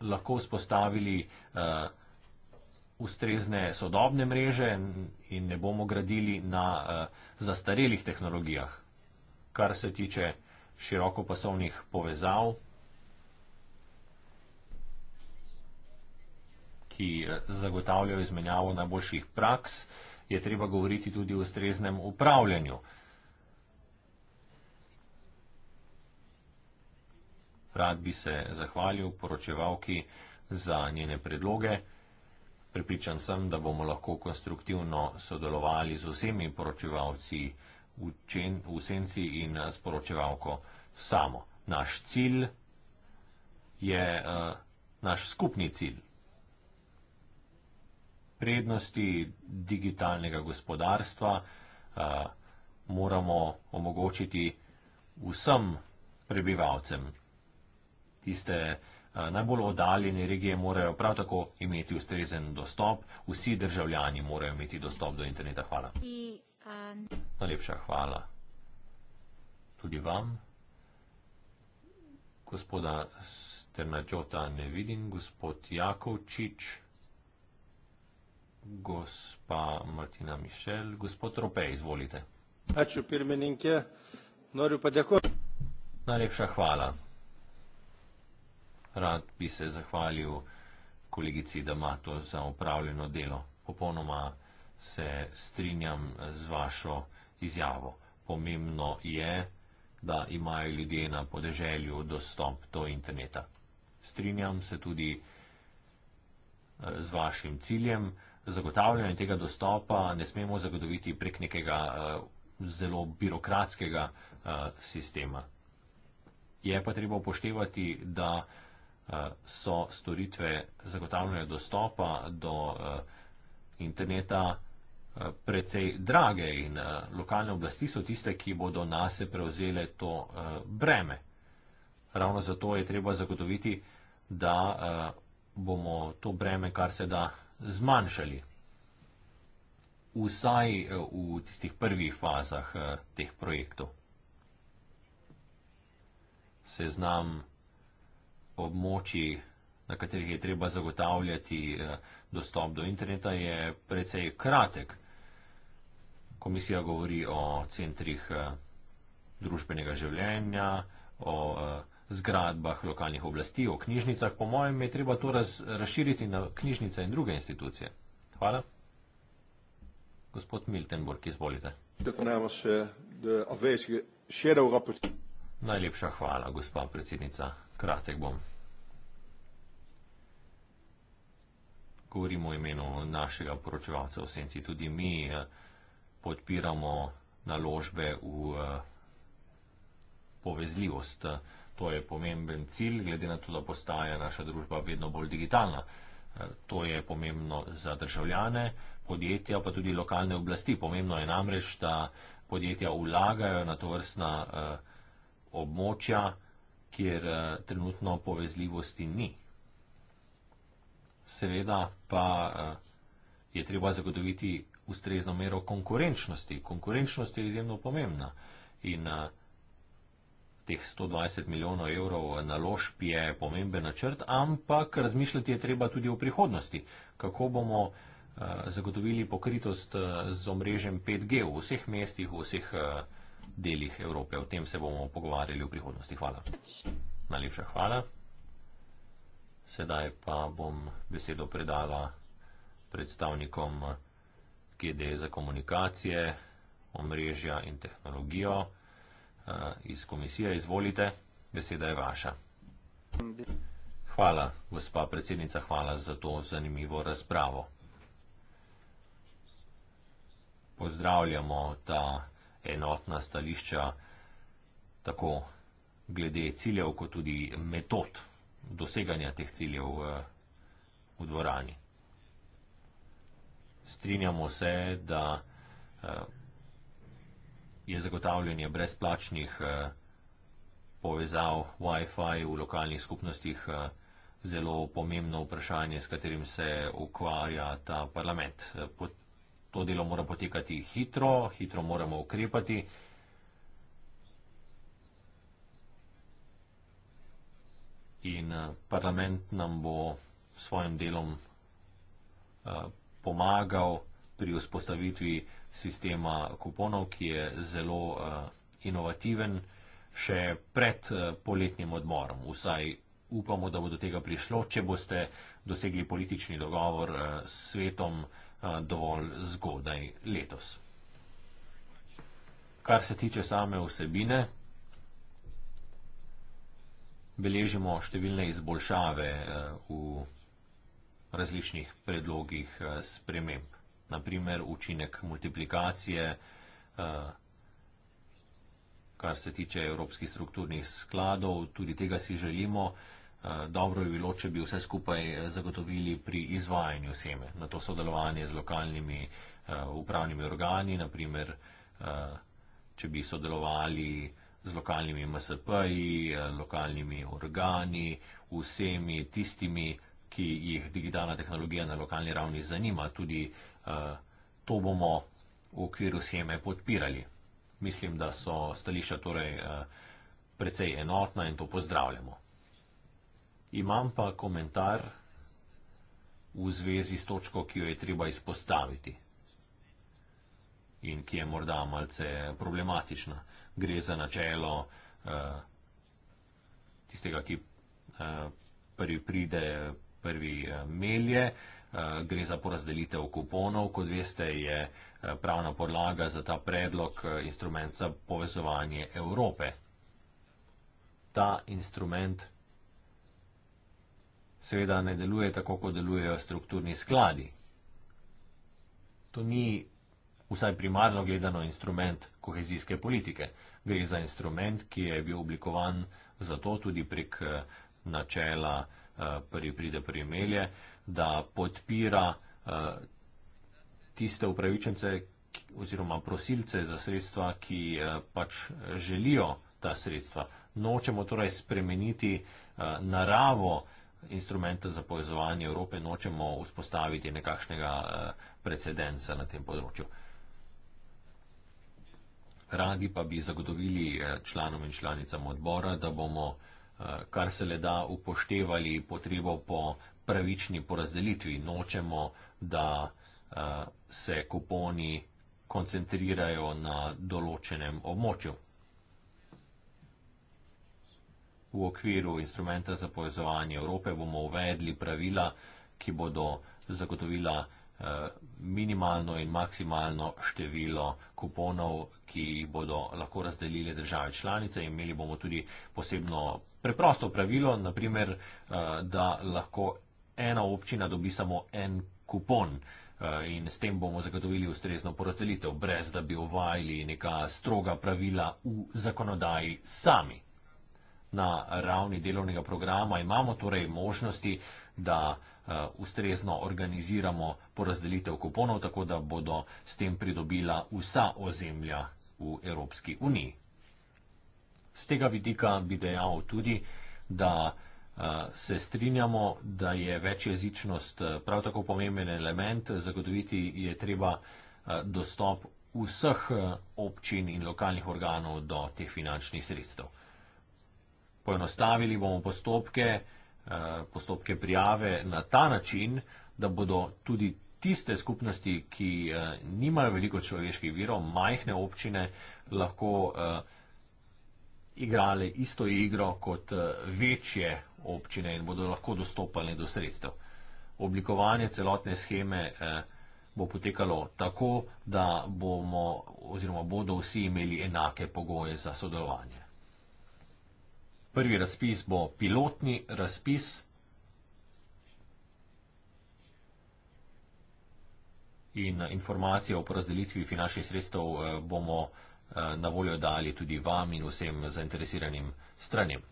lahko vzpostavili uh, ustrezne sodobne mreže in ne bomo gradili na eh, zastarelih tehnologijah. Kar se tiče širokopasovnih povezav, ki eh, zagotavljajo izmenjavo najboljših praks, je treba govoriti tudi o ustreznem upravljanju. Rad bi se zahvalil poročevalki za njene predloge. Pripričan sem, da bomo lahko konstruktivno sodelovali z vsemi poročevalci v senci in eh, sporočevalko samo. Naš cilj je uh, naš skupni cilj. Prednosti digitalnega gospodarstva uh, moramo omogočiti vsem prebivalcem. Tiste, ki. Najbolj oddaljene regije morajo prav tako imeti ustrezen dostop, vsi državljani morajo imeti dostop do interneta. Hvala. Um, Najlepša hvala tudi vam. Gospoda Strnačota ne vidim, gospod Jakovčič, gospa Martina Mišel, gospod Ropej, izvolite. Najlepša hvala. Rad bi se zahvalil kolegici Damato za upravljeno delo. Popolnoma se strinjam z vašo izjavo. Pomembno je, da imajo ljudje na podeželju dostop do interneta. Strinjam se tudi eh, z vašim ciljem. Zagotavljanje tega dostopa ne smemo zagotoviti prek nekega eh, zelo birokratskega eh, sistema. Je pa treba upoštevati, da Eh, so storitve zagotavljanja dostopa do eh, interneta eh, precej drage in lokalne oblasti so tiste, ki bodo nase prevzele to breme. Ravno zato je treba zagotoviti, da bomo to breme kar se da zmanjšali. Vsaj v tistih prvih fazah teh projektov. Seznam območij, na katerih je treba zagotavljati eh, dostop do interneta, je precej kratek. Komisija govori o centrih eh, družbenega življenja, o eh, zgradbah lokalnih oblasti, o knjižnicah. Po mojem je treba to raz, razširiti na knjižnice in druge institucije. Hvala. Gospod Miltenburg, izvolite. Najlepša hvala, gospa predsednica kratek bom. Govorimo o imenu našega poročevalca v senci. Tudi mi eh, podpiramo naložbe v eh, povezljivost. To je pomemben cilj, glede na to, da postaja naša družba vedno bolj digitalna. Eh, to je pomembno za državljane, podjetja, pa tudi lokalne oblasti. Pomembno je namreč, da podjetja vlagajo na to vrstna območja, kjer eh, trenutno povezljivosti ni. Seveda pa eh, je treba zagotoviti ustrezno mero konkurenčnosti. Konkurenčnost je izjemno pomembna in eh, teh 120 milijonov evrov naložb je pomemben načrt, ampak razmišljati je treba tudi o prihodnosti, kako bomo zagotovili pokritost z omrežjem 5G v vseh mestih, v vseh delih Evrope. O tem se bomo pogovarjali v prihodnosti. Hvala. Najlepša hvala. Sedaj pa bom besedo predala predstavnikom GD za komunikacije, omrežja in tehnologijo eh, iz komisije. Izvolite, beseda je vaša. Hvala, gospa predsednica, hvala za to zanimivo razpravo. Pozdravljamo ta enotna stališča tako glede ciljev, kot tudi metod doseganja teh ciljev eh, v dvorani. Strinjamo se, da eh, je zagotavljanje brezplačnih eh, povezav Wi-Fi v lokalnih skupnostih zelo pomembno vprašanje, s katerim se ukvarja ta parlament to delo mora potekati hitro, hitro moramo ukrepati. In eh, parlament nam bo svojim delom eh, pomagal pri vzpostavitvi sistema kuponov, ki je zelo eh, inovativen še pred poletnim odmorom. Vsaj upamo, da bo do tega prišlo, če boste dosegli politični dogovor s svetom dovolj zgodaj letos. Kar se tiče same vsebine, beležimo številne izboljšave e, v različnih predlogih e, sprememb. Naprimer, učinek multiplikacije, e, kar se tiče evropskih strukturnih skladov, tudi tega si želimo. Eh, dobro bi bilo, če bi vse skupaj eh, zagotovili pri izvajanju seme, na to sodelovanje z lokalnimi eh, upravnimi organi, naprimer, če bi sodelovali z lokalnimi MSP-ji, lokalnimi organi, vsemi tistimi, ki jih digitalna tehnologija na lokalni ravni zanima, tudi to bomo v okviru scheme podpirali. Mislim, da so stališča torej precej enotna in to pozdravljamo. Imam pa komentar v zvezi s točko, ki jo je treba izpostaviti in ki je morda malce problematična. Gre za načelo uh, tistega, ki uh, eh, prvi pride, prvi uh, melje. Gre za porazdelitev kuponov. Kot veste, je pravna podlaga za ta predlog instrument za povezovanje Evrope. Ta instrument seveda ne deluje tako, kot delujejo strukturni skladi. To ni vsaj primarno gledano instrument kohezijske politike. Gre za instrument, ki je bil oblikovan zato tudi prek eh, načela eh, prvi pride prvi melje, da podpira eh, tiste upravičence oziroma prosilce za sredstva, ki pač želijo ta sredstva. Nočemo torej spremeniti naravo instrumente za povezovanje Evrope nočemo vzpostaviti nekakšnega eh, precedensa na tem področju. Radi pa bi zagotovili eh, članom in članicam odbora, da bomo eh, kar se le da upoštevali potrebo po pravični porazdelitvi. Nočemo, da se kuponi koncentrirajo na določenem območju. V okviru instrumenta za povezovanje Evrope bomo uvedli pravila, ki bodo zagotovila eh, minimalno in maksimalno število kuponov, ki jih bodo lahko razdelili države članice. Imeli bomo tudi posebno preprosto pravilo, naprimer, eh, da lahko ena občina dobi samo en kupon eh, in s tem bomo zagotovili ustrezno porazdelitev, brez da bi uvajali neka stroga pravila v zakonodaji sami na ravni delovnega programa, imamo torej možnosti, da eh, ustrezno organiziramo porazdelitev kuponov, tako da bodo s tem pridobila vsa ozemlja v Evropski uniji. Z tega vidika bi dejal tudi, da eh, se strinjamo, da je večjezičnost eh, prav tako pomemben element, zagotoviti je treba dostop vseh občin in lokalnih organov do teh finančnih sredstev poenostavili bomo postopke, eh, postopke prijave na ta način, da bodo tudi tiste skupnosti, ki eh, nimajo veliko človeških virov, majhne občine, lahko eh, igrali isto igro kot večje občine in bodo lahko dostopali do sredstev. Oblikovanje celotne scheme bo potekalo tako, da bomo oziroma bodo vsi imeli enake pogoje za sodelovanje. Prvi razpis bo pilotni razpis. In informacije o porazdelitvi finančnih sredstev eh, bomo eh, na voljo dali tudi vam in vsem zainteresiranim stranjem.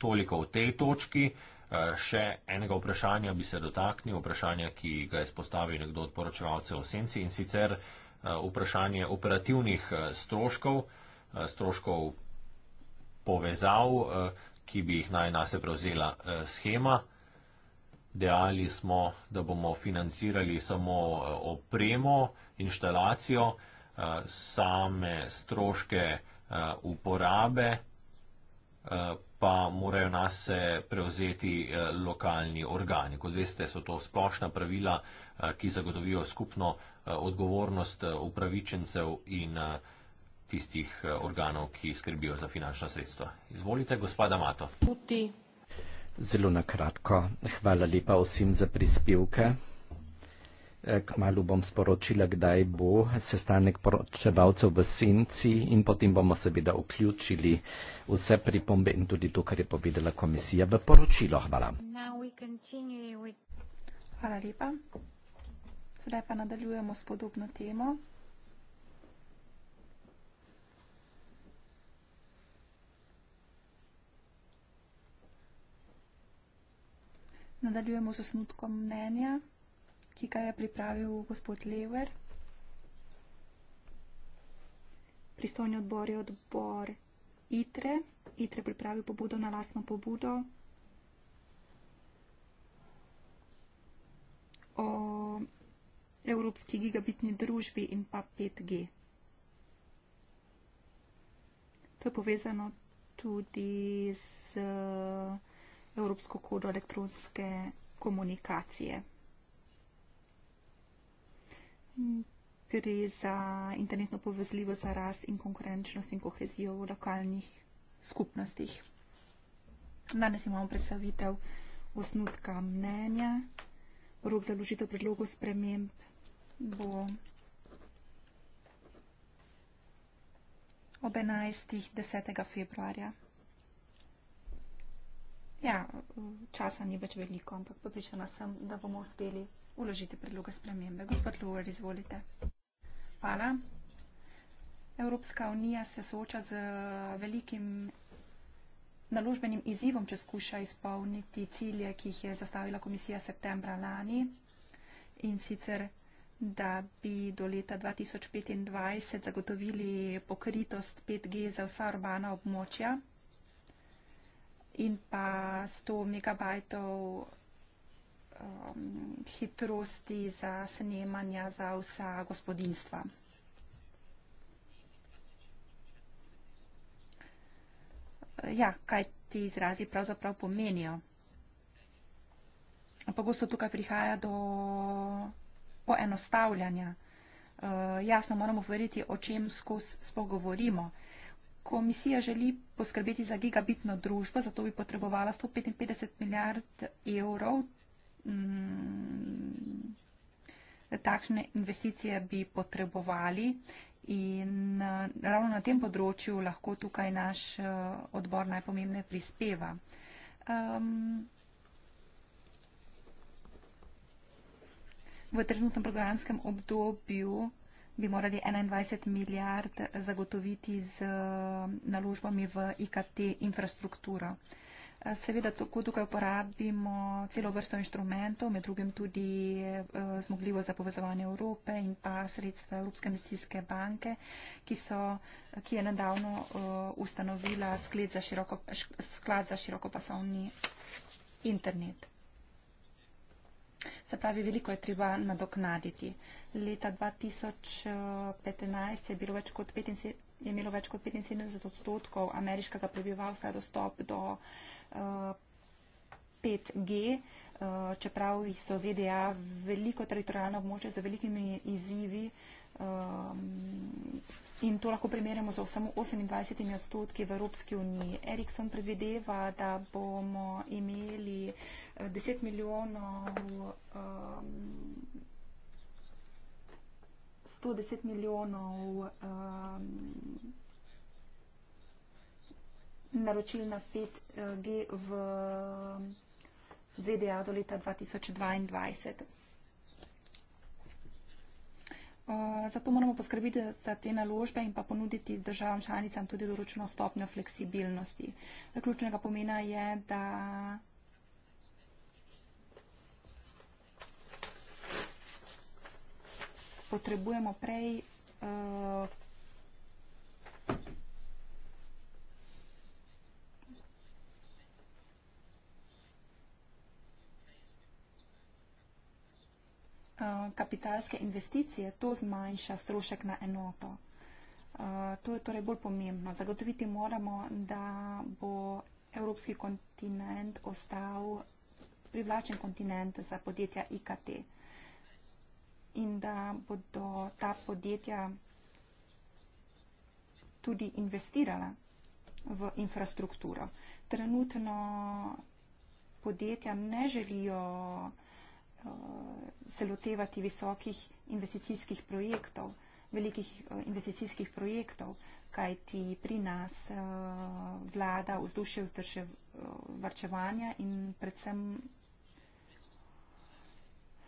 Toliko v tej točki. Eh, še enega vprašanja bi se dotaknil, vprašanja, ki ga je spostavil nekdo od poročevalcev v Senci in sicer vprašanje operativnih stroškov, stroškov povezav, eh, ki bi jih naj nas je prevzela eh, schema. Dejali smo, da bomo financirali samo eh, opremo, inštalacijo, same stroške uporabe, pa morajo nas se prevzeti lokalni organi. Kot veste, so to splošna pravila, ki zagotovijo skupno odgovornost upravičencev in upravičencev tistih eh, organov, ki skrbijo za finančna sredstva. Izvolite, gospoda Mato. Puti. Zelo na kratko. Hvala lepa vsem za prispevke. Eh, Kmalo bom sporočila, kdaj bo sestanek poročevalcev v senci in potem bomo seveda vključili vse pripombe in tudi to, kar je povedala komisija v poročilo. Hvala. With... Hvala lepa. Sedaj pa nadaljujemo s podobno temo. Nadaljujemo z osnutkom mnenja, ki ga je pripravil gospod Lever. Pristojni odbor je odbor ITRE. ITRE pripravi pobudo na lastno pobudo o Evropski gigabitni družbi in pa 5G. To je povezano tudi z Evropsko kodo elektronske komunikacije. Gre za internetno povezljivo za rast in konkurenčnost in kohezijo v lokalnih skupnostih. Danes imamo predstavitev osnutka mnenja. Rok za ložitev predlogov sprememb bo ob 11.10. februarja. Ja, časa ni več veliko, ampak pripričana sem, da bomo uspeli uložiti predloga spremembe. Gospod Lower, izvolite. Hvala. Evropska unija se sooča z velikim naložbenim izzivom, če skuša izpolniti cilje, ki jih je zastavila komisija septembra lani in sicer, da bi do leta 2025 zagotovili pokritost 5G za vsa urbana območja in pa 100 megabajtov um, hitrosti za snemanja za vsa gospodinstva. Ja, kaj ti izrazi pravzaprav pomenijo? Pogosto tukaj prihaja do poenostavljanja. Uh, jasno moramo veriti, o čem skozi spogovorimo. Uh, Komisija želi poskrbeti za gigabitno družbo, zato bi potrebovala 155 milijard evrov. Mm, takšne investicije bi potrebovali in eh, ravno na tem področju lahko tukaj naš eh, odbor najpomembne prispeva. V trenutnem programskem obdobju bi morali 21 milijard zagotoviti z eh, naložbami v IKT infrastrukturo. Eh, seveda tako tukaj uporabimo celo vrsto inštrumentov, med drugim tudi eh, zmogljivo za povezovanje Evrope in pa sredstva Evropske investicijske banke, ki, so, ki je nedavno ustanovila za široko, sklad za širokopasovni internet. Se pravi, veliko je treba nadoknaditi. Leta 2015 je bilo več kot 75 je imelo več kot 75 odstotkov ameriškega prebivalstva dostop do uh, 5G, uh, čeprav so ZDA veliko teritorijalno območje z velikimi izzivi. Uh, In to lahko primerjamo z samo 28 odstotki v Evropski uniji. Ericsson predvideva, da bomo imeli 10 eh, milijonov, um, eh, 110 milijonov um, naročil na 5G v ZDA do leta 2022. Eh, zato moramo poskrbiti za te naložbe in pa ponuditi državam članicam tudi določeno stopnjo fleksibilnosti. Ključnega pomena je, da potrebujemo prej uh, Eh, kapitalske investicije, to zmanjša strošek na enoto. Eh, to je torej bolj pomembno. Zagotoviti moramo, da bo evropski kontinent ostal privlačen kontinent za podjetja IKT in da bodo ta podjetja tudi investirala v infrastrukturo. Trenutno podjetja ne želijo Eh, se lotevati visokih investicijskih projektov, velikih eh, investicijskih projektov, kaj ti pri nas eh, vlada vzdušje vzdrže varčevanja in predvsem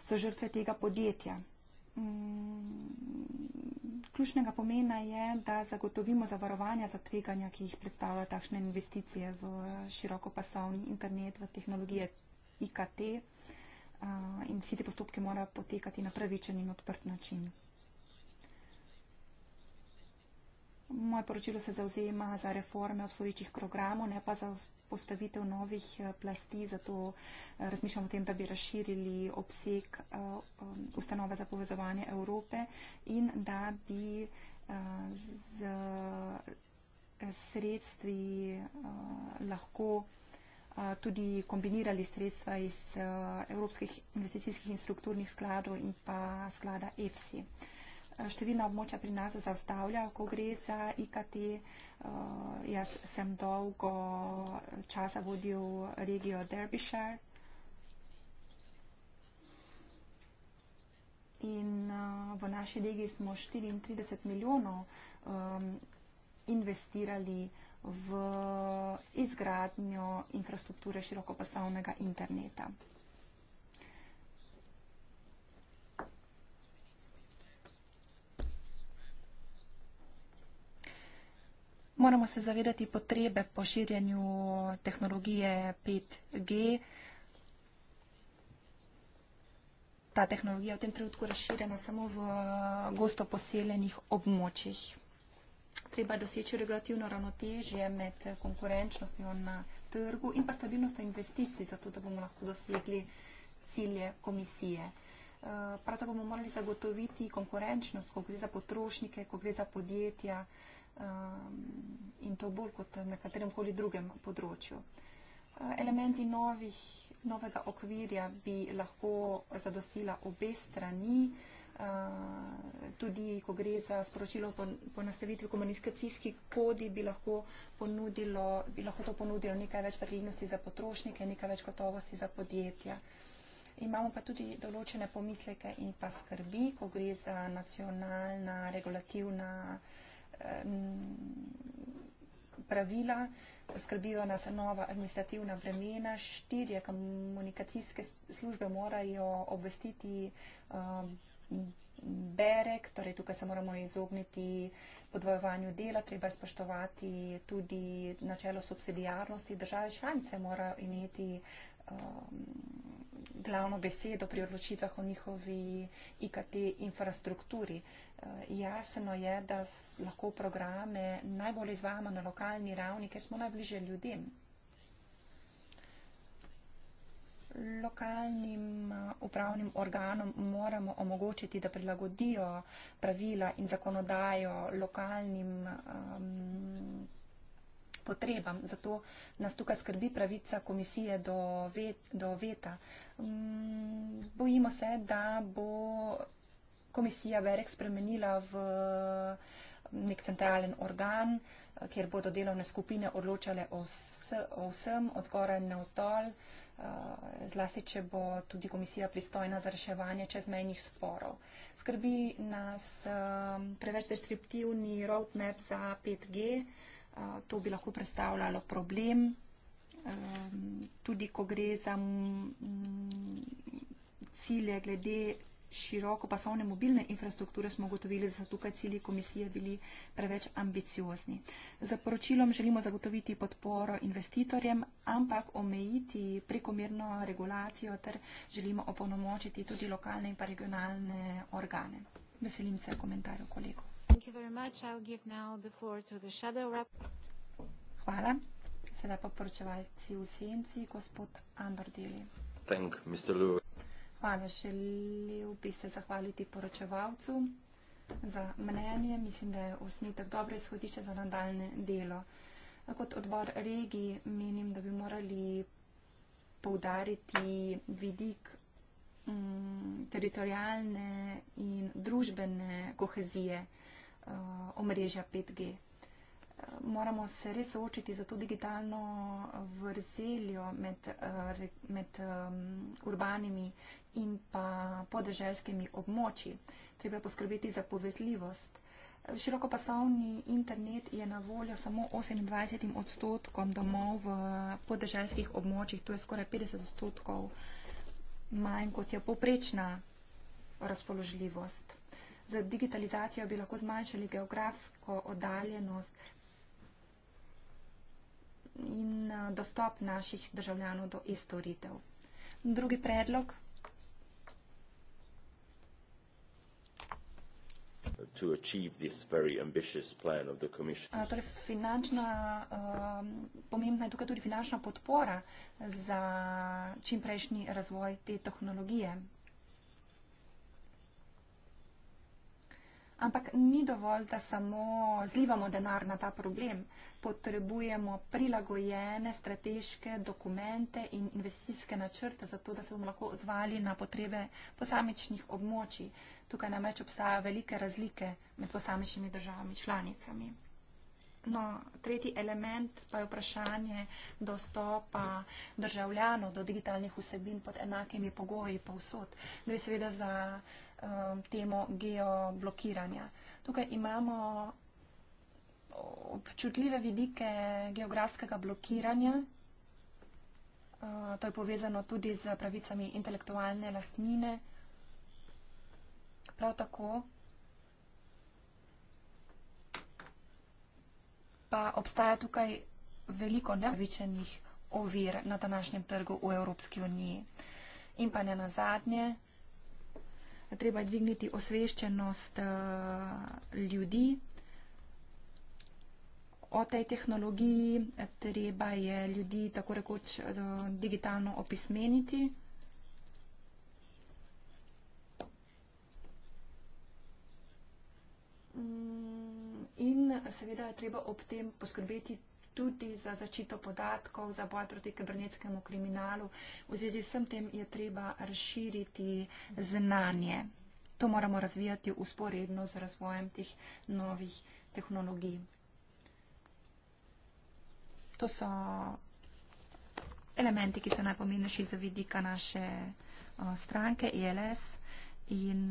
so žrtve tega podjetja. Mm, ključnega pomena je, da zagotovimo zavarovanja za tveganja, ki jih predstavlja takšne investicije v širokopasovni internet, v tehnologije IKT, in vsi ti postopki morajo potekati na pravičen in odprt način. Moje poročilo se zauzema za reforme obstoječih programov, ne pa za postavitev novih eh, plasti, zato eh, razmišljamo o tem, da bi razširili obseg eh, ustanove za povezovanje Evrope in da bi z sredstvi lahko Eh, tudi kombinirali sredstva iz eh, evropskih investicijskih in strukturnih skladov in pa sklada EFSI. Eh, številna območja pri nas zaustavlja, ko gre za IKT. Jaz sem dolgo časa vodil regijo Derbyshire. In uh, v naši regiji smo 34 milijonov um, investirali uh, v izgradnjo infrastrukture širokopasovnega interneta. Moramo se zavedati potrebe po širjenju tehnologije 5G. Ta tehnologija je v tem trenutku razširjena samo v gosto poseljenih območjih treba doseči regulativno ravnotežje med konkurenčnostjo na trgu in pa stabilnost investicij, zato da bomo lahko dosegli cilje komisije. Eh, prav tako bomo morali zagotoviti konkurenčnost, ko gre za potrošnike, ko gre za podjetja eh, in to bolj kot na katerem koli drugem področju. Eh, elementi novih, novega okvirja bi lahko zadostila obe strani tudi ko gre za sporočilo po nastavitvi komunikacijskih kodi, bi lahko, ponudilo, bi lahko to ponudilo nekaj več prednosti za potrošnike, nekaj več gotovosti za podjetja. Imamo pa tudi določene pomisleke in pa skrbi, ko gre za nacionalna regulativna pravila, skrbijo nas nova administrativna vremena, štirje komunikacijske službe morajo obvestiti berek, torej tukaj se moramo izogniti podvojevanju dela, treba je spoštovati tudi načelo subsidijarnosti. Države članice mora imeti um, glavno besedo pri odločitvah o njihovi IKT infrastrukturi. Uh, jasno je, da lahko programe najbolj izvajamo na lokalni ravni, ker smo najbliže ljudem. lokalnim eh, upravnim organom moramo omogočiti, da prilagodijo pravila in zakonodajo lokalnim um, potrebam. Zato nas tukaj skrbi pravica komisije do, ve, do veta. Um, bojimo se, da bo komisija verek spremenila v nek centralen organ, eh, kjer bodo delovne skupine odločale o, vs, o vsem, od zgoraj na vzdolj, eh, zlasti, če bo tudi komisija pristojna za reševanje čezmejnih sporov. Skrbi nas eh, preveč destriptivni roadmap za 5G, to bi lahko predstavljalo problem, tudi ko gre za mm, cilje glede široko pasovne mobilne infrastrukture smo ugotovili, da so tukaj cilji komisije bili preveč ambiciozni. Za poročilom želimo zagotoviti podporo investitorjem, ampak omejiti prekomerno regulacijo ter želimo opolnomočiti tudi lokalne in pa regionalne organe. Veselim se komentarjev kolegov. Hvala. Sedaj pa poročevalci v senci, gospod Andor Deli. Thank, Ane, želel bi se zahvaliti poročevalcu za mnenje. Mislim, da je osnutek dobre izhodišče za nadaljne delo. Kot odbor regij menim, da bi morali poudariti vidik mm, teritorijalne in družbene kohezije eh, omrežja 5G moramo se res soočiti za to digitalno vrzeljo med, eh, med urbanimi in pa podeželskimi območji. Treba poskrbeti za povezljivost. Širokopasovni internet je na voljo samo 28 odstotkom domov v podeželskih območjih, to je skoraj 50 odstotkov manj kot je poprečna razpoložljivost. Z digitalizacijo bi lahko zmanjšali geografsko oddaljenost, in eh, dostop naših državljanov do e-storitev. Drugi predlog. To achieve this very ambitious plan of the Commission. Uh, torej finančna, uh, pomembna je tukaj tudi finančna podpora za čimprejšnji razvoj te tehnologije. Ampak ni dovolj, da samo zlivamo denar na ta problem. Potrebujemo prilagojene strateške dokumente in investicijske načrte, zato da se bomo lahko odzvali na potrebe posamičnih območij. Tukaj namreč obstajajo velike razlike med posamičnimi državami članicami. No, tretji element pa je vprašanje dostopa državljanov do digitalnih vsebin pod enakimi pogoji povsod. Gre seveda za um, temo geoblokiranja. Tukaj imamo občutljive vidike geografskega blokiranja. Uh, to je povezano tudi z pravicami intelektualne lastnine. Prav tako pa obstaja tukaj veliko nepravičenih ovir na današnjem trgu v Evropski uniji. In pa ne nazadnje, treba je dvigniti osveščenost eh, ljudi o tej tehnologiji, treba je ljudi tako rekoč eh, digitalno opismeniti. Mm, in seveda je treba ob tem poskrbeti tudi za začito podatkov, za boj proti kibernetskemu kriminalu. V zvezi s vsem tem je treba razširiti znanje. To moramo razvijati usporedno z razvojem teh novih tehnologij. To so elementi, ki so najpomembnejši za vidika naše stranke ELS in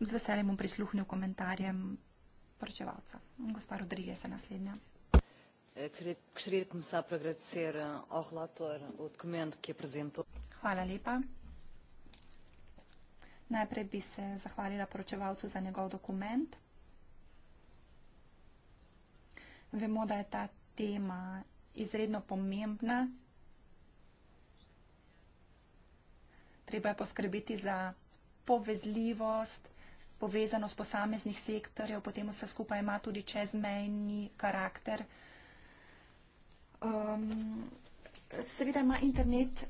z veseljem bom prisluhnil komentarjem poročevalca. Gospa Rodrige se naslednja. Eh, queria começar por agradecer eh, ao relator o documento que apresentou. Hvala lepa. Najprej bi se zahvalila poročevalcu za njegov dokument. Vemo, da je ta tema izredno pomembna. Treba je poskrbeti za povezljivost, povezanost posameznih sektorjev, potem vse skupaj ima tudi čezmejni karakter. Um, seveda ima internet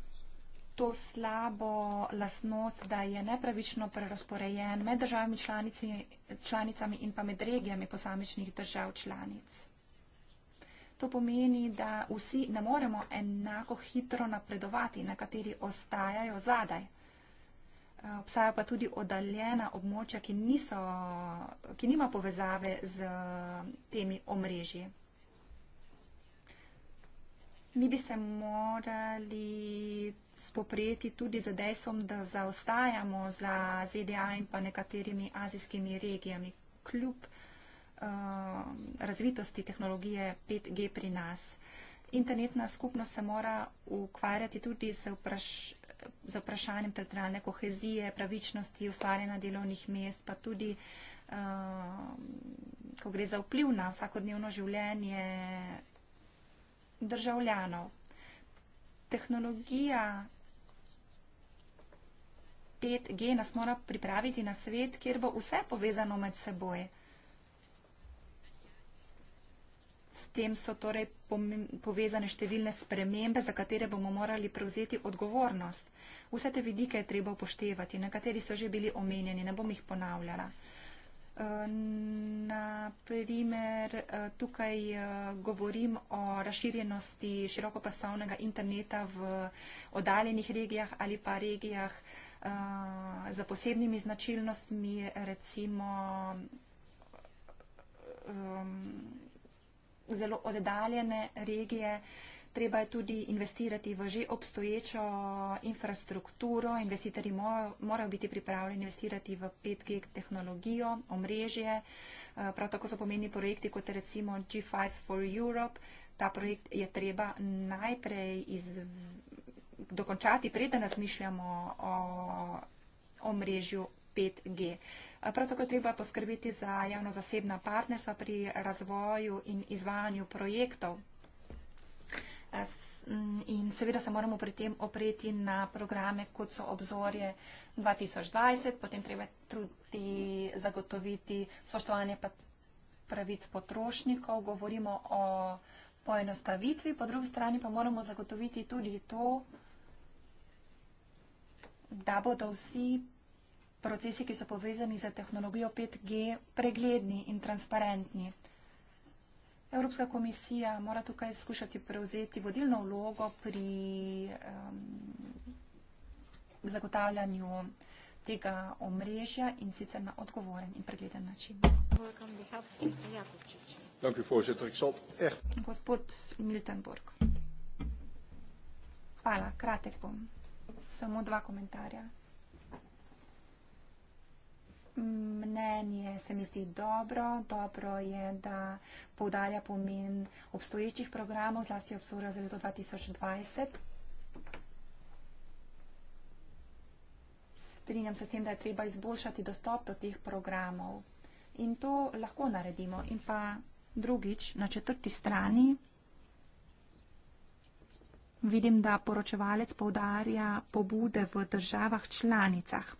to slabo lasnost, da je nepravično prerasporejen med državami članici, članicami in pa med regijami posamičnih držav članic. To pomeni, da vsi ne moremo enako hitro napredovati, nekateri ostajajo zadaj. Eh, obstajajo pa tudi oddaljena območja, ki, ki nima povezave z temi omrežji. Mi bi se morali spoprijeti tudi z dejstvom, da zaostajamo za ZDA in pa nekaterimi azijskimi regijami, kljub uh, razvitosti tehnologije 5G pri nas. Internetna skupnost se mora ukvarjati tudi z, vpraš z vprašanjem teritorijalne kohezije, pravičnosti, ustvarjanja delovnih mest, pa tudi, uh, ko gre za vpliv na vsakodnevno življenje državljanov. Tehnologija 5G nas mora pripraviti na svet, kjer bo vse povezano med seboj. S tem so torej povezane številne spremembe, za katere bomo morali prevzeti odgovornost. Vse te vidike je treba upoštevati, nekateri so že bili omenjeni, ne bom jih ponavljala. Naprimer, eh, tukaj eh, govorim o razširjenosti širokopasovnega interneta v oddaljenih regijah ali pa regijah eh, za posebnimi značilnostmi, recimo ehm, zelo oddaljene regije, treba je tudi investirati v že obstoječo infrastrukturo. Investitori morajo biti pripravljeni investirati v 5G tehnologijo, omrežje. Eh, prav tako so pomeni projekti kot recimo G5 for Europe. Ta projekt je treba najprej iz, dokončati, preden razmišljamo o omrežju 5G. Eh, prav tako je treba poskrbeti za javno-zasebna partnerstva pri razvoju in izvajanju projektov. Mm, in seveda se moramo pri tem opreti na programe, kot so obzorje 2020, potem treba tudi zagotoviti spoštovanje pravic potrošnikov, govorimo o poenostavitvi, po drugi strani pa moramo zagotoviti tudi to, da bodo vsi procesi, ki so povezani z tehnologijo 5G, pregledni in transparentni. Evropska komisija mora tukaj skušati prevzeti vodilno vlogo pri um, zagotavljanju tega omrežja in sicer na odgovoren in pregleden način. Gospod Miltenborg. Hvala, kratek bom. Samo dva komentarja mnenje se mi zdi dobro. Dobro je, da podalja pomen obstoječih programov, zlasti obsorja za leto 2020. Strinjam se s tem, da je treba izboljšati dostop do teh programov. In to lahko naredimo. In pa drugič, na četrti strani, vidim, da poročevalec povdarja pobude v državah članicah.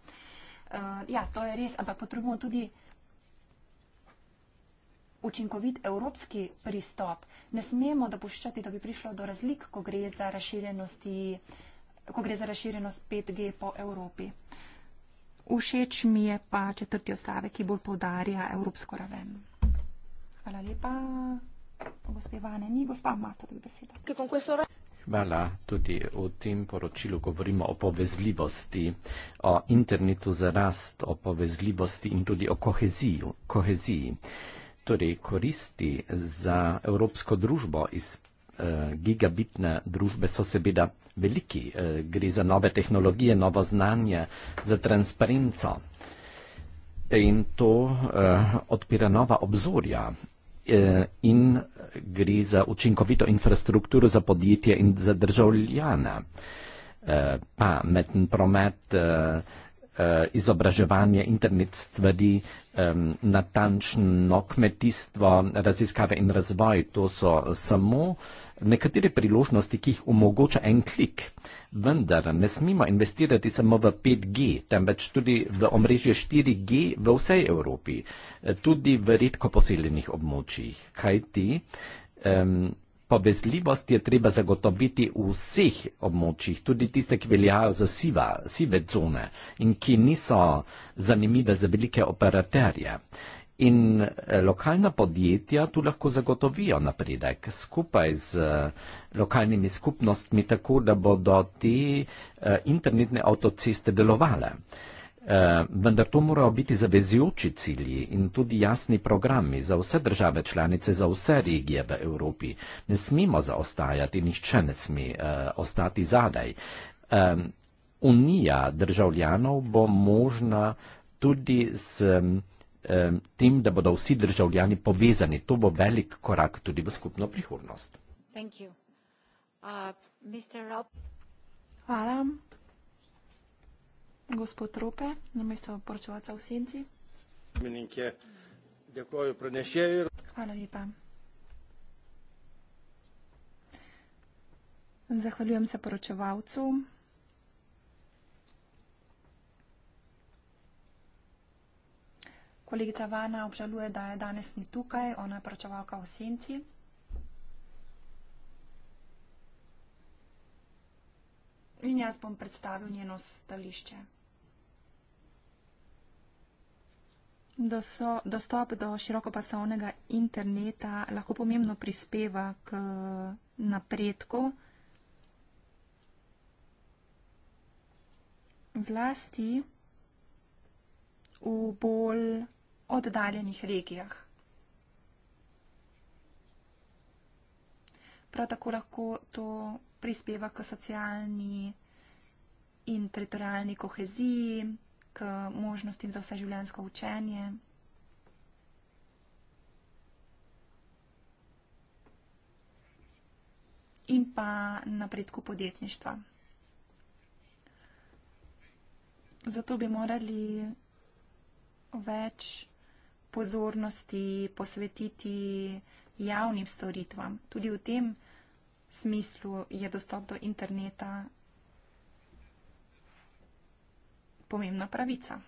Uh, ja, to je res, ampak potrebujemo tudi učinkovit evropski pristop. Ne smemo dopuščati, da bi prišlo do razlik, ko gre za razširjenosti ko gre za razširjenost 5G po Evropi. Všeč mi je pa četrti ostavek, ki bolj povdarja evropsko raven. Hvala lepa, gospe Vane. Ni gospa Mata, da bi besedo. Hvala. Tudi v tem poročilu govorimo o povezljivosti, o internetu za rast, o povezljivosti in tudi o koheziju, koheziji. Torej, koristi za evropsko družbo iz eh, gigabitne družbe so seveda veliki. Eh, gre za nove tehnologije, novo znanje, za transparenco. In to eh, odpira nova obzorja Eh, in gre za učinkovito infrastrukturo za podjetje in za državljane. Eh, pa meten promet, eh, Eh, izobraževanje, internet stvari, natančno kmetijstvo, raziskave in razvoj. To so samo nekatere priložnosti, ki jih omogoča en klik. Vendar ne smemo investirati samo v 5G, temveč tudi v omrežje 4G v vsej Evropi, eh, tudi v redko poseljenih območjih. Kaj ti? Povezljivost je treba zagotoviti v vseh območjih, tudi tiste, ki veljajo za siva, sive cone in ki niso zanimive za velike operaterje. In eh, lokalna podjetja tu lahko zagotovijo napredek skupaj z eh, lokalnimi skupnostmi, tako da bodo te eh, internetne avtoceste delovale. Eh, vendar to morajo biti zavezujoči cilji in tudi jasni programi za vse države članice, za vse regije v Evropi. Ne smemo zaostajati, nihče ne sme uh, ostati zadaj. Um, unija državljanov bo možna tudi s um, tem, da bodo vsi državljani povezani. To bo velik korak tudi v skupno prihodnost. Uh, Hvala. Gospod Rupe, namesto poročevalca v senci. Hvala lepa. Zahvaljujem se poročevalcu. Kolegica Vana obžaluje, da je danes ni tukaj, ona je poročevalka v senci. In jaz bom predstavil njeno stališče. da, so, dostop do širokopasovnega interneta lahko pomembno prispeva k napredku. Zlasti v bolj oddaljenih regijah. Prav tako lahko to prispeva k socialni in teritorijalni koheziji, k možnosti za vseživljenjsko učenje. In pa napredku podjetništva. Zato bi morali več pozornosti posvetiti javnim storitvam. Tudi v tem smislu je dostop do interneta pomembna pravica.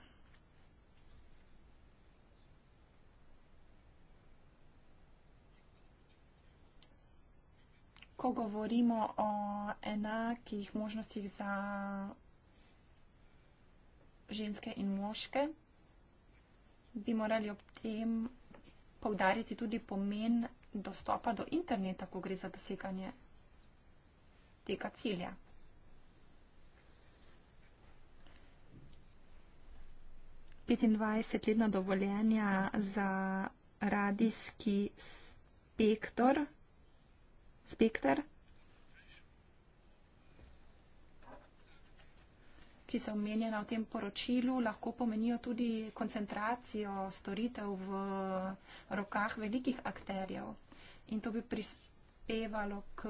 Ko govorimo o enakih možnostih za ženske in moške, bi morali ob tem povdariti tudi pomen dostopa do interneta, ko gre za doseganje tega cilja. 25-letna dovoljenja za radijski spektr. spektr. Ki so omenjena v tem poročilu, lahko pomenijo tudi koncentracijo storitev v rokah velikih akterjev. In to bi prispevalo k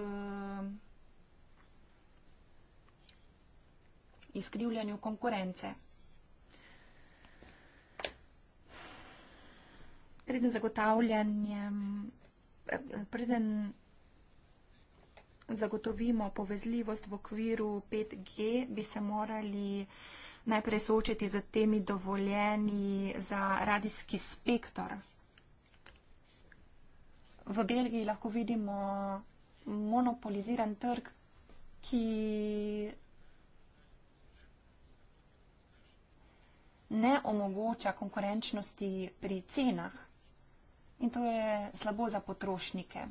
izkrivljanju konkurence. preden zagotavljanjem, preden zagotovimo povezljivost v okviru 5G, bi se morali najprej soočiti z temi dovoljeni za radijski spektr. V Belgiji lahko vidimo monopoliziran trg, ki ne omogoča konkurenčnosti pri cenah in to je slabo za potrošnike.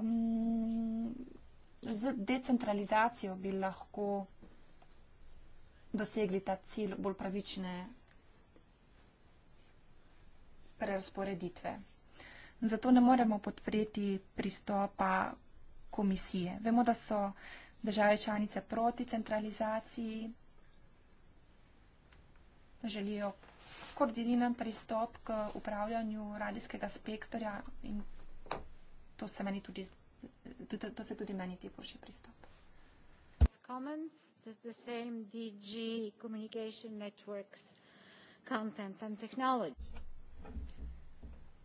Um, z decentralizacijo bi lahko dosegli ta cilj bolj pravične prerasporeditve. Zato ne moremo podpreti pristopa komisije. Vemo, da so države članice proti centralizaciji, želijo koordiniran pristop k upravljanju radijskega spektra in to se, meni tudi, to, to, to se tudi meni ti boljši pristop. Comments, does the same DG communication networks content and technology?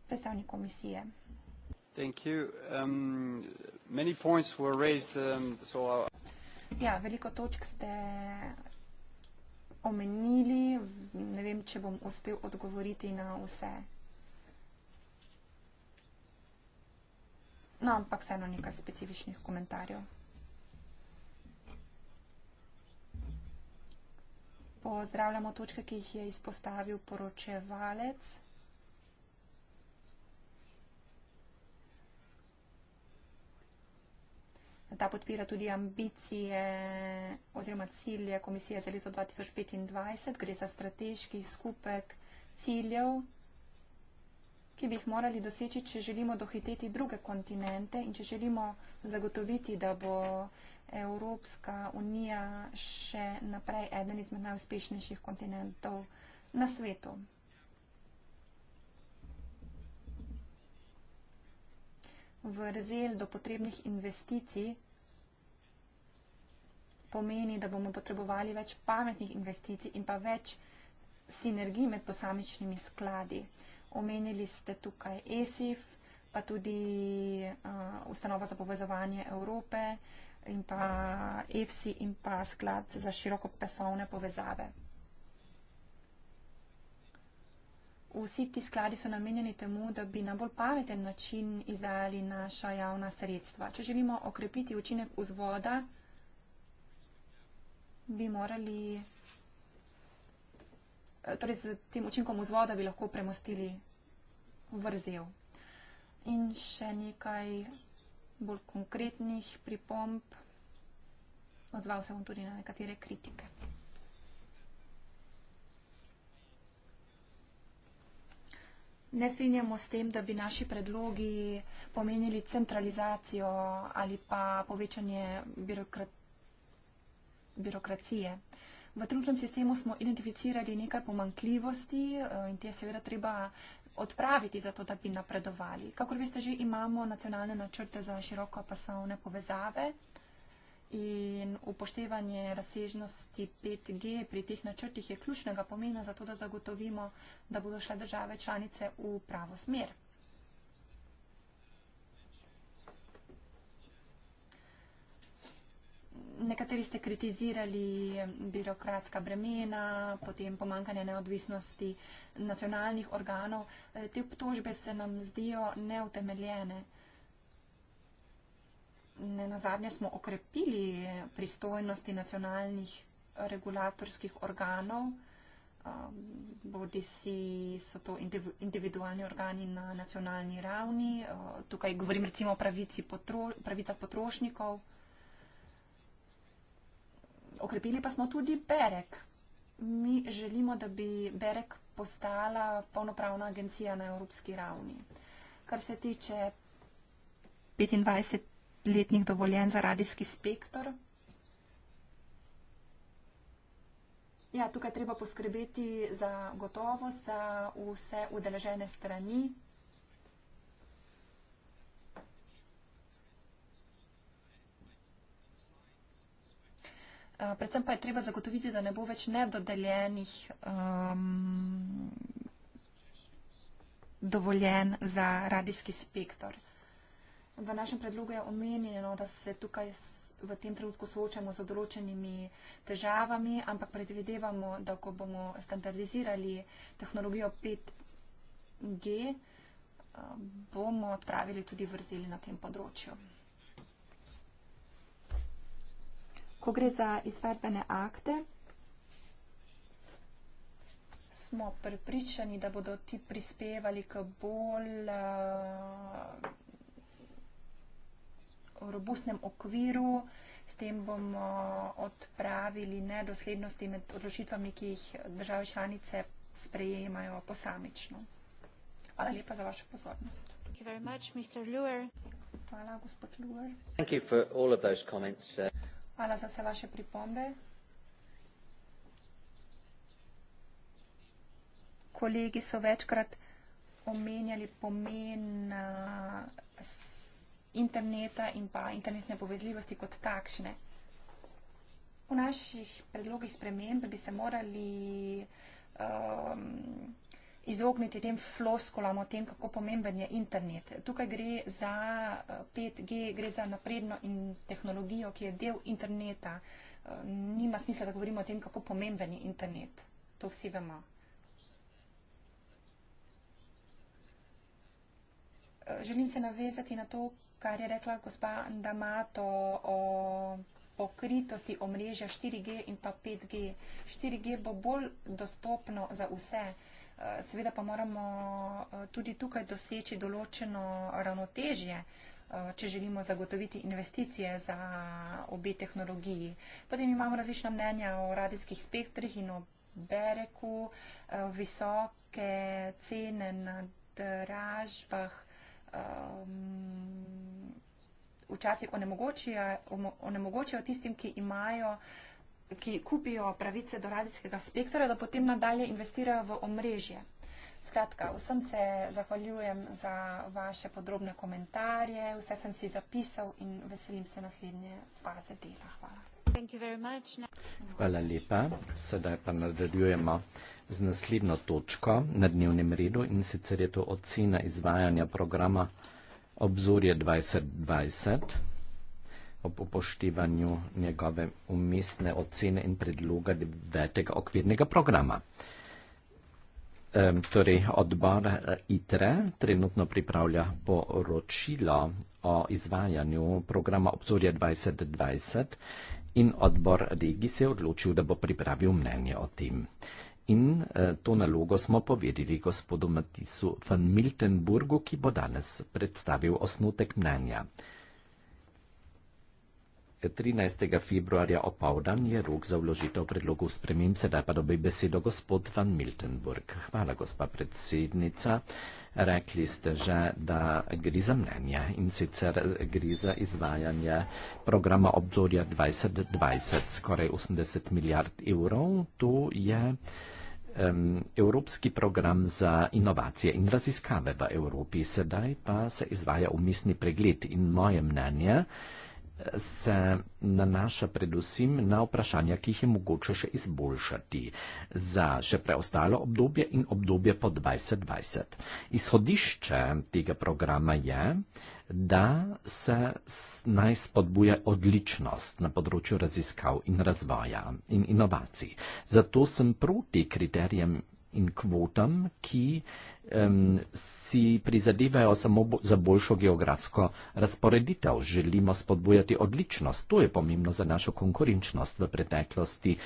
Predstavnik komisije. Thank you. Um, many points were raised, um, so I... Ja, veliko točk ste omenili, ne vem, če bom uspel odgovoriti na vse. No, ampak vseeno nekaj specifičnih komentarjev. Pozdravljamo točke, ki jih je izpostavil poročevalec. da podpira tudi ambicije oziroma cilje komisije za leto 2025. Gre za strateški skupek ciljev, ki bi jih morali doseči, če želimo dohiteti druge kontinente in če želimo zagotoviti, da bo Evropska unija še naprej eden izmed najuspešnejših kontinentov na svetu. vrzel do potrebnih investicij pomeni, da bomo potrebovali več pametnih investicij in pa več sinergij med posamičnimi skladi. Omenili ste tukaj ESIF, pa tudi uh, Ustanova za povezovanje Evrope in pa EFSI in pa sklad za široko pesovne povezave. vsi ti skladi so namenjeni temu, da bi na bolj pameten način izdajali naša javna sredstva. Če želimo okrepiti učinek vzvoda, bi morali, eh, torej z tem učinkom vzvoda bi lahko premostili vrzel. In še nekaj bolj konkretnih pripomp. Odzval se bom tudi na nekatere kritike. ne strinjamo s tem, da bi naši predlogi pomenili centralizacijo ali pa povečanje birokra birokracije. V trudnem sistemu smo identificirali nekaj pomankljivosti eh, in te seveda treba odpraviti za to, da bi napredovali. Kakor veste, že imamo nacionalne načrte za široko pasovne povezave, in upoštevanje razsežnosti 5G pri teh načrtih je ključnega pomena za to, da zagotovimo, da bodo šle države članice v pravo smer. Nekateri ste kritizirali birokratska bremena, potem pomankanje neodvisnosti nacionalnih organov. Te obtožbe se nam zdijo neutemeljene ne nazadnje smo okrepili pristojnosti nacionalnih regulatorskih organov, um, bodi si so to individualni organi na nacionalni ravni, uh, tukaj govorim recimo o potro, pravicah potrošnikov. Okrepili pa smo tudi BEREK. Mi želimo, da bi BEREK postala polnopravna agencija na evropski ravni. Kar se tiče 25 letnih dovoljenj za radijski spektr. Ja, tukaj treba poskrbeti za gotovost za vse udeležene strani. Eh, predvsem pa je treba zagotoviti, da ne bo več nedodeljenih um, ehm, dovoljen za radijski spektr. V našem predlogu je omenjeno, da se tukaj v tem trenutku soočamo z določenimi težavami, ampak predvidevamo, da ko bomo standardizirali tehnologijo 5G, eh, bomo odpravili tudi vrzeli na tem področju. Ko gre za izvedbene akte, smo pripričani, da bodo ti prispevali k bolj eh, robustnem okviru. S tem bomo odpravili nedoslednosti med odločitvami, ki jih države članice sprejemajo posamično. Hvala lepa za vašo pozornost. Hvala, gospod Luer. Hvala za vse vaše pripombe. Kolegi so večkrat omenjali pomen uh, interneta in pa internetne povezljivosti kot takšne. V naših predlogih sprememb bi se morali um, izogniti tem floskolam o tem, kako pomemben je internet. Tukaj gre za 5G, uh, gre za napredno in tehnologijo, ki je del interneta. Uh, nima smisla, da govorimo o tem, kako pomemben je internet. To vsi vemo. želim se navezati na to, kar je rekla gospa Damato o pokritosti omrežja 4G in pa 5G. 4G bo bolj dostopno za vse. Eh, seveda pa moramo eh, tudi tukaj doseči določeno ravnotežje, eh, če želimo zagotoviti investicije za obe tehnologiji. Potem imamo različna mnenja o radijskih spektrih in o bereku, visoke cene na dražbah um, včasih onemogočijo, onemogočijo tistim, ki imajo, ki kupijo pravice do radijskega spektra, da potem nadalje investirajo v omrežje. Skratka, vsem se zahvaljujem za vaše podrobne komentarje, vse sem si zapisal in veselim se naslednje faze dela. Hvala. Hvala lepa. Sedaj pa nadaljujemo z naslednjo točko na dnevnem redu in sicer je to ocena izvajanja programa Obzorje 2020 ob upoštevanju njegove umestne ocene in predloga devetega okvirnega programa. Ehm, torej, odbor eh, ITRE trenutno pripravlja poročilo o izvajanju programa Obzorja 2020 in odbor regi se je odločil, da bo pripravil mnenje o tem. In eh, to nalogo smo povedali gospodu Matisu van Miltenburgu, ki bo danes predstavil osnutek mnenja. 13. februarja opavdan je rok za vložitev predlogov sprememb, sedaj pa dobi besedo gospod Van Miltenburg. Hvala, gospa predsednica. Rekli ste že, da gre za mnenje in sicer gre za izvajanje programa obzorja 2020, skoraj 80 milijard evrov. To je um, Evropski program za inovacije in raziskave v Evropi. Sedaj pa se izvaja umisni pregled in moje mnenje se nanaša predvsem na vprašanja, ki jih je mogoče še izboljšati za še preostalo obdobje in obdobje po 2020. Izhodišče tega programa je, da se naj spodbuje odličnost na področju raziskav in razvoja in inovacij. Zato sem proti kriterijem in kvotam, ki um, si prizadevajo samo bo, za boljšo geografsko razporeditev. Želimo spodbujati odličnost. To je pomembno za našo konkurenčnost. V preteklosti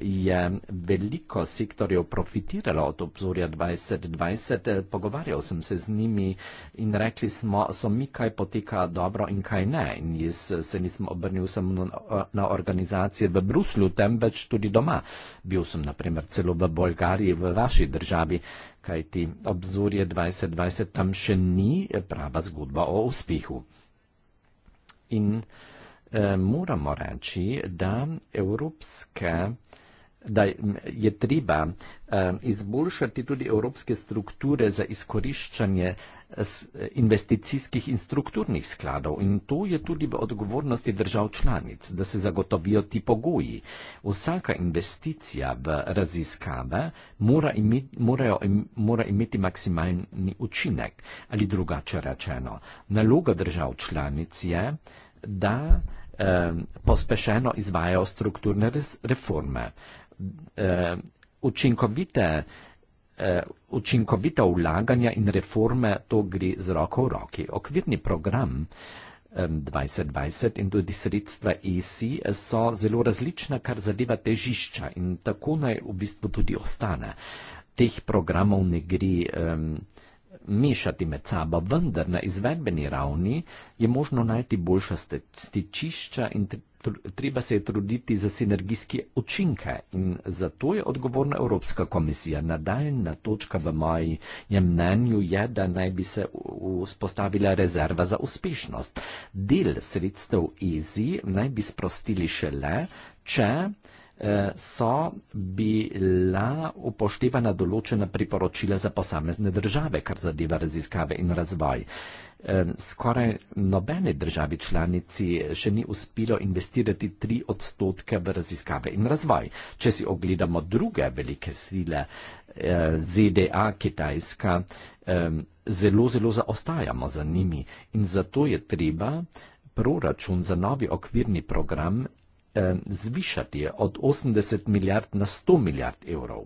je veliko sektorjev profitiralo od obzorja 2020. Pogovarjal sem se z njimi in rekli smo, so mi, kaj poteka dobro in kaj ne. In jaz se nisem obrnil samo na, na organizacije v Bruslju, temveč tudi doma. Bil sem naprimer celo v Bolgariji, v vaši državi kaj ti obzorje 2020 tam še ni prava zgodba o uspehu. In eh, moramo reči, da evropske da je treba eh, izboljšati tudi evropske strukture za izkoriščanje investicijskih in strukturnih skladov in to je tudi v odgovornosti držav članic, da se zagotovijo ti pogoji. Vsaka investicija v raziskave mora imeti, morajo, mora imeti maksimalni učinek ali drugače rečeno. Naloga držav članic je, da eh, pospešeno izvajo strukturne res, reforme. Eh, učinkovite eh, eh, učinkovita ulaganja in reforme, to gre z roko v roki. Okvirni program eh, 2020 in tudi sredstva ESI eh, so zelo različna, kar zadeva težišča in tako naj v bistvu tudi ostane. Teh programov ne gre. Eh, Mešati med sabo, vendar na izvedbeni ravni je možno najti boljša stičišča in treba se je truditi za sinergijske učinke in zato je odgovorna Evropska komisija. Nadaljna točka v mojem mnenju je, da naj bi se vzpostavila rezerva za uspešnost. Del sredstev EZI naj bi sprostili šele, če eh, so bila upoštevana določena priporočila za posamezne države, kar zadeva raziskave in razvoj skoraj nobene državi članici še ni uspelo investirati 3 odstotke v raziskave in razvoj. Če si ogledamo druge velike sile, eh, ZDA, Kitajska, zelo, zelo zaostajamo za njimi in zato je treba proračun za novi okvirni program zvišati od 80 milijard na 100 milijard evrov.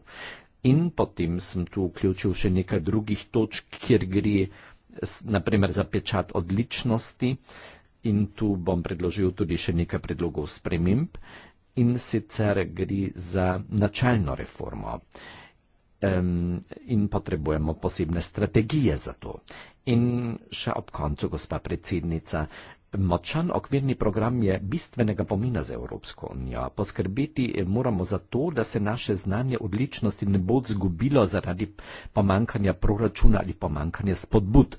In potem sem tu vključil še nekaj drugih točk, kjer gre naprimer za pečat odličnosti in tu bom predložil tudi še nekaj predlogov sprememb in sicer gre za načeljno reformo um, in potrebujemo posebne strategije za to. In še ob koncu, gospa predsednica, Močan okvirni program je bistvenega pomena za Evropsko unijo. Poskrbeti moramo za to, da se naše znanje odličnosti ne bo zgubilo zaradi pomankanja proračuna ali pomankanja spodbud.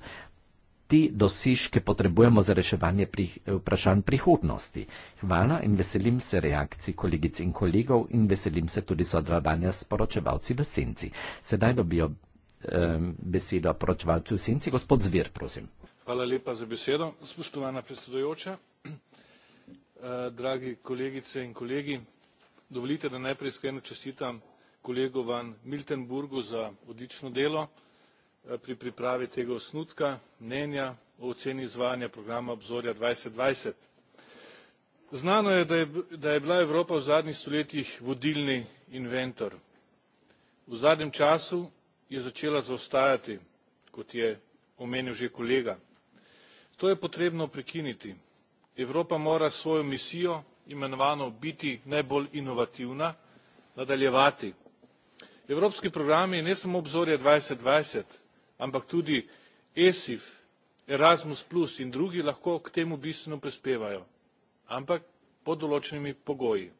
Te dosežke potrebujemo za reševanje pri, vprašanj prihodnosti. Hvala in veselim se reakcij kolegic in kolegov in veselim se tudi sodelovanja s poročevalci v senci. Sedaj dobijo eh, besedo poročevalci v senci. Gospod Zvir, prosim spoštovana predsedujoča eh, dragi kolegice in kolegi dovolite da najprej iskreno čestitam kolegu van miltenburgu za odlično delo eh, pri pripravi tega osnutka mnenja o oceni izvajanja programa obzorja. dva tisoč dvajset znano je da je bila evropa v zadnjih stoletjih vodilni inventor v zadnjem času je začela zaostajati kot je omenil že kolega to je potrebno prekiniti. evropa mora svojo misijo imenovano biti najbolj inovativna nadaljevati. evropski programi ne samo obzorje dva tisoč dvajset ampak tudi esif erasmus in drugi lahko k temu bistveno prispevajo ampak pod določenimi pogoji.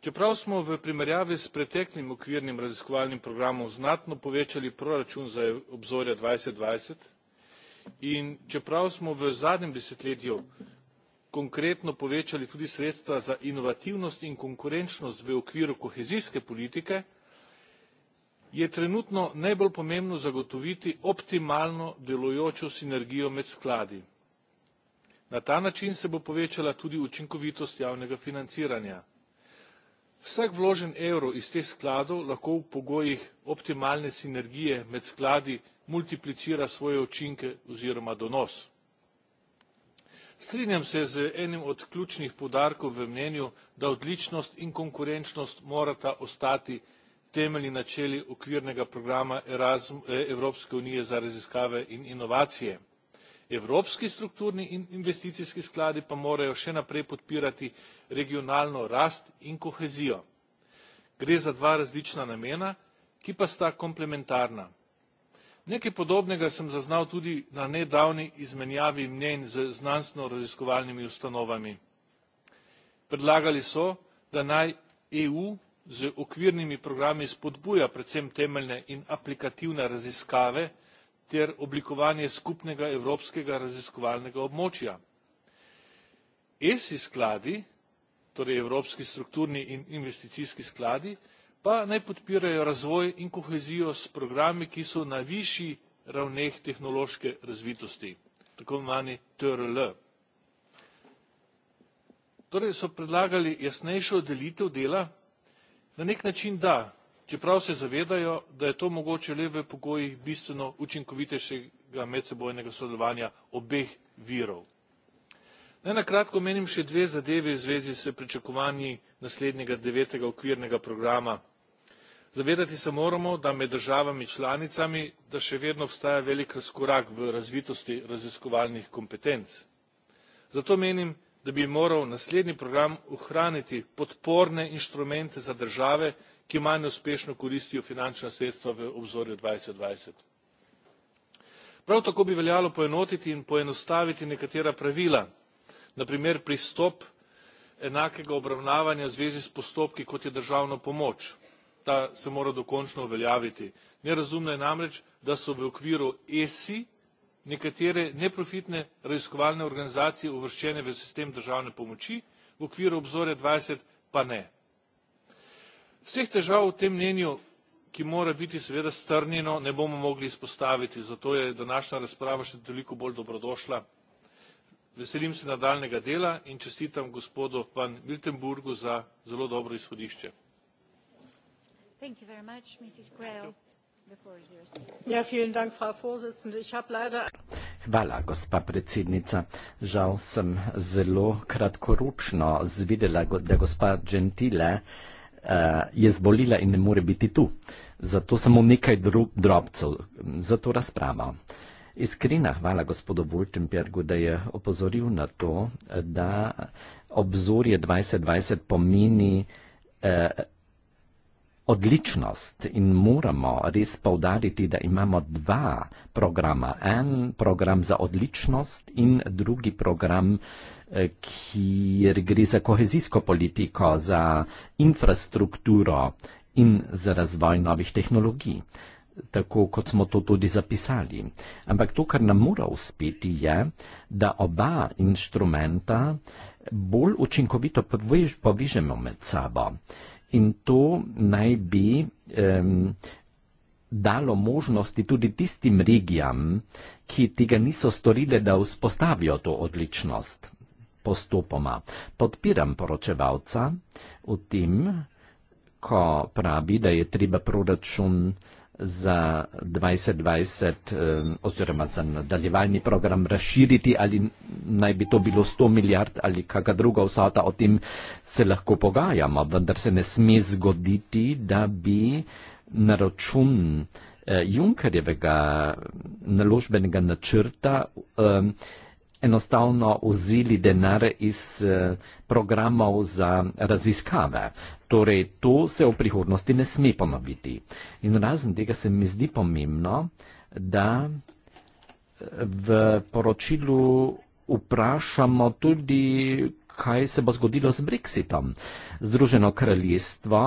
čeprav smo v primerjavi s preteklim okvirnim raziskovalnim programom znatno povečali proračun za obzorje dva tisoč dvajset in čeprav smo v zadnjem desetletju konkretno povečali tudi sredstva za inovativnost in konkurenčnost v okviru kohezijske politike je trenutno najbolj pomembno zagotoviti optimalno delujočo sinergijo med skladi. na ta način se bo povečala tudi učinkovitost javnega financiranja. vsak vložen evro iz teh skladov lahko v pogojih optimalne sinergije med skladi multiplicira svoje učinke oziroma donos. strinjam se z enim od ključnih poudarkov v mnenju da odličnost in konkurenčnost morata ostati temeljni načeli okvirnega programa e, evropske unije za raziskave in inovacije. evropski strukturni in investicijski skladi pa morajo še naprej podpirati regionalno rast in kohezijo. gre za dva različna namena ki pa sta komplementarna nekaj podobnega sem zaznal tudi na nedavni izmenjavi mnenj z znanstveno raziskovalnimi ustanovami. predlagali so da naj eu z okvirnimi programi spodbuja predvsem temeljne in aplikativne raziskave ter oblikovanje skupnega evropskega raziskovalnega območja. esi skladi torej evropski strukturni in investicijski skladi pa naj podpirajo razvoj in kohezijo s programi ki so na višji ravneh tehnološke razvitosti tako imenovani trl. torej so predlagali jasnejšo delitev dela na nek način da čeprav se zavedajo da je to mogoče le v pogojih bistveno učinkovitejšega medsebojnega sodelovanja obeh virov. Naj na kratko omenim še dve zadevi v zvezi s pričakovanji naslednjega devetega okvirnega programa zavedati se moramo da med državami članicami da še vedno obstaja velik razkorak v razvitosti raziskovalnih kompetenc zato menim da bi moral naslednji program ohraniti podporne inštrumente za države ki manj uspešno koristijo finančna sredstva v obzorju. dva tisoč dvajset prav tako bi veljalo poenotiti in poenostaviti nekatera pravila na primer pristop enakega obravnavanja v zvezi s postopki kot je državna pomoč ta se mora dokončno uveljaviti. nerazumno je namreč da so v okviru esi nekatere neprofitne raziskovalne organizacije uvrščene v sistem državne pomoči v okviru obzorja dvajset pa ne. vseh težav v tem mnenju ki mora biti seveda strnjeno ne bomo mogli izpostaviti zato je današnja razprava še toliko bolj dobrodošla. veselim se nadaljnjega dela in čestitam gospodu van miltenburgu za zelo dobro izhodišče. Ja, hvala, gospa predsednica. Žal sem zelo kratkoročno zvedela, da gospa Gentile eh, je zbolila in ne more biti tu. Zato samo nekaj drobcev za to razpravo. Iskrena hvala gospodu Voltenbergu, da je opozoril na to, da obzorje 2020 pomeni eh, odličnost in moramo res povdariti, da imamo dva programa. En program za odličnost in drugi program, eh, kjer gre za kohezijsko politiko, za infrastrukturo in za razvoj novih tehnologij tako kot smo to tudi zapisali. Ampak to, kar nam mora uspeti, je, da oba inštrumenta bolj učinkovito povežemo med sabo in to naj bi um, dalo možnosti tudi tistim regijam, ki tega niso storile, da vzpostavijo to odličnost postopoma. Podpiram poročevalca v tem, ko pravi, da je treba proračun za 2020 oziroma za nadaljevalni program razširiti ali naj bi to bilo 100 milijard ali kakšna druga vsota, o tem se lahko pogajamo, vendar se ne sme zgoditi, da bi na račun eh, Junkerjevega naložbenega načrta um, enostavno vzeli denar iz eh, programov za raziskave. Torej, to se v prihodnosti ne sme ponoviti. In razen tega se mi zdi pomembno, da eh, v poročilu vprašamo tudi, kaj se bo zgodilo z Brexitom. Združeno kraljestvo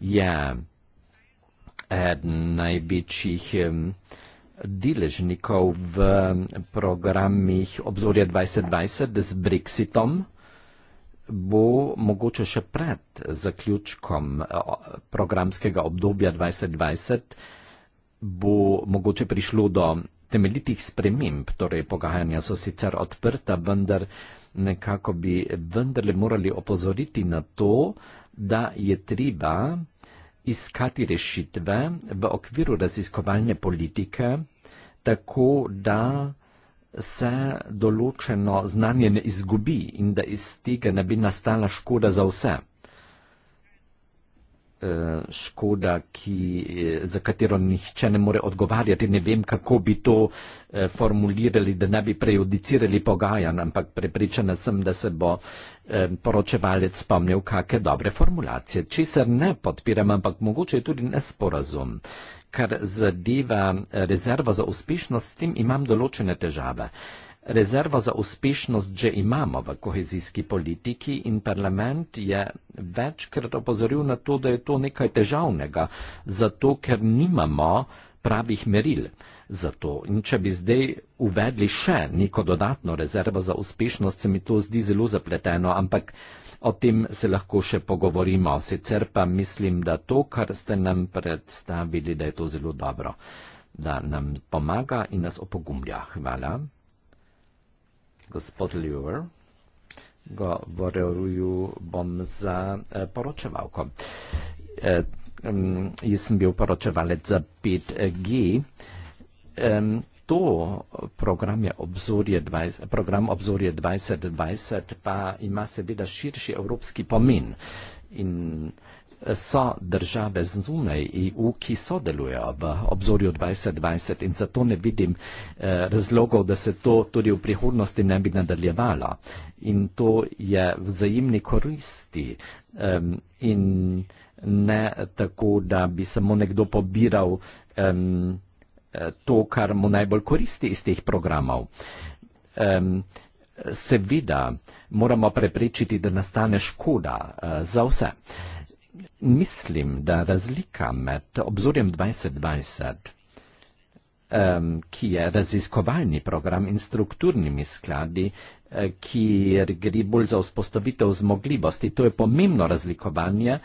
je eden eh, največjih eh, deležnikov v programih obzorja 2020 z Brexitom bo mogoče še pred zaključkom eh, programskega obdobja 2020 bo mogoče prišlo do temeljitih sprememb, torej pogajanja so sicer odprta, vendar nekako bi vendarle morali opozoriti na to, da je treba iskati rešitve v okviru raziskovalne politike, tako da se določeno znanje ne izgubi in da iz tega ne bi nastala škoda za vse. Eh, škoda, ki, eh, za katero nihče ne more odgovarjati. Ne vem, kako bi to eh, formulirali, da ne bi prejudicirali pogajan, ampak prepričana sem, da se bo poročevalec spomnil, kakšne dobre formulacije. Če se ne podpiram, ampak mogoče je tudi nesporazum, kar zadeva rezervo za uspešnost, s tem imam določene težave. Rezervo za uspešnost že imamo v kohezijski politiki in parlament je večkrat opozoril na to, da je to nekaj težavnega, zato ker nimamo pravih meril za to. In če bi zdaj uvedli še neko dodatno rezervo za uspešnost, se mi to zdi zelo zapleteno, ampak o tem se lahko še pogovorimo. Sicer pa mislim, da to, kar ste nam predstavili, da je to zelo dobro, da nam pomaga in nas opogumlja. Hvala gospod Lever ga varujo bom za eh, poročevalko. Eh, jaz sem bil poročevalec za 5G. To program, obzorje, program obzorje 2020 pa ima seveda širši evropski pomen. In so države zunaj EU, ki sodelujejo v obzorju 2020 in zato ne vidim eh, razlogov, da se to tudi v prihodnosti ne bi nadaljevalo. In to je vzajemni koristi eh, in ne tako, da bi samo nekdo pobiral eh, to, kar mu najbolj koristi iz teh programov. Eh, seveda moramo preprečiti, da nastane škoda eh, za vse. Eh, Mislim, da razlika med obzorjem 2020, um, ki je raziskovalni program in strukturnimi skladi, eh, kjer gre bolj za vzpostavitev zmogljivosti. To je pomembno razlikovanje,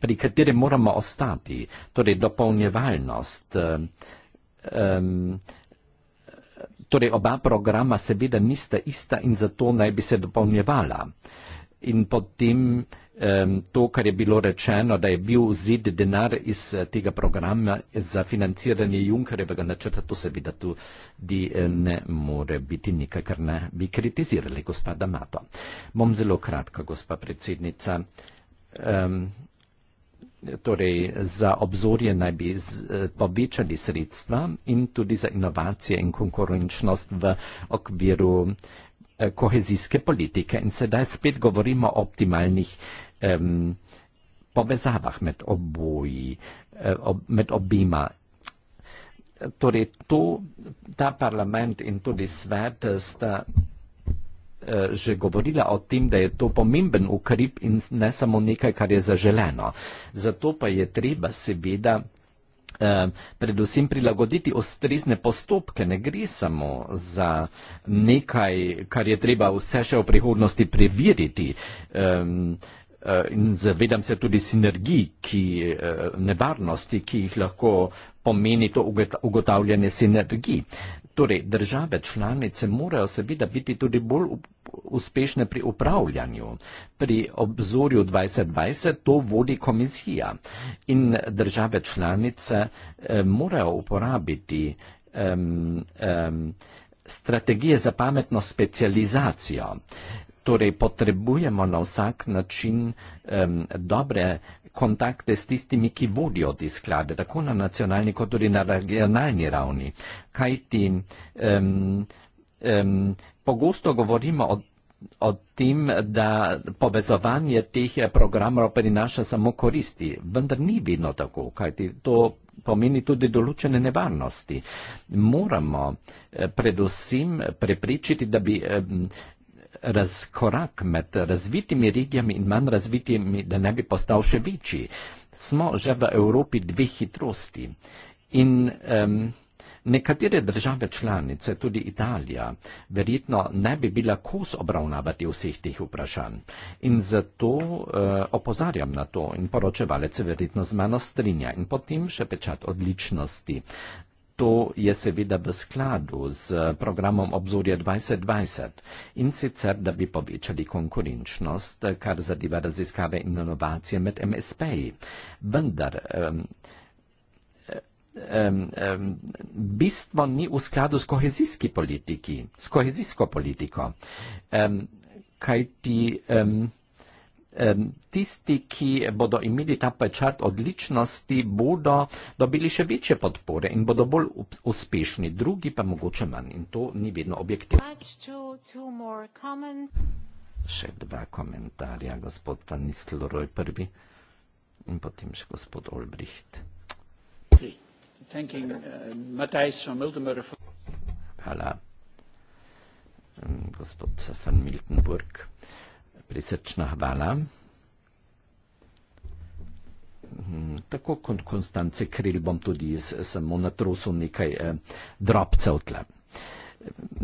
pri katerem moramo ostati. Torej, dopolnjevalnost. Um, torej, oba programa seveda nista ista in zato naj bi se dopolnjevala. In potem to, kar je bilo rečeno, da je bil zid denar iz eh, tega programa za financiranje Junkerjevega načrta, to seveda tudi eh, ne more biti nekaj, kar ne bi kritizirali, gospa Damato. Bom zelo kratka, gospa predsednica. Um, torej, za obzorje naj bi eh, povečali sredstva in tudi za inovacije in konkurenčnost v okviru uh, Eh, kohezijske politike. In sedaj spet govorimo o optimalnih um, povezavah med oboji, eh, ob, med obima. Torej, to, ta parlament in tudi svet eh, sta že govorila o tem, da je to pomemben ukrep in ne samo nekaj, kar je zaželeno. Zato pa je treba seveda predvsem prilagoditi ustrezne postopke. Ne gre samo za nekaj, kar je treba vse še v prihodnosti preveriti. Eh, in zavedam se tudi sinergij, ki, eh, nevarnosti, ki jih lahko pomeni to ugotavljanje sinergij. Torej, države članice morajo seveda biti tudi bolj uspešne pri upravljanju. Pri obzorju 2020 to vodi komisija in države članice eh, morajo uporabiti eh, eh, strategije za pametno specializacijo. Eh, Torej, potrebujemo na vsak način um, dobre kontakte s tistimi, ki vodijo te sklade, tako na nacionalni kot tudi na regionalni ravni. Kaj ti um, um, pogosto govorimo o, o tem, da povezovanje teh programov prinaša samo koristi, vendar ni vedno tako, kaj ti to pomeni tudi določene nevarnosti. Moramo eh, predvsem preprečiti, da bi. Eh, razkorak med razvitimi regijami in manj razvitimi, da ne bi postal še večji. Smo že v Evropi dve hitrosti in um, nekatere države članice, tudi Italija, verjetno ne bi bila kos obravnavati vseh teh vprašanj. In zato uh, opozarjam na to in poročevalec verjetno z mano strinja. In potem še pečat odličnosti. To je seveda v skladu z eh, programom obzorja 2020 in sicer, da bi povečali konkurenčnost, eh, kar zadeva raziskave in inovacije med MSP-ji. Vendar um, um, um, bistvo ni v skladu s, politiki, s kohezijsko politiko, um, kaj ti. Um, tisti, ki bodo imeli ta pečat odličnosti, bodo dobili še večje podpore in bodo bolj uspešni, drugi pa mogoče manj in to ni vedno objektivno. Še dva komentarja, gospod Panisloroj prvi in potem še gospod Olbricht. Eh, Hvala. Gospod van Miltenburg. Uh, prisrčna hvala. Hmm, tako kot Konstance Kril bom tudi jaz samo natrosil nekaj eh, drobcev tle.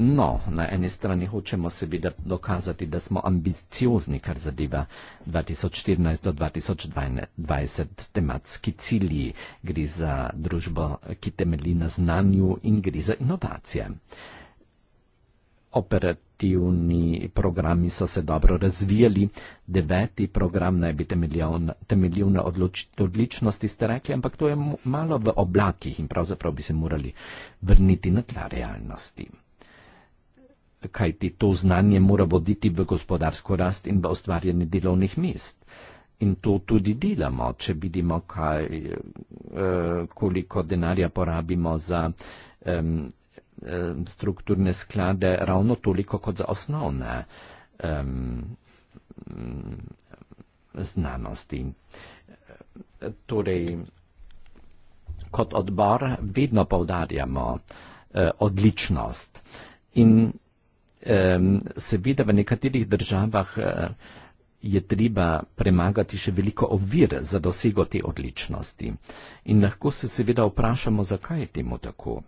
No, na eni strani hočemo seveda dokazati, da smo ambiciozni, kar zadeva 2014 do 2020 tematski cilji. Gre za družbo, ki temelji na znanju in gre za inovacije. Operat operativni programi so se dobro razvijali, deveti program naj bi temeljil na odličnosti, ste rekli, ampak to je malo v oblakih in pravzaprav bi se morali vrniti na tla realnosti. Kaj ti to znanje mora voditi v gospodarsko rast in v ustvarjanje delovnih mest? In to tudi delamo, če vidimo, kaj, eh, koliko denarja porabimo za strukturne sklade ravno toliko kot za osnovne um, znanosti. Torej, kot odbor vedno povdarjamo uh, e, odličnost in um, seveda v nekaterih državah uh, je treba premagati še veliko ovir za dosego te odličnosti. In lahko se seveda vprašamo, zakaj je temu tako. Uh,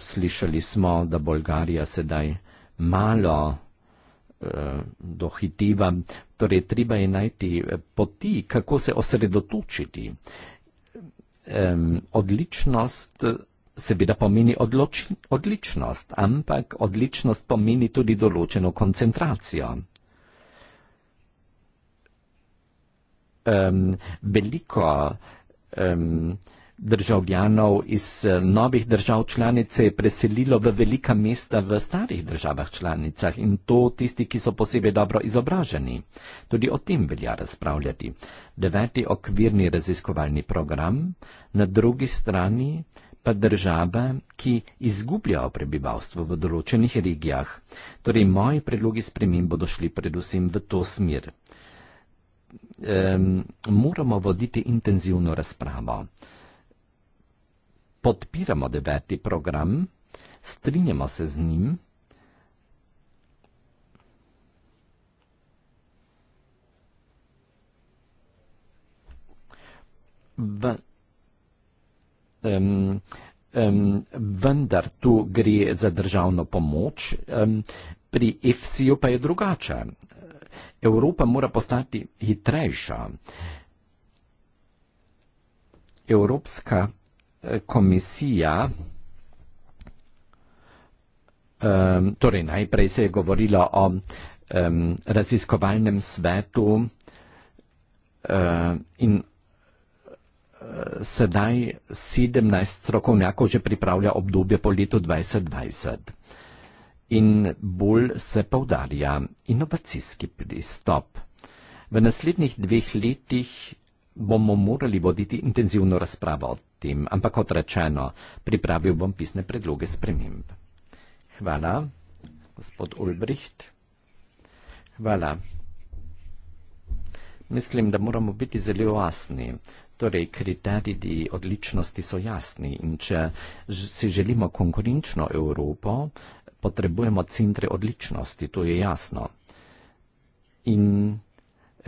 slišali smo, da Bolgarija sedaj malo eh, dohitiva, torej treba je najti eh, poti, kako se osredotočiti. Odličnost eh, seveda pomeni odloči, odličnost, ampak odličnost pomeni tudi določeno koncentracijo. Veliko državljanov iz eh, novih držav članic se je preselilo v velika mesta v starih državah članicah in to tisti, ki so posebej dobro izobraženi. Tudi o tem velja razpravljati. Deveti okvirni raziskovalni program, na drugi strani pa države, ki izgubljajo prebivalstvo v določenih regijah. Torej, moji predlogi spremem bodo šli predvsem v to smer. Um, moramo voditi intenzivno razpravo podpiramo deveti program, strinjamo se z njim. V, um, um, vendar tu gre za državno pomoč, um, pri FCO pa je drugače. Evropa mora postati hitrejša. Evropska komisija, um, torej najprej se je govorilo o um, raziskovalnem svetu um, in eh, sedaj 17 strokovnjakov že pripravlja obdobje po letu 2020. In bolj se povdarja inovacijski pristop. V naslednjih dveh letih bomo morali voditi intenzivno razpravo o tem, ampak kot rečeno, pripravil bom pisne predloge sprememb. Hvala, gospod Ulbricht. Hvala. Mislim, da moramo biti zelo jasni. Torej, kriteriji odličnosti so jasni in če si želimo konkurenčno Evropo, potrebujemo centre odličnosti, to je jasno. In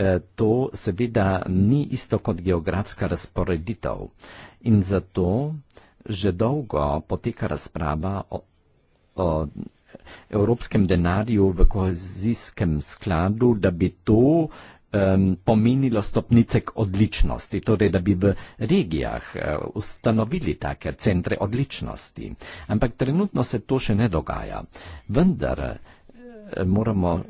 Eh, to seveda ni isto kot geografska razporeditev. In zato že dolgo poteka razprava o, o evropskem denarju v kohezijskem skladu, da bi to um, pomenilo stopnice k odličnosti, torej da bi v regijah uh, ustanovili take centre odličnosti. Ampak trenutno se to še ne dogaja. Vendar moramo,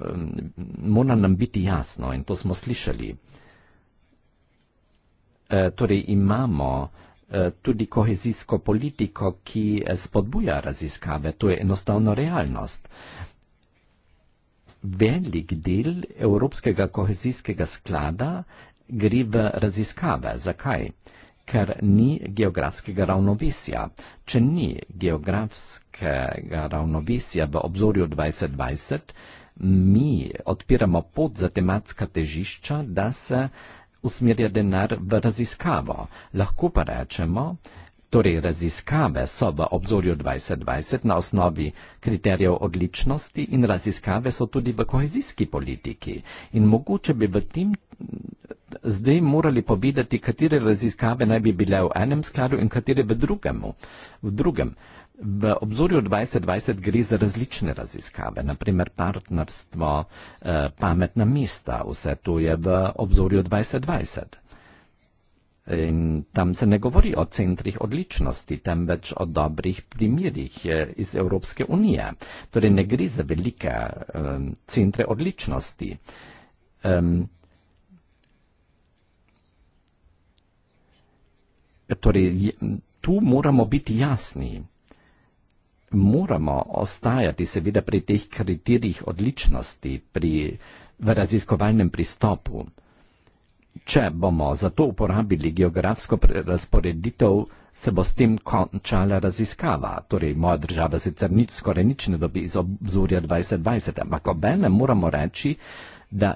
mora nam biti jasno in to smo slišali. E, torej imamo e, tudi kohezijsko politiko, ki e, spodbuja raziskave, to je enostavno realnost. Velik del Evropskega kohezijskega sklada gre v raziskave. Zakaj? Ker ni geografskega ravnovesja. Če ni geografskega ga ravnovesja v obzorju 2020, mi odpiramo pot za tematska težišča, da se usmerja denar v raziskavo. Lahko pa rečemo, torej raziskave so v obzorju 2020 na osnovi kriterijev odličnosti in raziskave so tudi v kohezijski politiki. In mogoče bi v tem zdaj morali povedati, katere raziskave naj bi bile v enem skladu in katere v drugemu. V drugem. Uh, V obzorju 2020 gre za različne raziskave, naprimer partnerstvo, eh, pametna mesta, vse to je v obzorju 2020. In tam se ne govori o centrih odličnosti, temveč o dobrih primirjih eh, iz Evropske unije. Torej ne gre za velike um, centre odličnosti. Um, torej, tu moramo biti jasni moramo ostajati seveda pri teh kriterijih odličnosti pri, v raziskovalnem pristopu. Če bomo zato uporabili geografsko razporeditev, se bo s tem končala raziskava. Torej, moja država sicer nič, skoraj nič ne dobi iz obzorja 2020, ampak obene moramo reči, da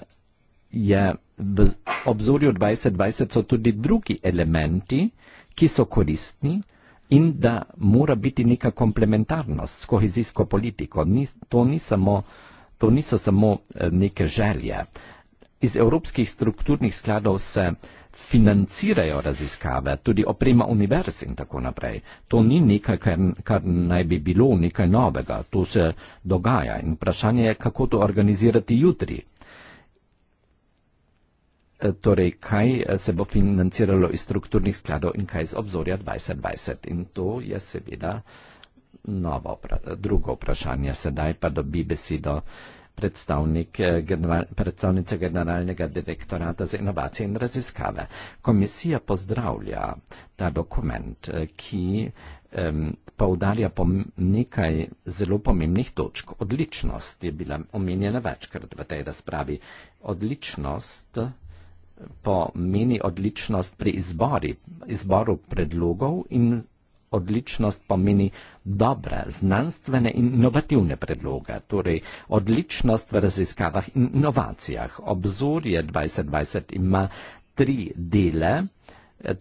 je v obzorju 2020 so tudi drugi elementi, ki so koristni, in da mora biti neka komplementarnost s kohezijsko politiko. Ni, to, ni samo, to niso samo eh, neke želje. Iz evropskih strukturnih skladov se financirajo raziskave, tudi oprema univerz in tako naprej. To ni nekaj, kar, kar naj bi bilo nekaj novega. To se dogaja in vprašanje je, kako to organizirati jutri torej kaj eh, se bo financiralo iz strukturnih skladov in kaj iz obzorja 2020. In to je seveda novo, drugo vprašanje. Sedaj pa dobi besedo predstavnik, eh, predstavnica generalnega direktorata za inovacije in raziskave. Komisija pozdravlja ta dokument, eh, ki poudarja po nekaj zelo pomembnih točk. Odličnost je bila omenjena večkrat v tej razpravi. Odličnost pomeni odličnost pri izbori, izboru predlogov in odličnost pomeni dobre, znanstvene in inovativne predloge, torej odličnost v raziskavah in inovacijah. Obzorje 2020 ima tri dele,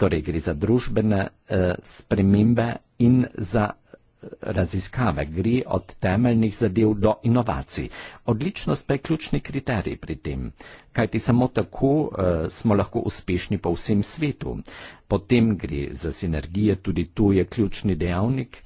torej gre za družbene eh, spremembe in za raziskave gre od temeljnih zadev do inovacij. Odličnost pa je ključni kriterij pri tem, kajti samo tako uh, smo lahko uspešni po vsem svetu. Potem gre za sinergije, tudi tu je ključni dejavnik.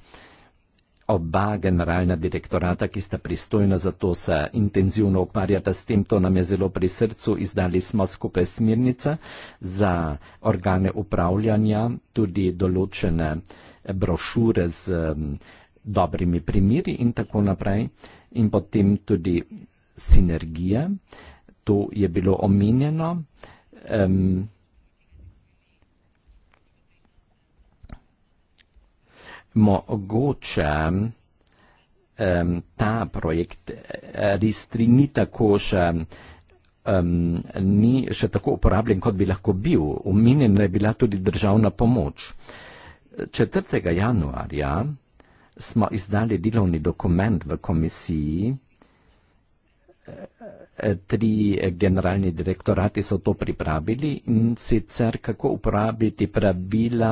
Oba generalna direktorata, ki sta pristojna za to, se intenzivno ukvarjata s tem, to nam je zelo pri srcu. Izdali smo skupaj smirnice za organe upravljanja, tudi določene uh, brošure z um, dobrimi primiri in tako naprej. In potem tudi sinergije, to je bilo omenjeno. Um, mogoče um, ta projekt Ristri ni tako še. Um, ni še tako uporabljen, kot bi lahko bil. Omenjena je bila tudi državna pomoč. Uh, 4. januarja smo izdali delovni dokument v komisiji, e, tri generalni direktorati so to pripravili in sicer kako uporabiti pravila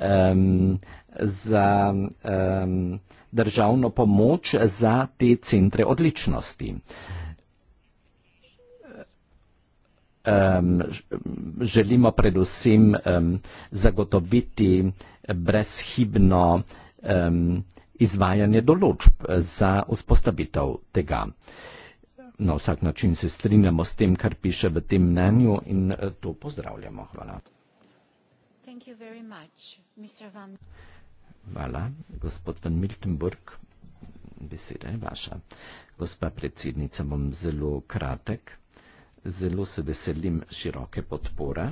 um, za um, državno pomoč za te centre odličnosti. Uh, um, želimo predvsem um, zagotoviti brezhibno um, izvajanje določb eh, za vzpostavitev tega. Na vsak način se strinjamo s tem, kar piše v tem mnenju in eh, to pozdravljamo. Hvala. Hvala. Gospod Van Miltenburg, beseda je vaša. Gospa predsednica, bom zelo kratek zelo se veselim široke podpore.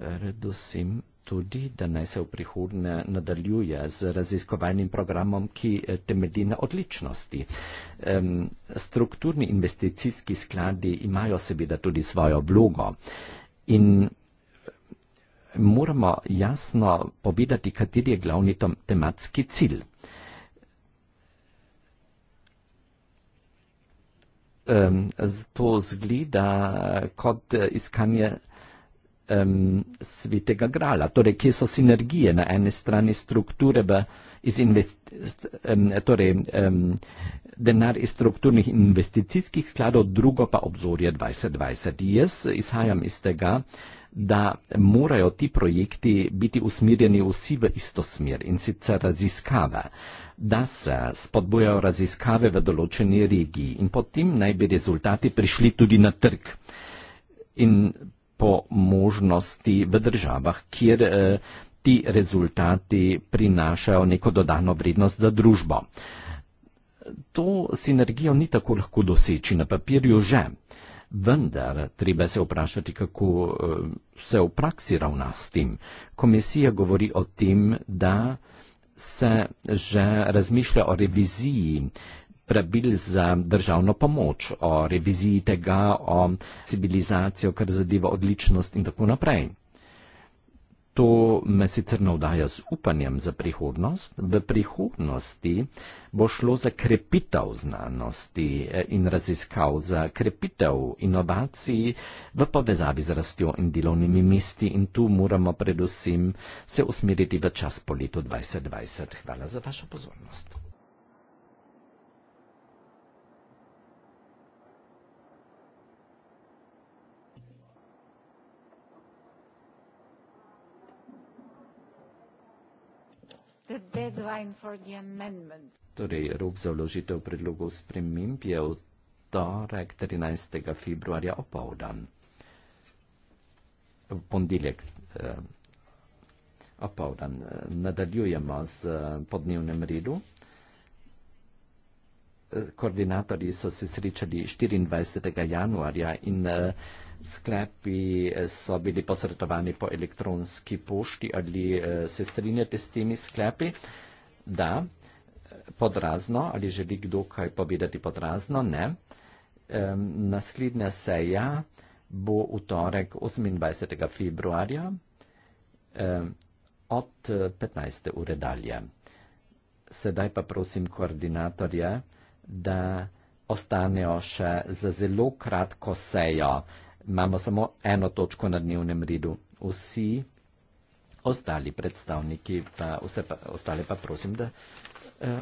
Redosim tudi, da naj se v prihodnje nadaljuje z raziskovalnim programom, ki eh, temelji na odličnosti. Strukturni investicijski skladi imajo seveda tudi svojo vlogo in eh, moramo jasno povedati, kateri je glavni tematski cilj. um, to zgleda kot eh, iskanje um, svetega grala. Torej, kje so sinergije na eni strani strukture v, iz investicij, um, ehm, torej, um, denar iz strukturnih investicijskih skladov, drugo pa obzorje 2020. Jaz izhajam iz tega, da morajo ti projekti biti usmirjeni vsi v isto smer in sicer raziskave. Uh, da se spodbujajo raziskave v določeni regiji in potem naj bi rezultati prišli tudi na trg in po možnosti v državah, kjer eh, ti rezultati prinašajo neko dodano vrednost za družbo. To sinergijo ni tako lahko doseči na papirju že, vendar treba se vprašati, kako eh, se v praksi ravna s tem. Komisija govori o tem, da se že razmišlja o reviziji pravil za državno pomoč, o reviziji tega, o civilizacijo, kar zadeva odličnost in tako naprej. To me sicer navdaja z upanjem za prihodnost. V prihodnosti bo šlo za krepitev znanosti eh, in raziskav, za krepitev inovacij v povezavi z rastjo in delovnimi mesti in tu moramo predvsem se usmeriti v čas po letu 2020. Hvala za vašo pozornost. Torej, rok za vložitev predlogov sprememb je v torek 13. februarja opovdan. Pondeljek eh, opovdan. Nadaljujemo z eh, podnevnem redu koordinatorji so se srečali 24. januarja in uh, sklepi eh, so bili posredovani po elektronski pošti. Ali uh, se strinjate s temi sklepi? Da. Podrazno. Ali želi kdo kaj povedati podrazno? Ne. Um, naslednja seja bo v torek 28. februarja um, od 15. ure dalje. Sedaj pa prosim koordinatorje da ostanejo še za zelo kratko sejo. Imamo samo eno točko na dnevnem redu. Vsi ostali predstavniki, pa vse pa, ostale pa prosim, da. Uh,